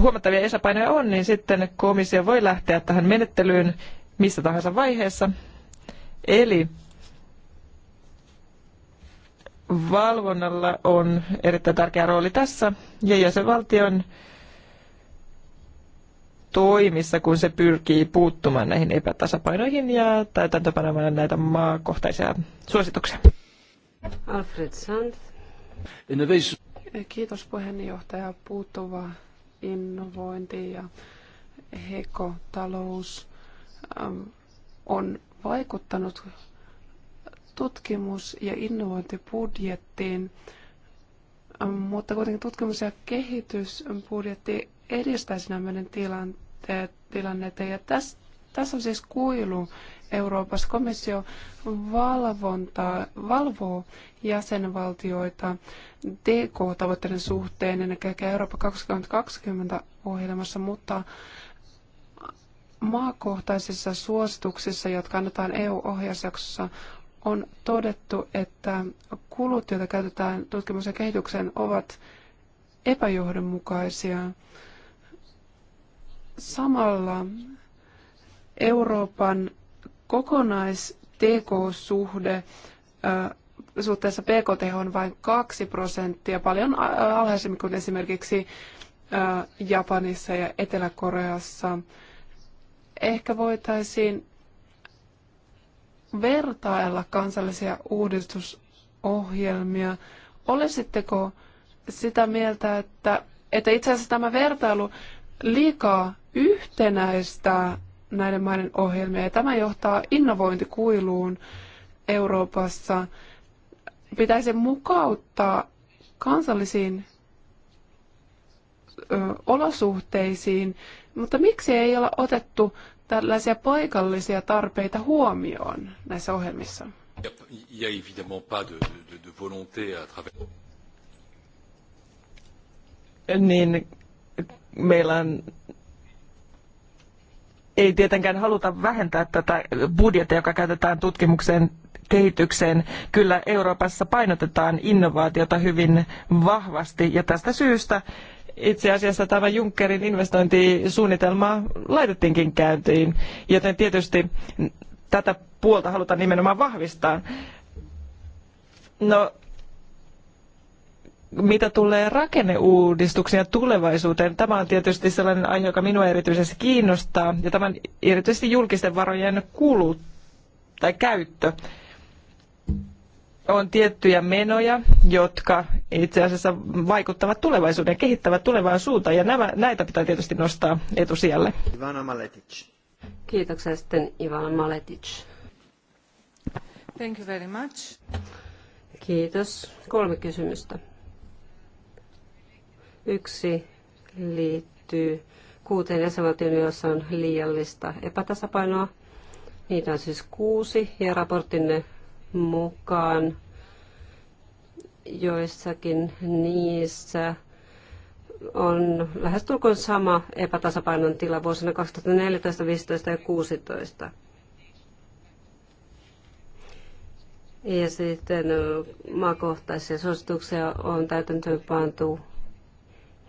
huomattavia esäpainoja on, niin sitten komissio voi lähteä tähän menettelyyn missä tahansa vaiheessa. Eli valvonnalla on erittäin tärkeä rooli tässä ja jäsenvaltion toimissa, kun se pyrkii puuttumaan näihin epätasapainoihin ja täytäntöpanemaan näitä maakohtaisia suosituksia. Alfred Sand. Kiitos puheenjohtaja. Puuttuva innovointi ja heko talous ähm, on vaikuttanut tutkimus- ja innovointibudjettiin, ähm, mutta kuitenkin tutkimus- ja kehitysbudjetti edistäisi tilanteet tilannetta. Ja tässä, tässä on siis kuilu Euroopassa. Komissio valvontaa, valvoo jäsenvaltioita DK-tavoitteiden suhteen, ennen kaikkea Eurooppa 2020 ohjelmassa, mutta maakohtaisissa suosituksissa, jotka annetaan EU-ohjausjaksossa, on todettu, että kulut, joita käytetään tutkimus- ja kehitykseen, ovat epäjohdonmukaisia. Samalla Euroopan kokonais-TK-suhde suhteessa PKT on vain 2 prosenttia, paljon alhaisemmin kuin esimerkiksi Japanissa ja Etelä-Koreassa. Ehkä voitaisiin vertailla kansallisia uudistusohjelmia. Olisitteko sitä mieltä, että, että itse asiassa tämä vertailu liikaa yhtenäistää näiden maiden ohjelmia ja tämä johtaa innovointikuiluun Euroopassa. Pitäisi mukauttaa kansallisiin olosuhteisiin, mutta miksi ei ole otettu tällaisia paikallisia tarpeita huomioon näissä ohjelmissa? Niin meillä on ei tietenkään haluta vähentää tätä budjettia, joka käytetään tutkimukseen kehitykseen. Kyllä Euroopassa painotetaan innovaatiota hyvin vahvasti ja tästä syystä itse asiassa tämä Junckerin investointisuunnitelma laitettiinkin käyntiin, joten tietysti tätä puolta halutaan nimenomaan vahvistaa. No, mitä tulee rakenneuudistuksiin ja tulevaisuuteen, tämä on tietysti sellainen aihe, joka minua erityisesti kiinnostaa, ja tämän erityisesti julkisten varojen kulut tai käyttö on tiettyjä menoja, jotka itse asiassa vaikuttavat tulevaisuuteen, kehittävät tulevaan suuntaan, ja nämä, näitä pitää tietysti nostaa etusijalle. Ivana Maletic. Kiitoksia sitten Ivana Maletic. Thank you very much. Kiitos. Kolme kysymystä. Yksi liittyy kuuteen jäsenvaltioon, joissa on liiallista epätasapainoa. Niitä on siis kuusi ja raportinne mukaan. Joissakin niissä on lähestulkoon sama epätasapainon tila vuosina 2014, 15 ja 16. Ja sitten maakohtaisia suosituksia on täytäntöön pantu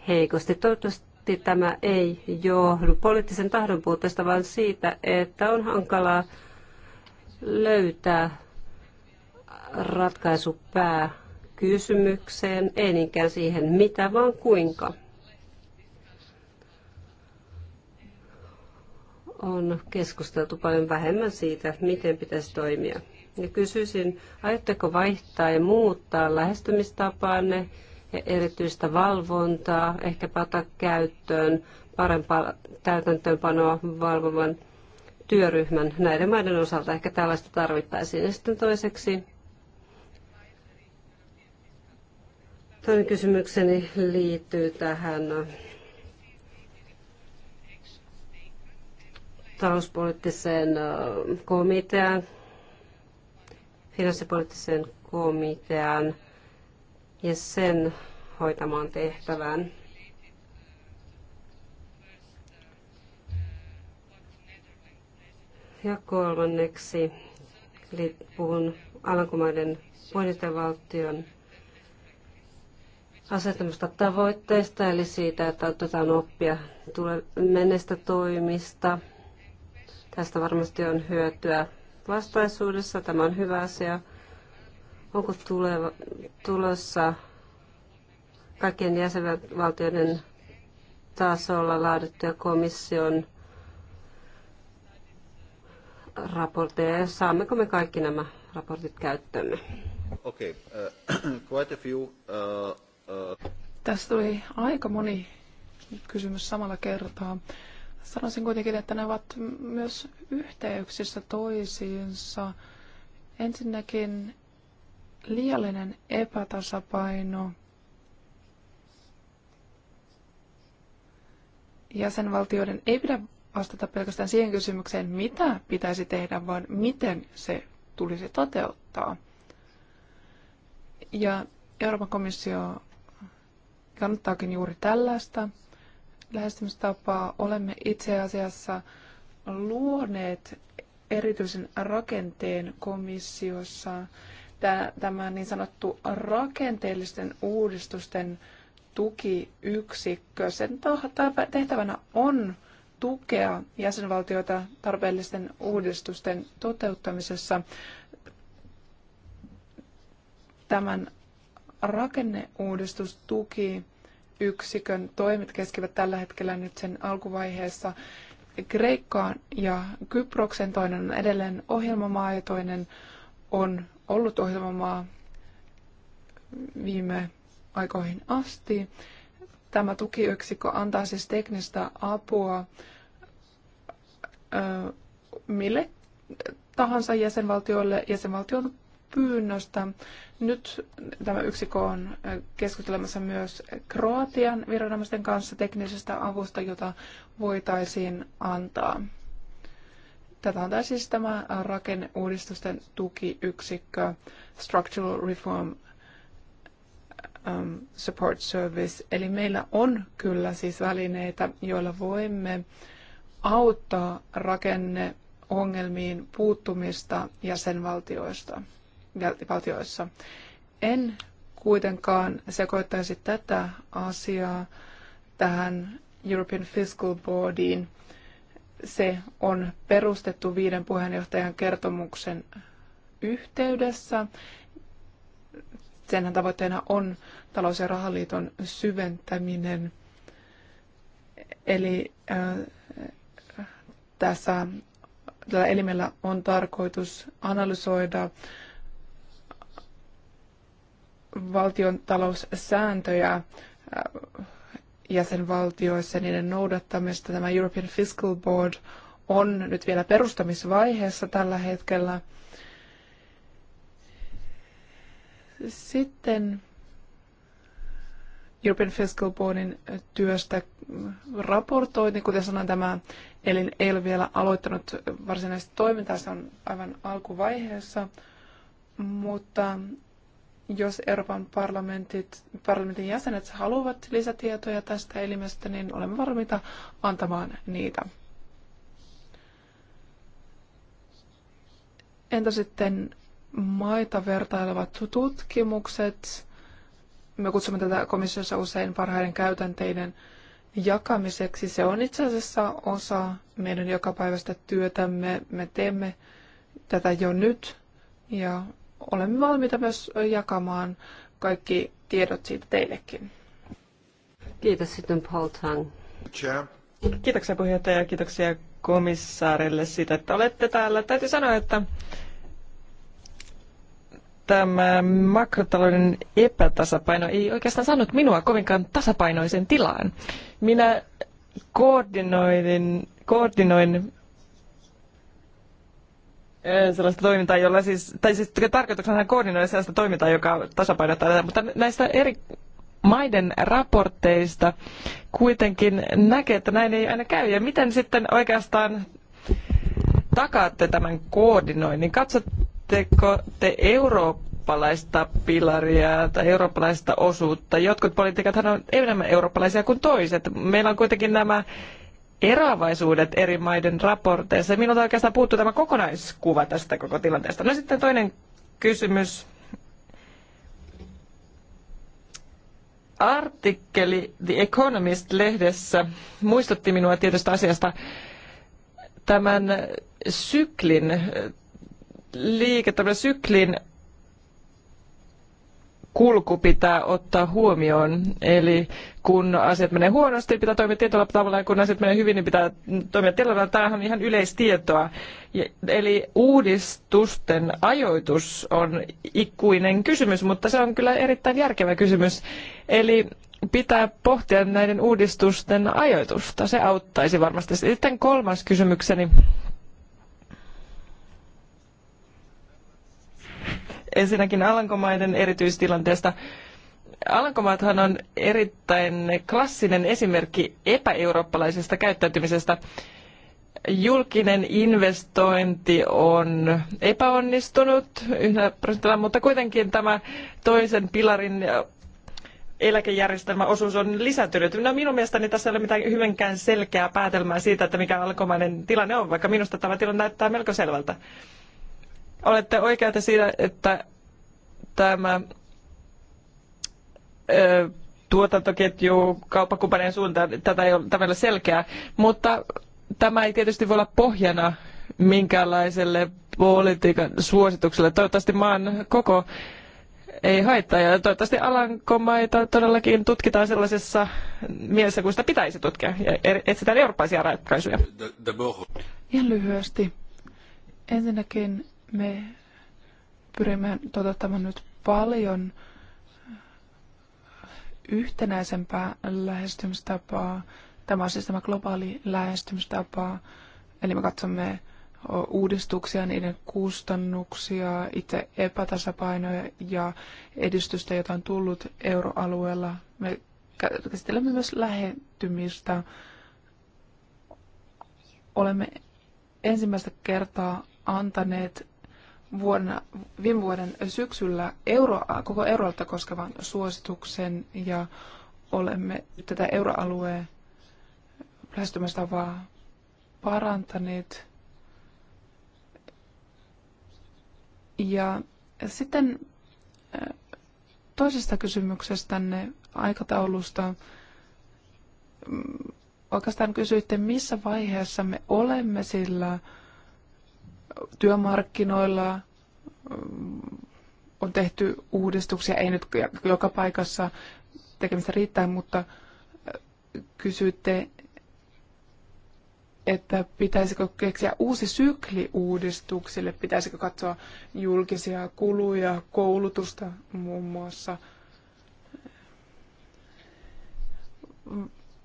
heikosti. Toivottavasti tämä ei johdu poliittisen tahdon puutteesta, vaan siitä, että on hankalaa löytää ratkaisu pääkysymykseen, ei niinkään siihen mitä, vaan kuinka. On keskusteltu paljon vähemmän siitä, miten pitäisi toimia. Ja kysyisin, aiotteko vaihtaa ja muuttaa lähestymistapaanne ja erityistä valvontaa, ehkä pata käyttöön parempaa täytäntöönpanoa valvovan työryhmän näiden maiden osalta. Ehkä tällaista tarvittaisiin. Ja sitten toiseksi Toinen kysymykseni liittyy tähän talouspoliittiseen komitean, finanssipoliittiseen komitean ja sen hoitamaan tehtävään. Ja kolmanneksi puhun Alankomaiden puheenjohtajavaltion asettamista tavoitteista, eli siitä, että otetaan oppia tule menestä toimista. Tästä varmasti on hyötyä vastaisuudessa. Tämä on hyvä asia. Onko tuleva, tulossa kaikkien jäsenvaltioiden tasolla laadittuja komission raportteja saammeko me kaikki nämä raportit käyttöömme? Okay, uh, quite a few uh, tässä tuli aika moni kysymys samalla kertaa. Sanoisin kuitenkin, että ne ovat myös yhteyksissä toisiinsa. Ensinnäkin liiallinen epätasapaino jäsenvaltioiden ei pidä vastata pelkästään siihen kysymykseen, mitä pitäisi tehdä, vaan miten se tulisi toteuttaa. Ja Euroopan komissio kannattaakin juuri tällaista lähestymistapaa. Olemme itse asiassa luoneet erityisen rakenteen komissiossa. Tämä niin sanottu rakenteellisten uudistusten tukiyksikkö. Sen tehtävänä on tukea jäsenvaltioita tarpeellisten uudistusten toteuttamisessa. Tämän rakenneuudistustuki yksikön toimet keskivät tällä hetkellä nyt sen alkuvaiheessa. Kreikkaan ja Kyproksen toinen on edelleen ohjelmamaa ja toinen on ollut ohjelmamaa viime aikoihin asti. Tämä tukiyksikkö antaa siis teknistä apua mille tahansa jäsenvaltiolle jäsenvaltion pyynnöstä. Nyt tämä yksikö on keskustelemassa myös Kroatian viranomaisten kanssa teknisestä avusta, jota voitaisiin antaa. Tätä on tämä siis tämä rakenneuudistusten tukiyksikkö, Structural Reform ähm, Support Service. Eli meillä on kyllä siis välineitä, joilla voimme auttaa rakenneongelmiin puuttumista jäsenvaltioista valtioissa. En kuitenkaan sekoittaisi tätä asiaa tähän European Fiscal Boardiin. Se on perustettu viiden puheenjohtajan kertomuksen yhteydessä. Senhän tavoitteena on talous- ja rahaliiton syventäminen. Eli äh, tässä tällä elimellä on tarkoitus analysoida äh, valtion taloussääntöjä äh, jäsenvaltioissa ja niiden noudattamista. Tämä European Fiscal Board on nyt vielä perustamisvaiheessa tällä hetkellä. Sitten European Fiscal Boardin työstä raportoin, Kuten sanoin, tämä elin ei ole vielä aloittanut varsinaista toimintaa, se on aivan alkuvaiheessa, mutta jos Euroopan parlamentit, parlamentin jäsenet haluavat lisätietoja tästä elimestä, niin olemme valmiita antamaan niitä. Entä sitten maita vertailevat tutkimukset? Me kutsumme tätä komissiossa usein parhaiden käytänteiden jakamiseksi. Se on itse asiassa osa meidän jokapäiväistä työtämme. Me teemme tätä jo nyt ja olemme valmiita myös jakamaan kaikki tiedot siitä teillekin. Kiitos sitten Paul Tang. Kiitoksia puheenjohtaja ja kiitoksia komissaarille siitä, että olette täällä. Täytyy sanoa, että tämä makrotalouden epätasapaino ei oikeastaan saanut minua kovinkaan tasapainoisen tilaan. Minä koordinoin, koordinoin sellaista toimintaa, jolla siis, tai siis tarkoituksena koordinoida sellaista toimintaa, joka tasapainottaa tätä, mutta näistä eri maiden raporteista kuitenkin näkee, että näin ei aina käy. Ja miten sitten oikeastaan takaatte tämän koordinoinnin? Katsotteko te eurooppalaista pilaria tai eurooppalaista osuutta? Jotkut politiikathan on enemmän eurooppalaisia kuin toiset. Meillä on kuitenkin nämä eroavaisuudet eri maiden raporteissa. Minulta oikeastaan puuttuu tämä kokonaiskuva tästä koko tilanteesta. No sitten toinen kysymys. Artikkeli The Economist-lehdessä muistutti minua tietystä asiasta tämän syklin, tämän syklin kulku pitää ottaa huomioon. Eli kun asiat menee huonosti, pitää toimia tietyllä tavalla, ja kun asiat menee hyvin, niin pitää toimia tietyllä tavalla. Tämähän on ihan yleistietoa. Eli uudistusten ajoitus on ikuinen kysymys, mutta se on kyllä erittäin järkevä kysymys. Eli pitää pohtia näiden uudistusten ajoitusta. Se auttaisi varmasti. Sitten kolmas kysymykseni ensinnäkin Alankomaiden erityistilanteesta. Alankomaathan on erittäin klassinen esimerkki epäeurooppalaisesta käyttäytymisestä. Julkinen investointi on epäonnistunut yhdellä prosentilla, mutta kuitenkin tämä toisen pilarin eläkejärjestelmän osuus on lisääntynyt. No, minun mielestäni tässä ei ole mitään hyvinkään selkeää päätelmää siitä, että mikä alkomainen tilanne on, vaikka minusta tämä tilanne näyttää melko selvältä olette oikeita siinä, että tämä ö, tuotantoketju kauppakumppanien suuntaan, tätä ei ole, tämä selkeää, mutta tämä ei tietysti voi olla pohjana minkäänlaiselle politiikan suositukselle. Toivottavasti maan koko ei haittaa ja toivottavasti Alankomaita todellakin tutkitaan sellaisessa mielessä, kun sitä pitäisi tutkia ja er, etsitään eurooppaisia ratkaisuja. Ihan lyhyesti. Ensinnäkin me pyrimme toteuttamaan nyt paljon yhtenäisempää lähestymistapaa. Tämä on siis tämä globaali lähestymistapa. Eli me katsomme uudistuksia, niiden kustannuksia, itse epätasapainoja ja edistystä, jota on tullut euroalueella. Me käsittelemme myös lähentymistä. Olemme ensimmäistä kertaa antaneet vuonna, viime vuoden syksyllä euroa, koko euroalta koskevan suosituksen ja olemme tätä euroalueen lähestymistavaa parantaneet. Ja sitten äh, toisesta kysymyksestä, tänne aikataulusta. Mm, oikeastaan kysyitte, missä vaiheessa me olemme, sillä työmarkkinoilla on tehty uudistuksia, ei nyt joka paikassa tekemistä riittää, mutta kysyitte, että pitäisikö keksiä uusi sykli uudistuksille, pitäisikö katsoa julkisia kuluja, koulutusta muun muassa.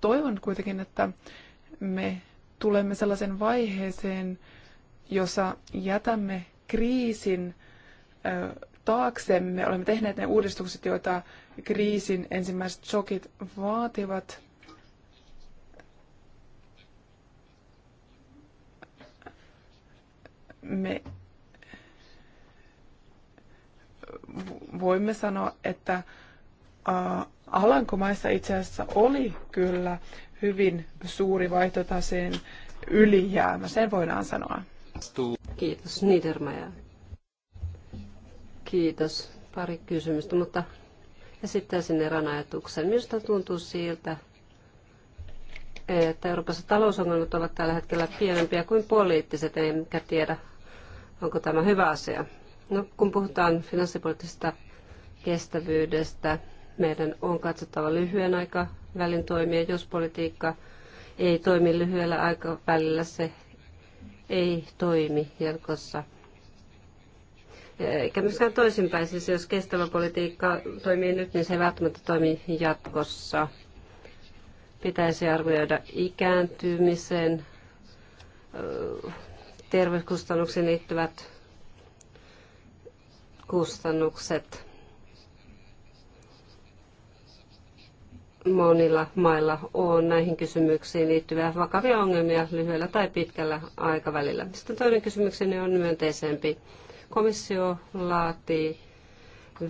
Toivon kuitenkin, että me tulemme sellaisen vaiheeseen, jossa jätämme kriisin taaksemme. Olemme tehneet ne uudistukset, joita kriisin ensimmäiset shokit vaativat. Me voimme sanoa, että Alankomaissa itse asiassa oli kyllä hyvin suuri vaihtotaseen ylijäämä, sen voidaan sanoa. Kiitos Niedermayer. Kiitos. Pari kysymystä, mutta esittäisin erään ajatuksen. Minusta tuntuu siltä, että Euroopassa talousongelmat ovat tällä hetkellä pienempiä kuin poliittiset, enkä tiedä, onko tämä hyvä asia. No, kun puhutaan finanssipoliittisesta kestävyydestä, meidän on katsottava lyhyen aikavälin toimia. Jos politiikka ei toimi lyhyellä aikavälillä, se ei toimi jatkossa. Eikä myöskään toisinpäin, siis jos kestävä politiikka toimii nyt, niin se ei välttämättä toimi jatkossa. Pitäisi arvioida ikääntymisen, terveyskustannuksiin liittyvät kustannukset. monilla mailla on näihin kysymyksiin liittyviä vakavia ongelmia lyhyellä tai pitkällä aikavälillä. Sitten toinen kysymykseni on myönteisempi. Komissio laatii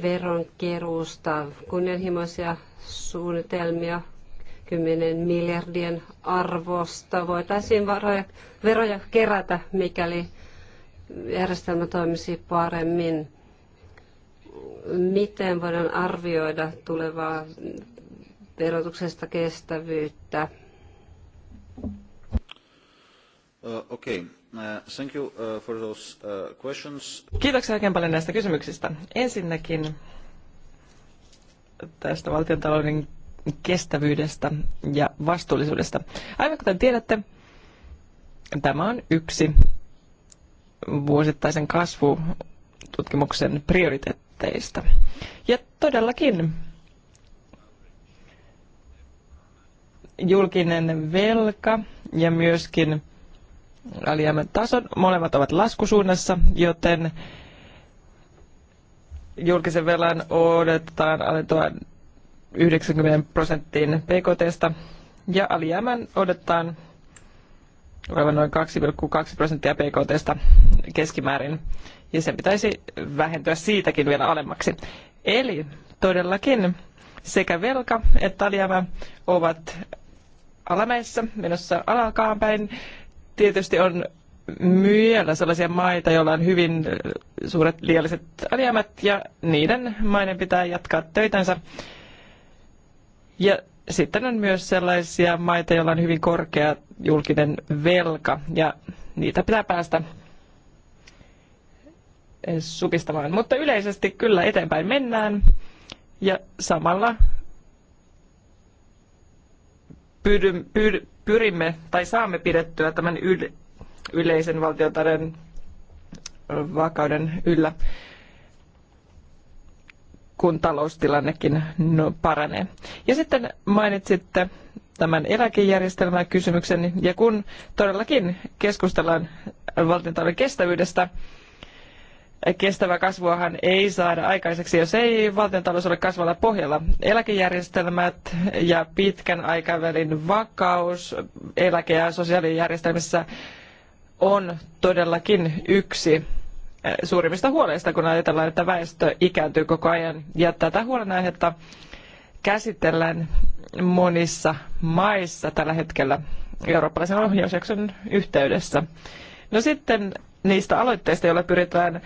veronkeruusta kunnianhimoisia suunnitelmia 10 miljardien arvosta. Voitaisiin varoja, veroja kerätä, mikäli järjestelmä toimisi paremmin miten voidaan arvioida tulevaa verotuksesta kestävyyttä. Uh, okay. uh, thank you uh, for those uh, questions. Kiitoksia oikein paljon näistä kysymyksistä. Ensinnäkin tästä valtiontalouden kestävyydestä ja vastuullisuudesta. Aivan kuten tiedätte, tämä on yksi vuosittaisen kasvututkimuksen prioriteetteista. Ja todellakin julkinen velka ja myöskin alijäämän tasot, molemmat ovat laskusuunnassa, joten julkisen velan odotetaan alentua 90 prosenttiin PKTstä ja alijäämän odotetaan olevan noin 2,2 prosenttia PKTstä keskimäärin. Ja sen pitäisi vähentyä siitäkin vielä alemmaksi. Eli todellakin sekä velka että alijäämä ovat alamäessä, menossa alakaan päin. Tietysti on vielä sellaisia maita, joilla on hyvin suuret liialliset alijäämät ja niiden maiden pitää jatkaa töitänsä. Ja sitten on myös sellaisia maita, joilla on hyvin korkea julkinen velka ja niitä pitää päästä supistamaan. Mutta yleisesti kyllä eteenpäin mennään ja samalla pyrimme tai saamme pidettyä tämän yleisen valtiotalouden vakauden yllä, kun taloustilannekin no, paranee. Ja sitten mainitsitte tämän eläkejärjestelmän kysymyksen, ja kun todellakin keskustellaan valtiontalouden kestävyydestä, kestävää kasvuahan ei saada aikaiseksi, jos ei valtiontalous ole kasvalla pohjalla. Eläkejärjestelmät ja pitkän aikavälin vakaus eläke- ja sosiaalijärjestelmissä on todellakin yksi eh, suurimmista huoleista, kun ajatellaan, että väestö ikääntyy koko ajan. Ja tätä huolenaihetta käsitellään monissa maissa tällä hetkellä eurooppalaisen ohjausjakson yhteydessä. No sitten niistä aloitteista, joilla pyritään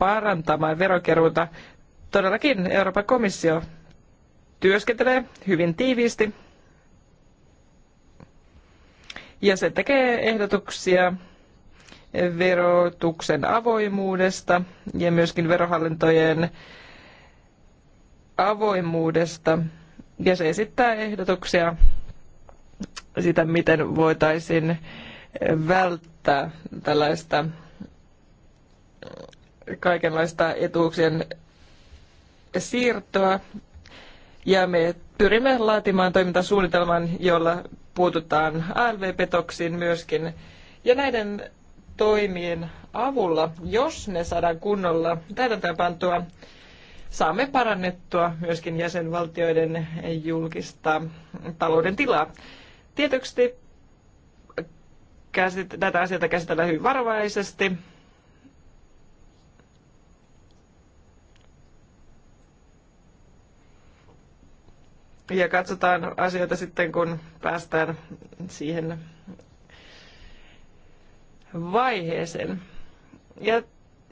parantamaan verokeruuta. Todellakin Euroopan komissio työskentelee hyvin tiiviisti ja se tekee ehdotuksia verotuksen avoimuudesta ja myöskin verohallintojen avoimuudesta. Ja se esittää ehdotuksia sitä, miten voitaisiin välttää tällaista kaikenlaista etuuksien siirtoa. Ja me pyrimme laatimaan toimintasuunnitelman, jolla puututaan ALV-petoksiin myöskin. Ja näiden toimien avulla, jos ne saadaan kunnolla täytäntöönpantua, saamme parannettua myöskin jäsenvaltioiden julkista talouden tilaa. Tietysti käsit- tätä asiaa käsitellään hyvin varovaisesti Ja katsotaan asioita sitten, kun päästään siihen vaiheeseen. Ja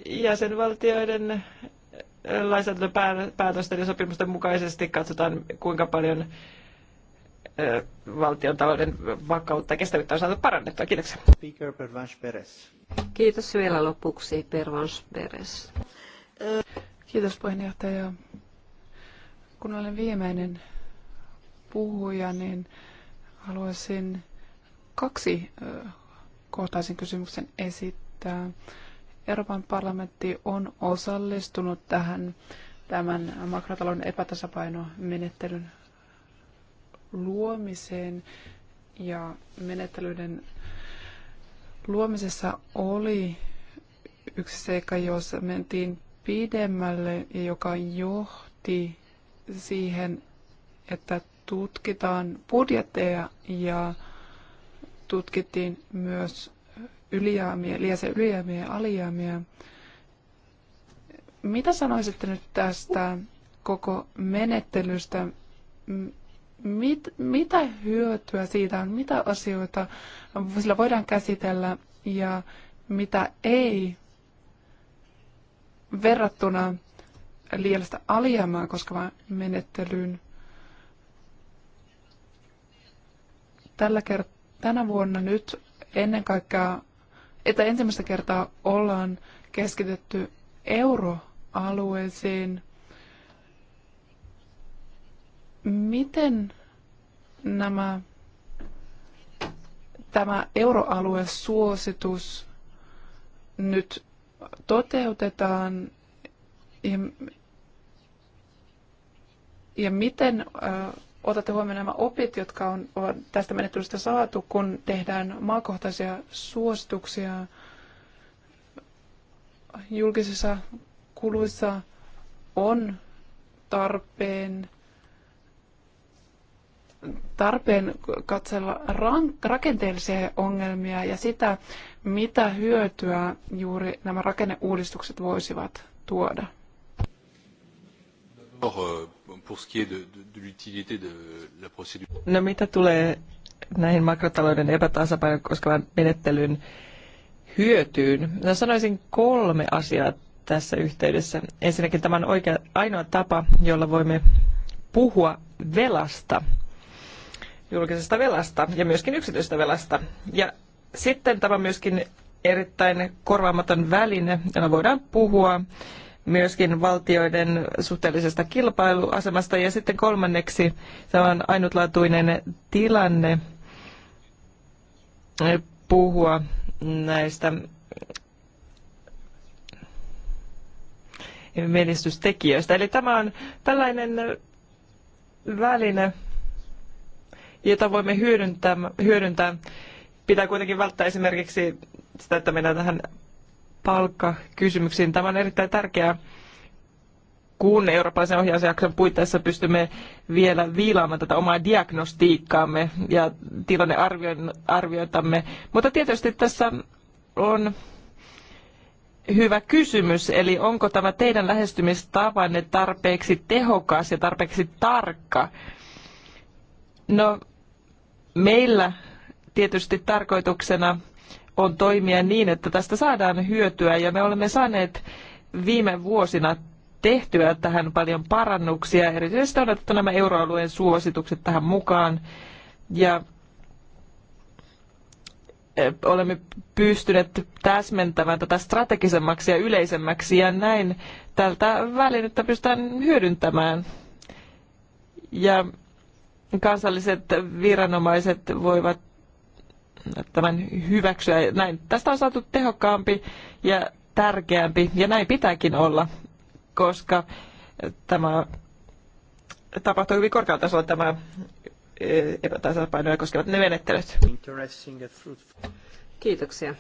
jäsenvaltioiden lainsäädäntöpäätösten ja sopimusten mukaisesti katsotaan, kuinka paljon valtion talouden vakautta ja kestävyyttä on saatu parannettua. Kiitoksia. Speaker Kiitos vielä lopuksi Pervans Perez. Kiitos puheenjohtaja. Kun olen viimeinen puhuja, niin haluaisin kaksi kohtaisen kysymyksen esittää. Euroopan parlamentti on osallistunut tähän tämän makrotalouden epätasapainomenettelyn luomiseen ja menettelyiden luomisessa oli yksi seikka, jossa mentiin pidemmälle ja joka johti siihen, että tutkitaan budjetteja ja tutkittiin myös ylijäämiä, liäsen ylijäämiä ja alijäämiä. Mitä sanoisitte nyt tästä koko menettelystä? Mit, mitä hyötyä siitä on? Mitä asioita sillä voidaan käsitellä ja mitä ei verrattuna liiallista alijäämää koskevaan menettelyyn? tällä kert- tänä vuonna nyt ennen kaikkea, että ensimmäistä kertaa ollaan keskitetty euroalueeseen. Miten nämä, tämä euroaluesuositus nyt toteutetaan ja, ja miten äh, otatte huomioon nämä opit, jotka on, on tästä menettelystä saatu, kun tehdään maakohtaisia suosituksia julkisissa kuluissa on tarpeen tarpeen katsella rakenteellisia ongelmia ja sitä, mitä hyötyä juuri nämä rakenneuudistukset voisivat tuoda. Euh, no mitä tulee näihin makrotalouden epätasapainoja koskevan menettelyn hyötyyn? No sanoisin kolme asiaa tässä yhteydessä. Ensinnäkin tämä on oikea, ainoa tapa, jolla voimme puhua velasta, julkisesta velasta ja myöskin yksityisestä velasta. Ja sitten tämä on myöskin erittäin korvaamaton väline, jolla voidaan puhua myöskin valtioiden suhteellisesta kilpailuasemasta. Ja sitten kolmanneksi, tämä on ainutlaatuinen tilanne puhua näistä menestystekijöistä. Eli tämä on tällainen väline, jota voimme hyödyntää. hyödyntää. Pitää kuitenkin välttää esimerkiksi sitä, että mennään tähän palkkakysymyksiin. Tämä on erittäin tärkeää, kun eurooppalaisen ohjausjakson puitteissa pystymme vielä viilaamaan tätä omaa diagnostiikkaamme ja tilannearvioitamme. Mutta tietysti tässä on hyvä kysymys, eli onko tämä teidän lähestymistapanne tarpeeksi tehokas ja tarpeeksi tarkka? No, meillä tietysti tarkoituksena on toimia niin, että tästä saadaan hyötyä ja me olemme saaneet viime vuosina tehtyä tähän paljon parannuksia. Erityisesti on otettu nämä euroalueen suositukset tähän mukaan ja e, olemme pystyneet täsmentämään tätä strategisemmaksi ja yleisemmäksi ja näin tältä välinettä pystytään hyödyntämään. Ja kansalliset viranomaiset voivat tämän hyväksyä. Näin tästä on saatu tehokkaampi ja tärkeämpi, ja näin pitääkin olla, koska tämä tapahtuu hyvin korkealla tasolla tämä e, epätasapainoja koskevat ne menettelyt. Kiitoksia.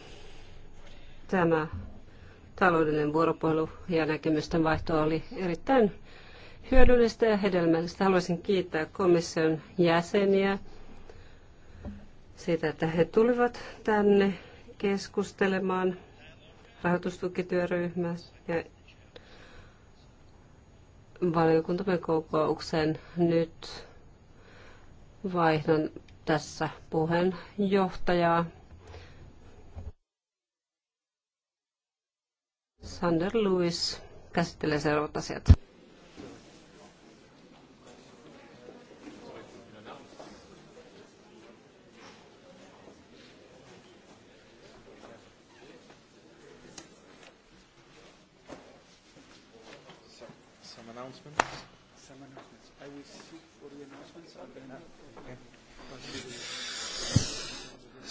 Tämä taloudellinen vuoropuhelu ja näkemysten vaihto oli erittäin hyödyllistä ja hedelmällistä. Haluaisin kiittää komission jäseniä siitä, että he tulivat tänne keskustelemaan rahoitustukityöryhmässä ja valiokuntamme kokoukseen nyt vaihdan tässä puheenjohtajaa. Sander Lewis käsittelee seuraavat asiat.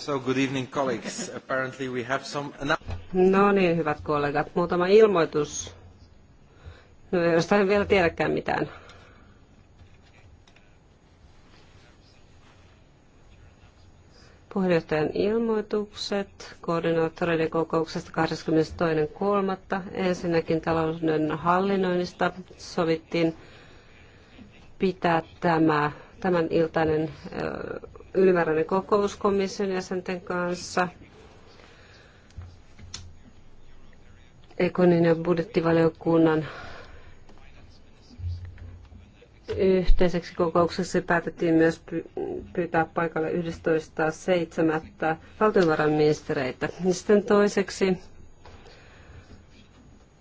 So good evening colleagues. Apparently we have some... No niin, hyvät kollegat, muutama ilmoitus. No, josta en vielä tiedäkään mitään. Puheenjohtajan ilmoitukset koordinaattoreiden kokouksesta 22.3. Ensinnäkin talouden hallinnoinnista sovittiin pitää tämä, tämän iltainen ylimääräinen kokous komission jäsenten kanssa. Ekonin ja budjettivaliokunnan yhteiseksi kokoukseksi päätettiin myös pyytää paikalle 11.7. valtiovarainministereitä. Sitten toiseksi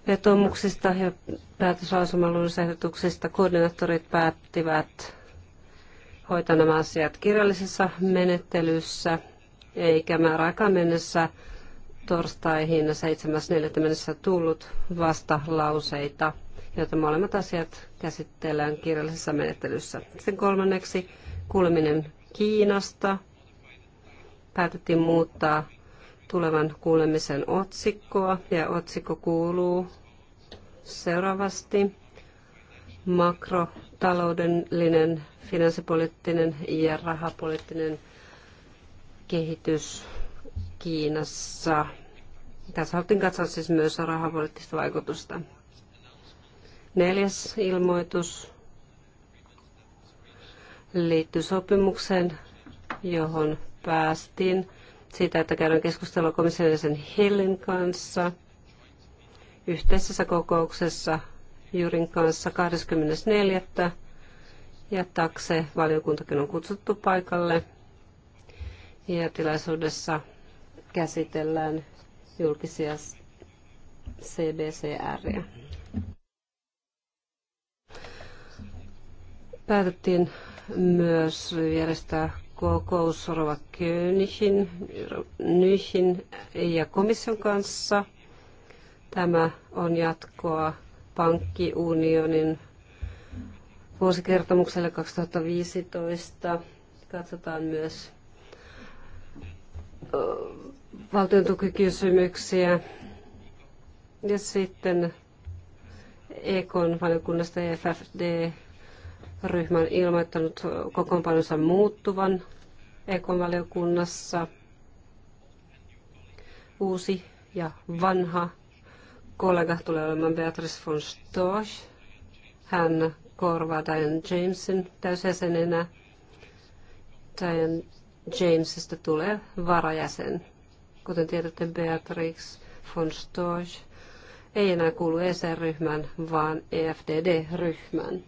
vetomuksista ja päätöslausumaluonnosehdotuksista koordinaattorit päättivät hoitaa nämä asiat kirjallisessa menettelyssä, eikä määräaikaan mennessä torstaihin 7.4. mennessä tullut vastalauseita, joita molemmat asiat käsitellään kirjallisessa menettelyssä. Sen kolmanneksi kuuleminen Kiinasta. Päätettiin muuttaa tulevan kuulemisen otsikkoa ja otsikko kuuluu seuraavasti makro taloudellinen, finanssipoliittinen ja rahapoliittinen kehitys Kiinassa. Tässä haluttiin katsoa siis myös rahapoliittista vaikutusta. Neljäs ilmoitus liittyy sopimukseen, johon päästiin siitä, että käydään keskustelua komission sen Hillin kanssa yhteisessä kokouksessa Jurin kanssa 24. ja takse valiokuntakin on kutsuttu paikalle. Ja tilaisuudessa käsitellään julkisia CBCR. Päätettiin myös järjestää kokous Rova Nyhin ja komission kanssa. Tämä on jatkoa pankkiunionin vuosikertomukselle 2015. Katsotaan myös valtion tukikysymyksiä. Ja sitten EKn valiokunnasta EFFD ryhmä on ilmoittanut kokoonpanonsa muuttuvan EKn valiokunnassa. Uusi ja vanha kollega tulee olemaan Beatrice von Storch. Hän korvaa Diane Jamesin täysjäsenenä. Diane Jamesista tulee varajäsen. Kuten tiedätte, Beatrix von Storch ei enää kuulu ESR-ryhmään, vaan EFDD-ryhmään.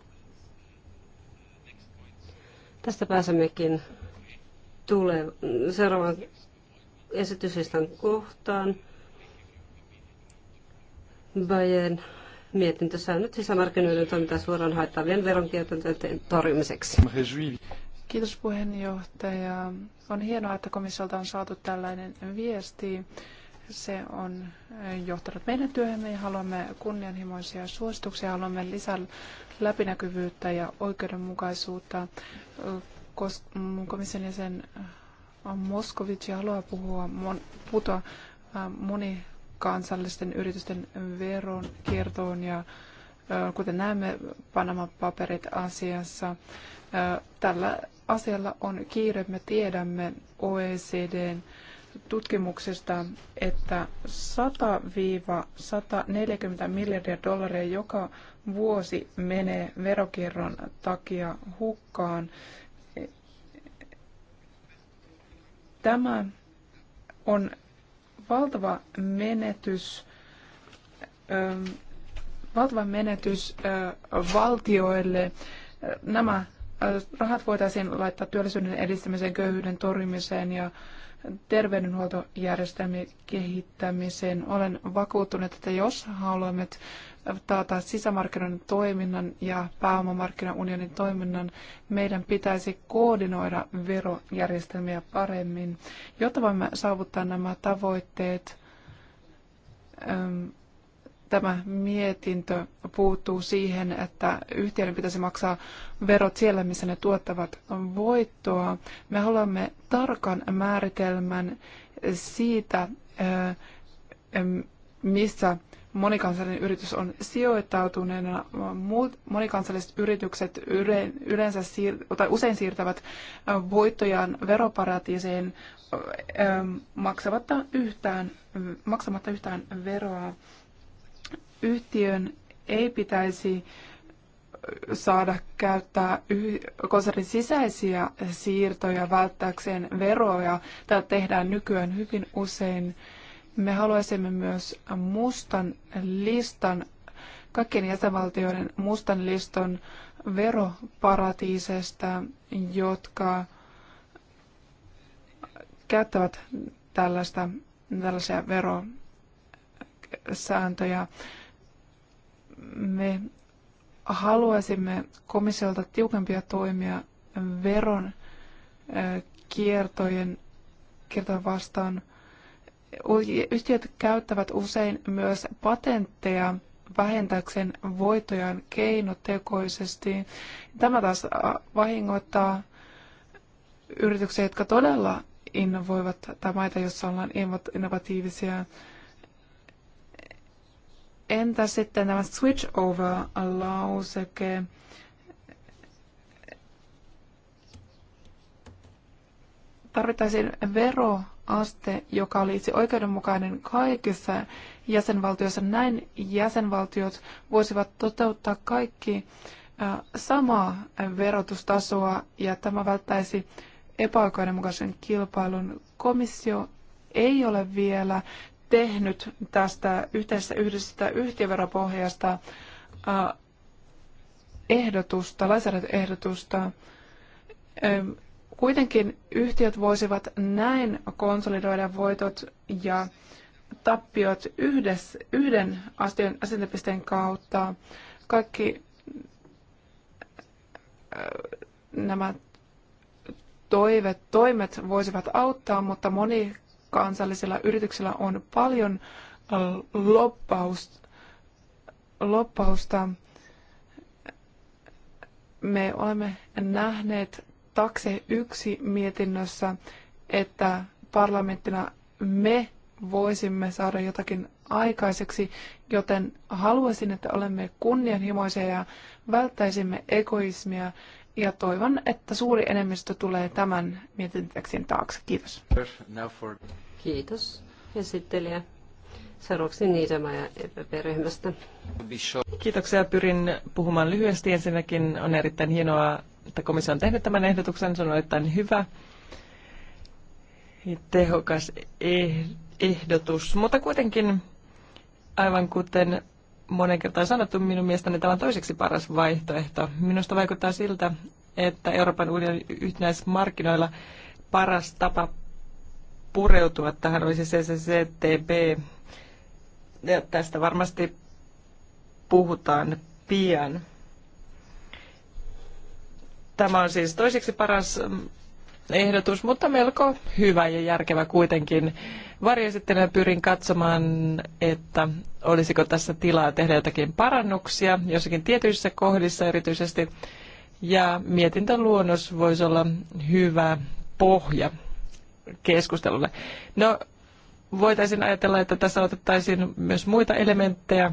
Tästä pääsemmekin tule, seuraavan esityslistan kohtaan – Bajen säännöt sisämarkkinoiden toimintaa suoraan haittavien veronkiertojen torjumiseksi. Kiitos puheenjohtaja. On hienoa, että komissiolta on saatu tällainen viesti. Se on johtanut meidän työhömme ja haluamme kunnianhimoisia suosituksia, haluamme lisää läpinäkyvyyttä ja oikeudenmukaisuutta. Komission jäsen Moskovic haluaa puhua, puuttua moni kansallisten yritysten veronkiertoon ja kuten näemme Panama-paperit asiassa. Tällä asialla on kiire. Me tiedämme OECDn tutkimuksesta, että 100-140 miljardia dollaria joka vuosi menee verokierron takia hukkaan. Tämä on valtava menetys, ähm, valtava menetys äh, valtioille. Äh, nämä äh, rahat voitaisiin laittaa työllisyyden edistämiseen, köyhyyden torjumiseen ja terveydenhuoltojärjestelmien kehittämiseen. Olen vakuuttunut, että jos haluamme taata sisämarkkinoiden toiminnan ja pääomamarkkinaunionin toiminnan, meidän pitäisi koordinoida verojärjestelmiä paremmin, jotta voimme saavuttaa nämä tavoitteet. Tämä mietintö puuttuu siihen, että yhtiöiden pitäisi maksaa verot siellä, missä ne tuottavat voittoa. Me haluamme tarkan määritelmän siitä, missä monikansallinen yritys on sijoittautuneena. Muut monikansalliset yritykset yleensä siir- tai usein siirtävät voittojaan veroparatiiseen maksamatta yhtään, maksamatta yhtään veroa. Yhtiön ei pitäisi saada käyttää konsernin sisäisiä siirtoja välttääkseen veroja. Tätä tehdään nykyään hyvin usein me haluaisimme myös mustan listan, kaikkien jäsenvaltioiden mustan listan veroparatiiseista, jotka käyttävät tällaista, tällaisia verosääntöjä. Me haluaisimme komissiolta tiukempia toimia veron kiertojen, kiertojen vastaan – Yhtiöt käyttävät usein myös patentteja vähentääkseen voitojaan keinotekoisesti. Tämä taas vahingoittaa yrityksiä, jotka todella innovoivat tai maita, joissa ollaan innovatiivisia. Entä sitten tämä switch over-lauseke? Tarvittaisiin vero aste, joka olisi oikeudenmukainen kaikissa jäsenvaltioissa. Näin jäsenvaltiot voisivat toteuttaa kaikki samaa verotustasoa ja tämä välttäisi epäoikeudenmukaisen kilpailun. Komissio ei ole vielä tehnyt tästä yhteisestä yhdistetä yhtiöveropohjasta ehdotusta, lainsäädäntöehdotusta. Kuitenkin yhtiöt voisivat näin konsolidoida voitot ja tappiot yhdessä, yhden asiantepisteen kautta. Kaikki nämä toivet, toimet voisivat auttaa, mutta monikansallisilla yrityksillä on paljon loppaus, loppausta. Me olemme nähneet takse yksi mietinnössä, että parlamenttina me voisimme saada jotakin aikaiseksi, joten haluaisin, että olemme kunnianhimoisia ja välttäisimme egoismia ja toivon, että suuri enemmistö tulee tämän mietintäksien taakse. Kiitos. Kiitos esittelijä. Seuraavaksi Niitämä ja EPP-ryhmästä. Kiitoksia. Pyrin puhumaan lyhyesti. Ensinnäkin on erittäin hienoa, että komissio on tehnyt tämän ehdotuksen, se on erittäin hyvä ja tehokas eh- ehdotus. Mutta kuitenkin, aivan kuten monen kertaan sanottu, minun mielestäni tämä on toiseksi paras vaihtoehto. Minusta vaikuttaa siltä, että Euroopan unionin yhtenäismarkkinoilla paras tapa pureutua tähän olisi CCCTB. Ja tästä varmasti puhutaan pian. Tämä on siis toiseksi paras mm, ehdotus, mutta melko hyvä ja järkevä kuitenkin. Varjoesittelijänä pyrin katsomaan, että olisiko tässä tilaa tehdä jotakin parannuksia jossakin tietyissä kohdissa erityisesti. Ja mietintöluonnos voisi olla hyvä pohja keskustelulle. No, voitaisiin ajatella, että tässä otettaisiin myös muita elementtejä,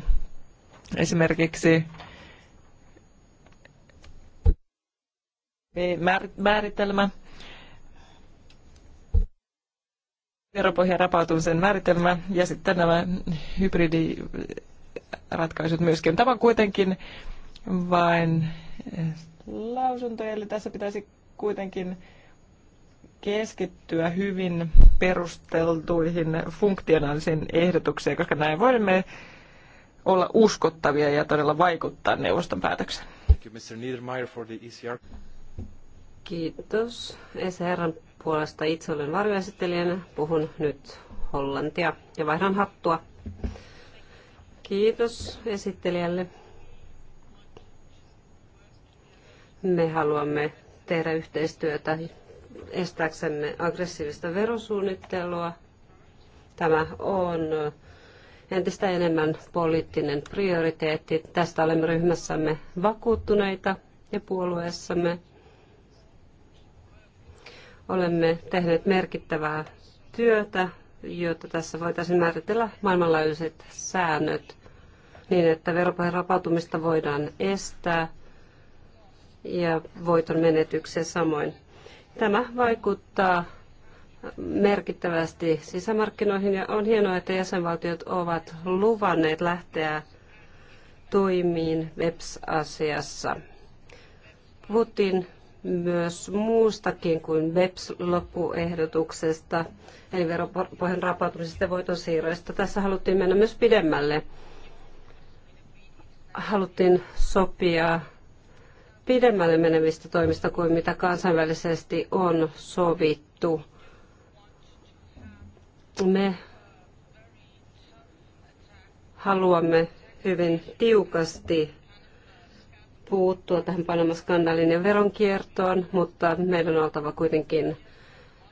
esimerkiksi määritelmä, veropohjan rapautumisen määritelmä ja sitten nämä hybridiratkaisut myöskin. Tämä on kuitenkin vain lausunto, eli tässä pitäisi kuitenkin keskittyä hyvin perusteltuihin funktionaalisiin ehdotuksiin, koska näin voimme olla uskottavia ja todella vaikuttaa neuvoston päätökseen. Kiitos. ECRn puolesta itse olen varjoesittelijänä. Puhun nyt hollantia ja vaihdan hattua. Kiitos esittelijälle. Me haluamme tehdä yhteistyötä estääksemme aggressiivista verosuunnittelua. Tämä on entistä enemmän poliittinen prioriteetti. Tästä olemme ryhmässämme vakuuttuneita ja puolueessamme Olemme tehneet merkittävää työtä, jotta tässä voitaisiin määritellä maailmanlaajuiset säännöt niin, että veropohjan rapautumista voidaan estää ja voiton menetyksiä samoin. Tämä vaikuttaa merkittävästi sisämarkkinoihin ja on hienoa, että jäsenvaltiot ovat luvanneet lähteä toimiin BEPS-asiassa. Putin myös muustakin kuin BEPS-loppuehdotuksesta, eli veropohjan rapautumisesta ja voiton siirroista. Tässä haluttiin mennä myös pidemmälle. Haluttiin sopia pidemmälle menevistä toimista kuin mitä kansainvälisesti on sovittu. Me haluamme hyvin tiukasti puuttua tähän Panama-skandaalin ja veronkiertoon, mutta meillä on oltava kuitenkin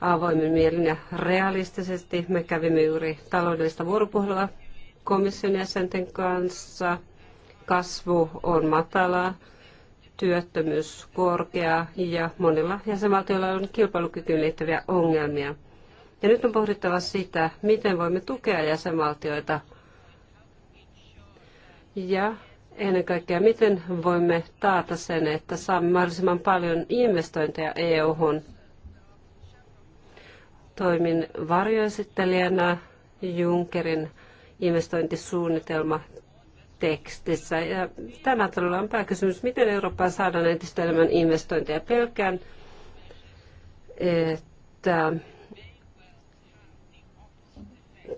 avoimin mielin ja realistisesti. Me kävimme juuri taloudellista vuoropuhelua komission jäsenten kanssa. Kasvu on matalaa, työttömyys korkea ja monilla jäsenvaltioilla on kilpailukykyyn liittyviä ongelmia. Ja nyt on pohdittava sitä, miten voimme tukea jäsenvaltioita ja ennen kaikkea, miten voimme taata sen, että saamme mahdollisimman paljon investointeja EU-hun. Toimin varjoesittelijänä Junckerin investointisuunnitelma tekstissä. Ja tämä todella on pääkysymys, miten Eurooppaan saadaan entistä enemmän investointeja. Pelkään, että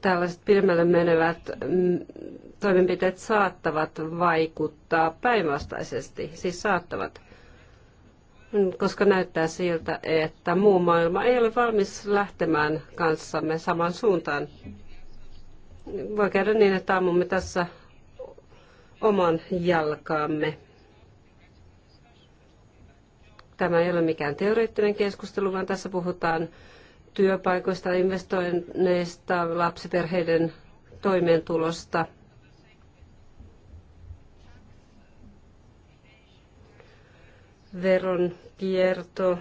tällaiset pidemmälle menevät toimenpiteet saattavat vaikuttaa päinvastaisesti, siis saattavat, koska näyttää siltä, että muu maailma ei ole valmis lähtemään kanssamme saman suuntaan. Voi käydä niin, että ammumme tässä oman jalkaamme. Tämä ei ole mikään teoreettinen keskustelu, vaan tässä puhutaan työpaikoista, investoinneista, lapsiperheiden toimeentulosta. veronkierto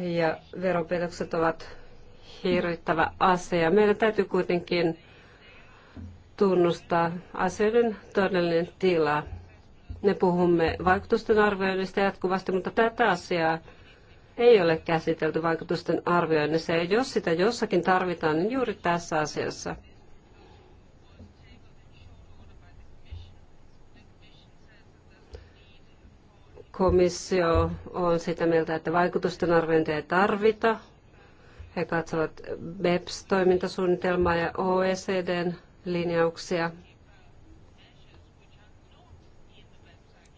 ja veropetokset ovat hirvittävä asia. Meidän täytyy kuitenkin tunnustaa asioiden todellinen tila. Me puhumme vaikutusten arvioinnista jatkuvasti, mutta tätä asiaa ei ole käsitelty vaikutusten arvioinnissa. Ja jos sitä jossakin tarvitaan, niin juuri tässä asiassa – Komissio on sitä mieltä, että vaikutusten arviointia ei tarvita. He katsovat BEPS-toimintasuunnitelmaa ja OECDn linjauksia.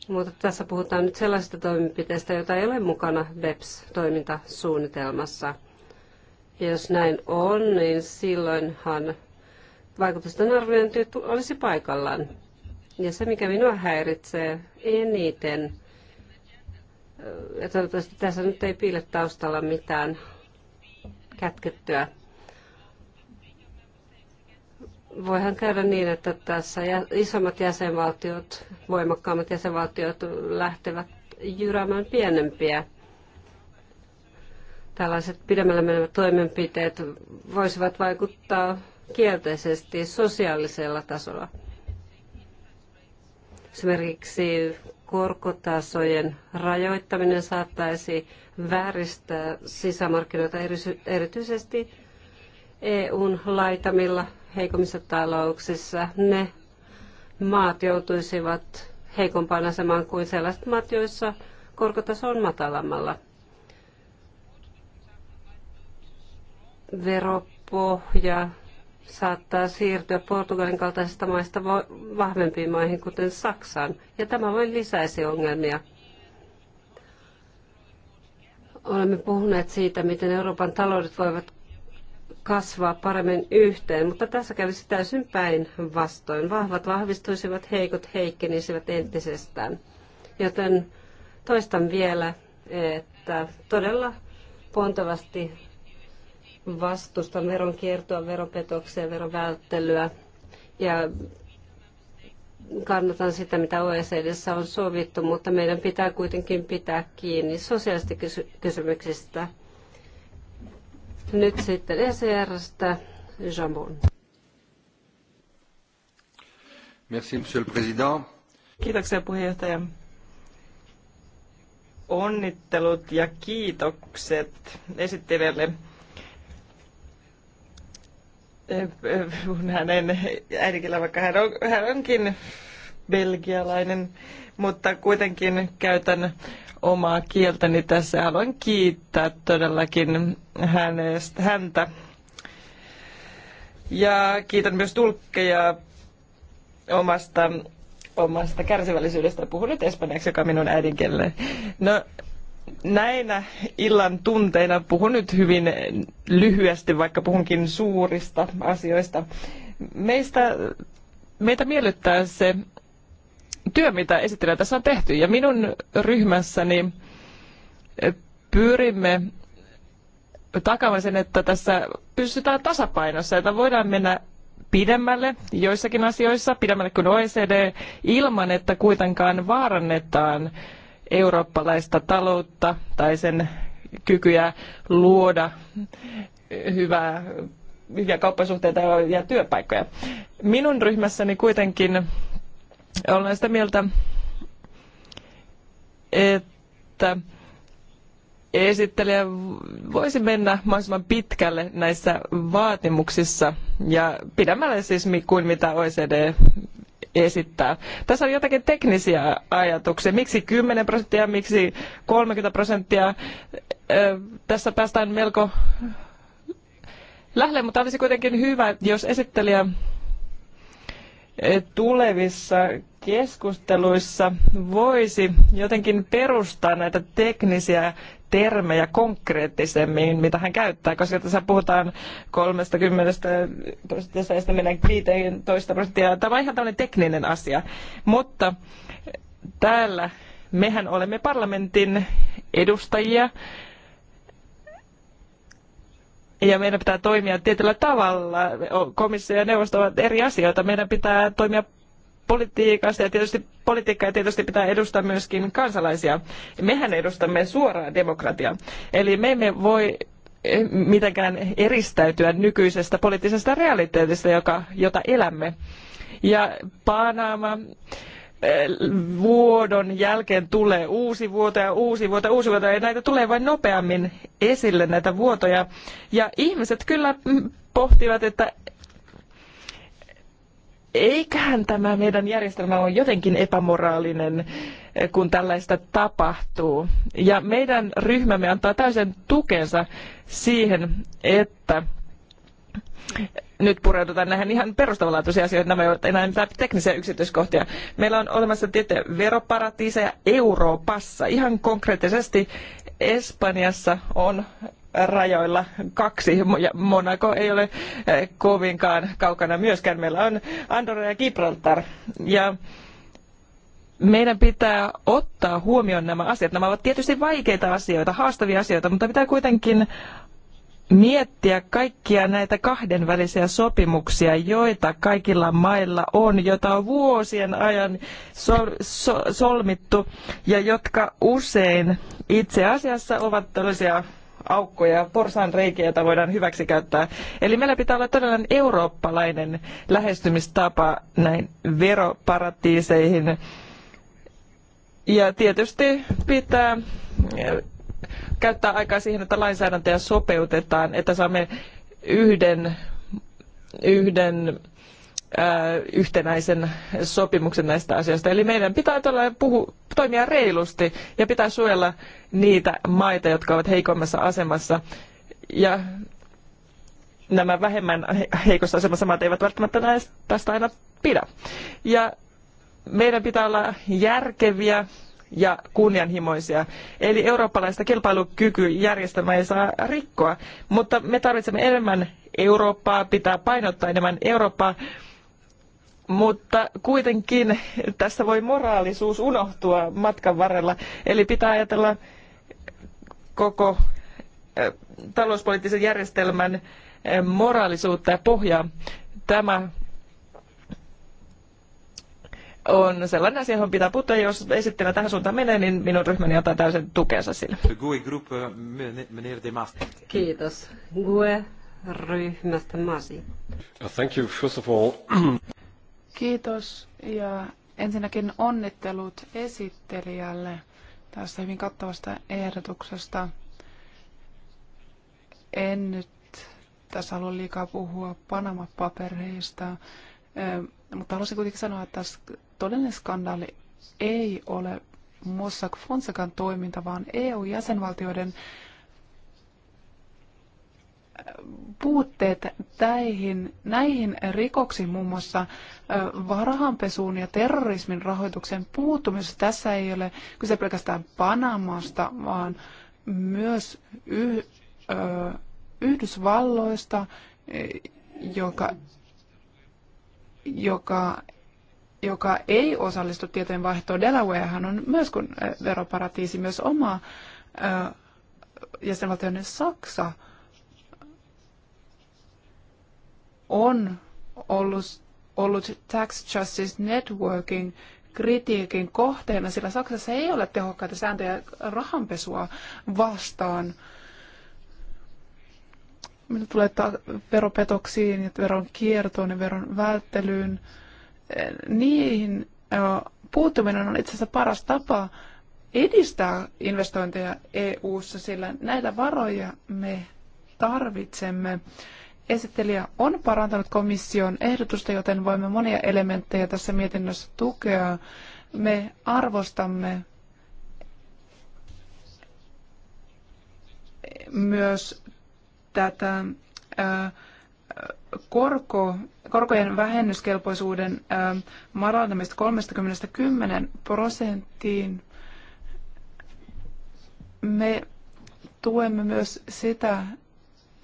Mutta tässä puhutaan nyt sellaisista toimenpiteistä, joita ei ole mukana BEPS-toimintasuunnitelmassa. Ja jos näin on, niin silloinhan vaikutusten arviointi olisi paikallaan. Ja se, mikä minua häiritsee eniten, ja toivottavasti tässä nyt ei piile taustalla mitään kätkettyä. Voihan käydä niin, että tässä isommat jäsenvaltiot, voimakkaammat jäsenvaltiot lähtevät jyräämään pienempiä. Tällaiset pidemmällä menevät toimenpiteet voisivat vaikuttaa kielteisesti sosiaalisella tasolla. Esimerkiksi korkotasojen rajoittaminen saattaisi vääristää sisämarkkinoita erityisesti EUn laitamilla heikommissa talouksissa. Ne maat joutuisivat heikompaan asemaan kuin sellaiset maat, joissa korkotaso on matalammalla. Veropohja saattaa siirtyä Portugalin kaltaisista maista vahvempiin maihin, kuten Saksaan, ja tämä vain lisäisi ongelmia. Olemme puhuneet siitä, miten Euroopan taloudet voivat kasvaa paremmin yhteen, mutta tässä kävisi täysin päin vastoin. Vahvat vahvistuisivat, heikot heikkenisivät entisestään. Joten toistan vielä, että todella pontavasti vastusta veronkiertoa, veropetoksia, verovälttelyä ja kannatan sitä, mitä OECDssä on sovittu, mutta meidän pitää kuitenkin pitää kiinni sosiaalisista kysy- kysymyksistä. Nyt sitten ECRstä Jambon. Merci, monsieur le président. Kiitoksia puheenjohtaja. Onnittelut ja kiitokset esittelijälle hänen äidinkielä, vaikka hän, on, hän onkin belgialainen, mutta kuitenkin käytän omaa kieltäni tässä. Haluan kiittää todellakin hänestä, häntä. Ja kiitän myös tulkkeja omasta, omasta kärsivällisyydestä. Puhun nyt espanjaksi, joka on minun äidinkielelle. No, näinä illan tunteina puhun nyt hyvin lyhyesti, vaikka puhunkin suurista asioista. Meistä, meitä miellyttää se työ, mitä esittelijä tässä on tehty. Ja minun ryhmässäni pyrimme takaamaan sen, että tässä pysytään tasapainossa, että voidaan mennä pidemmälle joissakin asioissa, pidemmälle kuin OECD, ilman että kuitenkaan vaarannetaan eurooppalaista taloutta tai sen kykyä luoda hyvää, hyviä kauppasuhteita ja työpaikkoja. Minun ryhmässäni kuitenkin olen sitä mieltä, että esittelijä voisi mennä mahdollisimman pitkälle näissä vaatimuksissa ja pidemmälle siis kuin mitä OECD esittää. Tässä on jotakin teknisiä ajatuksia. Miksi 10 prosenttia, miksi 30 prosenttia? Tässä päästään melko lähelle, mutta olisi kuitenkin hyvä, jos esittelijä tulevissa keskusteluissa voisi jotenkin perustaa näitä teknisiä termejä konkreettisemmin, mitä hän käyttää, koska tässä puhutaan 30 prosenttia, ja 15 prosenttia. Tämä on ihan tämmöinen tekninen asia, mutta täällä mehän olemme parlamentin edustajia, ja meidän pitää toimia tietyllä tavalla. Komissio ja neuvosto ovat eri asioita. Meidän pitää toimia politiikasta ja tietysti ja tietysti pitää edustaa myöskin kansalaisia. Mehän edustamme suoraa demokratiaa. Eli me emme voi eh, mitenkään eristäytyä nykyisestä poliittisesta realiteetista, joka, jota elämme. Ja Panama, eh, vuodon jälkeen tulee uusi vuoto ja uusi vuoto ja uusi vuoto, ja näitä tulee vain nopeammin esille näitä vuotoja. Ja ihmiset kyllä mm, pohtivat, että eiköhän tämä meidän järjestelmä ole jotenkin epämoraalinen, eh, kun tällaista tapahtuu. Ja meidän ryhmämme antaa täysin tukensa siihen, että nyt pureudutaan näihin ihan perustavanlaatuisiin asioihin, nämä eivät enää mitään teknisiä yksityiskohtia. Meillä on olemassa tiettyjä veroparatiiseja Euroopassa. Ihan konkreettisesti Espanjassa on rajoilla kaksi. Ja Monaco ei ole eh, kovinkaan kaukana myöskään. Meillä on Andorra ja Gibraltar. Ja meidän pitää ottaa huomioon nämä asiat. Nämä ovat tietysti vaikeita asioita, haastavia asioita, mutta pitää kuitenkin miettiä kaikkia näitä kahdenvälisiä sopimuksia, joita kaikilla mailla on, joita on vuosien ajan sol, so, solmittu ja jotka usein itse asiassa ovat tällaisia aukkoja, porsaan reikiä, joita voidaan hyväksikäyttää. Eli meillä pitää olla todella eurooppalainen lähestymistapa näin veroparatiiseihin. Ja tietysti pitää eh, käyttää aikaa siihen, että lainsäädäntöä sopeutetaan, että saamme yhden, yhden yhtenäisen sopimuksen näistä asioista. Eli meidän pitää todella puhu, toimia reilusti ja pitää suojella niitä maita, jotka ovat heikommassa asemassa. Ja nämä vähemmän heikossa asemassa maat eivät välttämättä näistä, tästä aina pidä. Ja meidän pitää olla järkeviä ja kunnianhimoisia. Eli eurooppalaista kilpailukykyjärjestelmää ei saa rikkoa, mutta me tarvitsemme enemmän Eurooppaa, pitää painottaa enemmän Eurooppaa mutta kuitenkin tässä voi moraalisuus unohtua matkan varrella. Eli pitää ajatella koko eh, talouspoliittisen järjestelmän eh, moraalisuutta ja pohjaa. Tämä on sellainen asia, johon pitää puuttua. Jos esittelen tähän suuntaan menee, niin minun ryhmäni antaa täysin tukensa sille. Eh, Kiitos. GUE ryhmästä Masi. Uh, thank you, first of all. Kiitos ja ensinnäkin onnittelut esittelijälle tästä hyvin kattavasta ehdotuksesta. En nyt tässä halua liikaa puhua Panama-papereista, eh, mutta haluaisin kuitenkin sanoa, että todellinen skandaali ei ole Mossack Fonsecan toiminta, vaan EU-jäsenvaltioiden puutteet täihin, näihin rikoksiin, muun muassa varahanpesuun ja terrorismin rahoituksen puuttumisessa. Tässä ei ole kyse pelkästään Panamasta, vaan myös yh, ö, Yhdysvalloista, joka, joka, joka ei osallistu vaihtoon. Delawarehan on myös kun veroparatiisi, myös oma ö, jäsenvaltioiden Saksa – on ollut, ollut Tax Justice networking kritiikin kohteena, sillä Saksassa ei ole tehokkaita sääntöjä rahanpesua vastaan. Mitä tulee veropetoksiin ja veron kiertoon ja veron välttelyyn, niihin puuttuminen on itse asiassa paras tapa edistää investointeja EU-ssa, sillä näitä varoja me tarvitsemme esittelijä on parantanut komission ehdotusta, joten voimme monia elementtejä tässä mietinnössä tukea. Me arvostamme myös tätä korko, korkojen vähennyskelpoisuuden madaltamista 30 10 prosenttiin. Me tuemme myös sitä,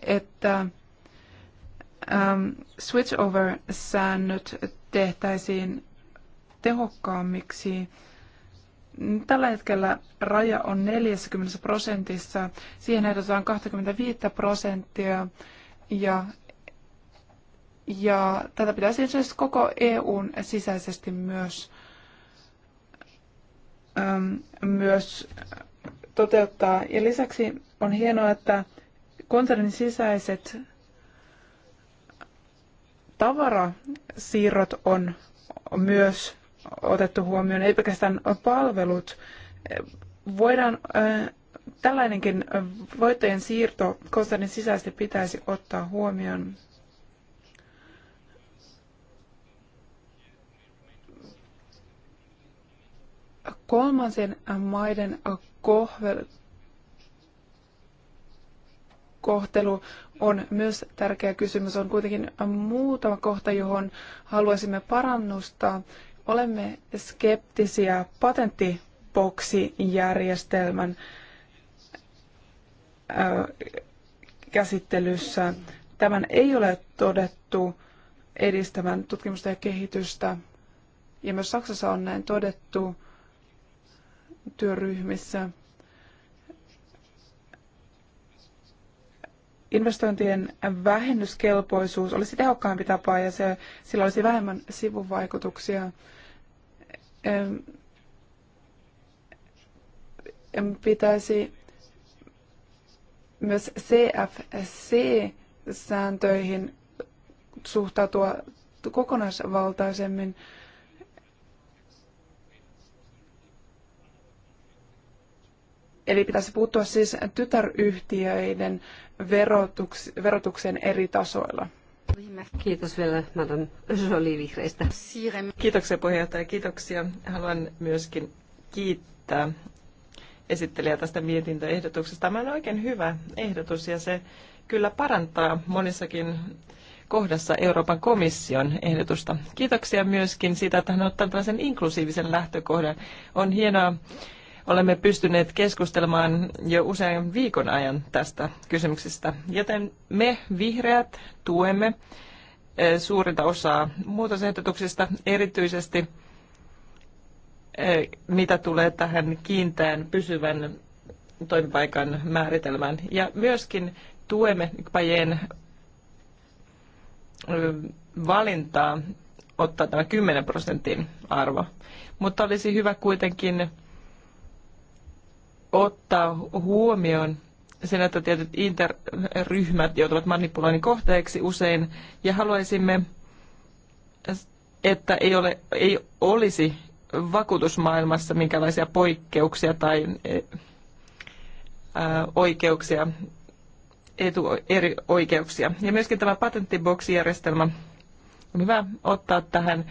että Ähm, switchover-säännöt tehtäisiin tehokkaammiksi. Tällä hetkellä raja on 40 prosentissa, siihen ehdotetaan 25 prosenttia ja, ja tätä pitäisi siis koko EUn sisäisesti myös, äm, myös toteuttaa. Ja lisäksi on hienoa, että konsernin sisäiset Tavarasiirrot on myös otettu huomioon, ei pelkästään palvelut. Voidaan äh, tällainenkin voittojen siirto konsernin sisäisesti pitäisi ottaa huomioon. Kolmansien maiden kohtelu on myös tärkeä kysymys. On kuitenkin muutama kohta, johon haluaisimme parannusta. Olemme skeptisiä patenttiboksijärjestelmän käsittelyssä. Tämän ei ole todettu edistävän tutkimusta ja kehitystä. Ja myös Saksassa on näin todettu työryhmissä. investointien vähennyskelpoisuus olisi tehokkaampi tapa ja se, sillä olisi vähemmän sivuvaikutuksia. Pitäisi myös CFC-sääntöihin suhtautua kokonaisvaltaisemmin. Eli pitäisi puuttua siis tytäryhtiöiden verotuks, verotuksen eri tasoilla. Kiitos vielä Madame Jolie Vihreistä. Kiitoksia puheenjohtaja, kiitoksia. Haluan myöskin kiittää esittelijä tästä mietintöehdotuksesta. Tämä on oikein hyvä ehdotus ja se kyllä parantaa monissakin kohdassa Euroopan komission ehdotusta. Kiitoksia myöskin siitä, että hän ottaa tällaisen inklusiivisen lähtökohdan. On hienoa, Olemme pystyneet keskustelemaan jo usean viikon ajan tästä kysymyksestä, joten me vihreät tuemme e, suurinta osaa muutosehdotuksista, erityisesti e, mitä tulee tähän kiinteän pysyvän toimipaikan määritelmään. Ja myöskin tuemme Pajeen e, valintaa ottaa tämä 10 prosentin arvo. Mutta olisi hyvä kuitenkin ottaa huomioon sen, että tietyt interryhmät joutuvat manipuloinnin kohteeksi usein, ja haluaisimme, että ei, ole, ei olisi vakuutusmaailmassa minkälaisia poikkeuksia tai e, ää, oikeuksia, etu, eri oikeuksia. Ja myöskin tämä patenttiboksijärjestelmä on hyvä ottaa tähän.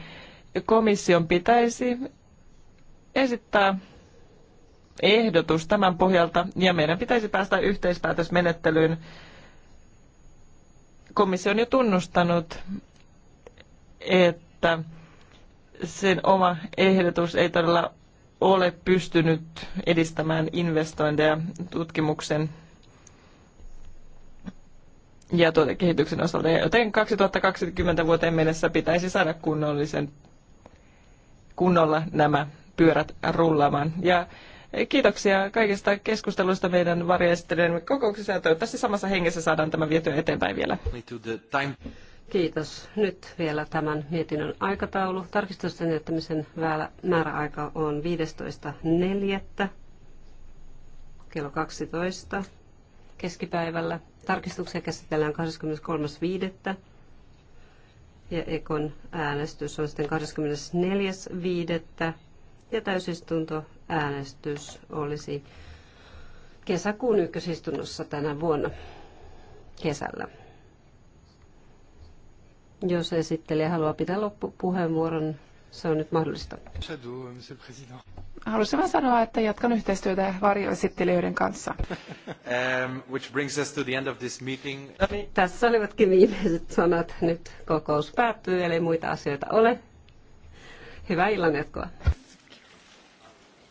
Komission pitäisi esittää ehdotus tämän pohjalta ja meidän pitäisi päästä yhteispäätösmenettelyyn. Komissio on jo tunnustanut, että sen oma ehdotus ei todella ole pystynyt edistämään investointeja tutkimuksen ja tuotekehityksen osalta, joten 2020 vuoteen mennessä pitäisi saada kunnollisen, kunnolla nämä pyörät rullaamaan. Ja Kiitoksia kaikista keskusteluista meidän varjoesittelijöiden kokouksessa ja toivottavasti samassa hengessä saadaan tämä vietyä eteenpäin vielä. Kiitos. Nyt vielä tämän mietinnön aikataulu. Tarkistusten jättämisen määräaika on 15.4. kello 12 keskipäivällä. Tarkistuksia käsitellään 23.5. ja Ekon äänestys on sitten 24.5 ja täysistuntoäänestys olisi kesäkuun ykkösistunnossa tänä vuonna kesällä. Jos esittelijä haluaa pitää loppupuheenvuoron, se on nyt mahdollista. Haluaisin vain sanoa, että jatkan yhteistyötä varjoesittelijöiden kanssa. um, no niin, tässä olivatkin viimeiset sanat. Nyt kokous päättyy, eli muita asioita ole. Hyvää illanjatkoa.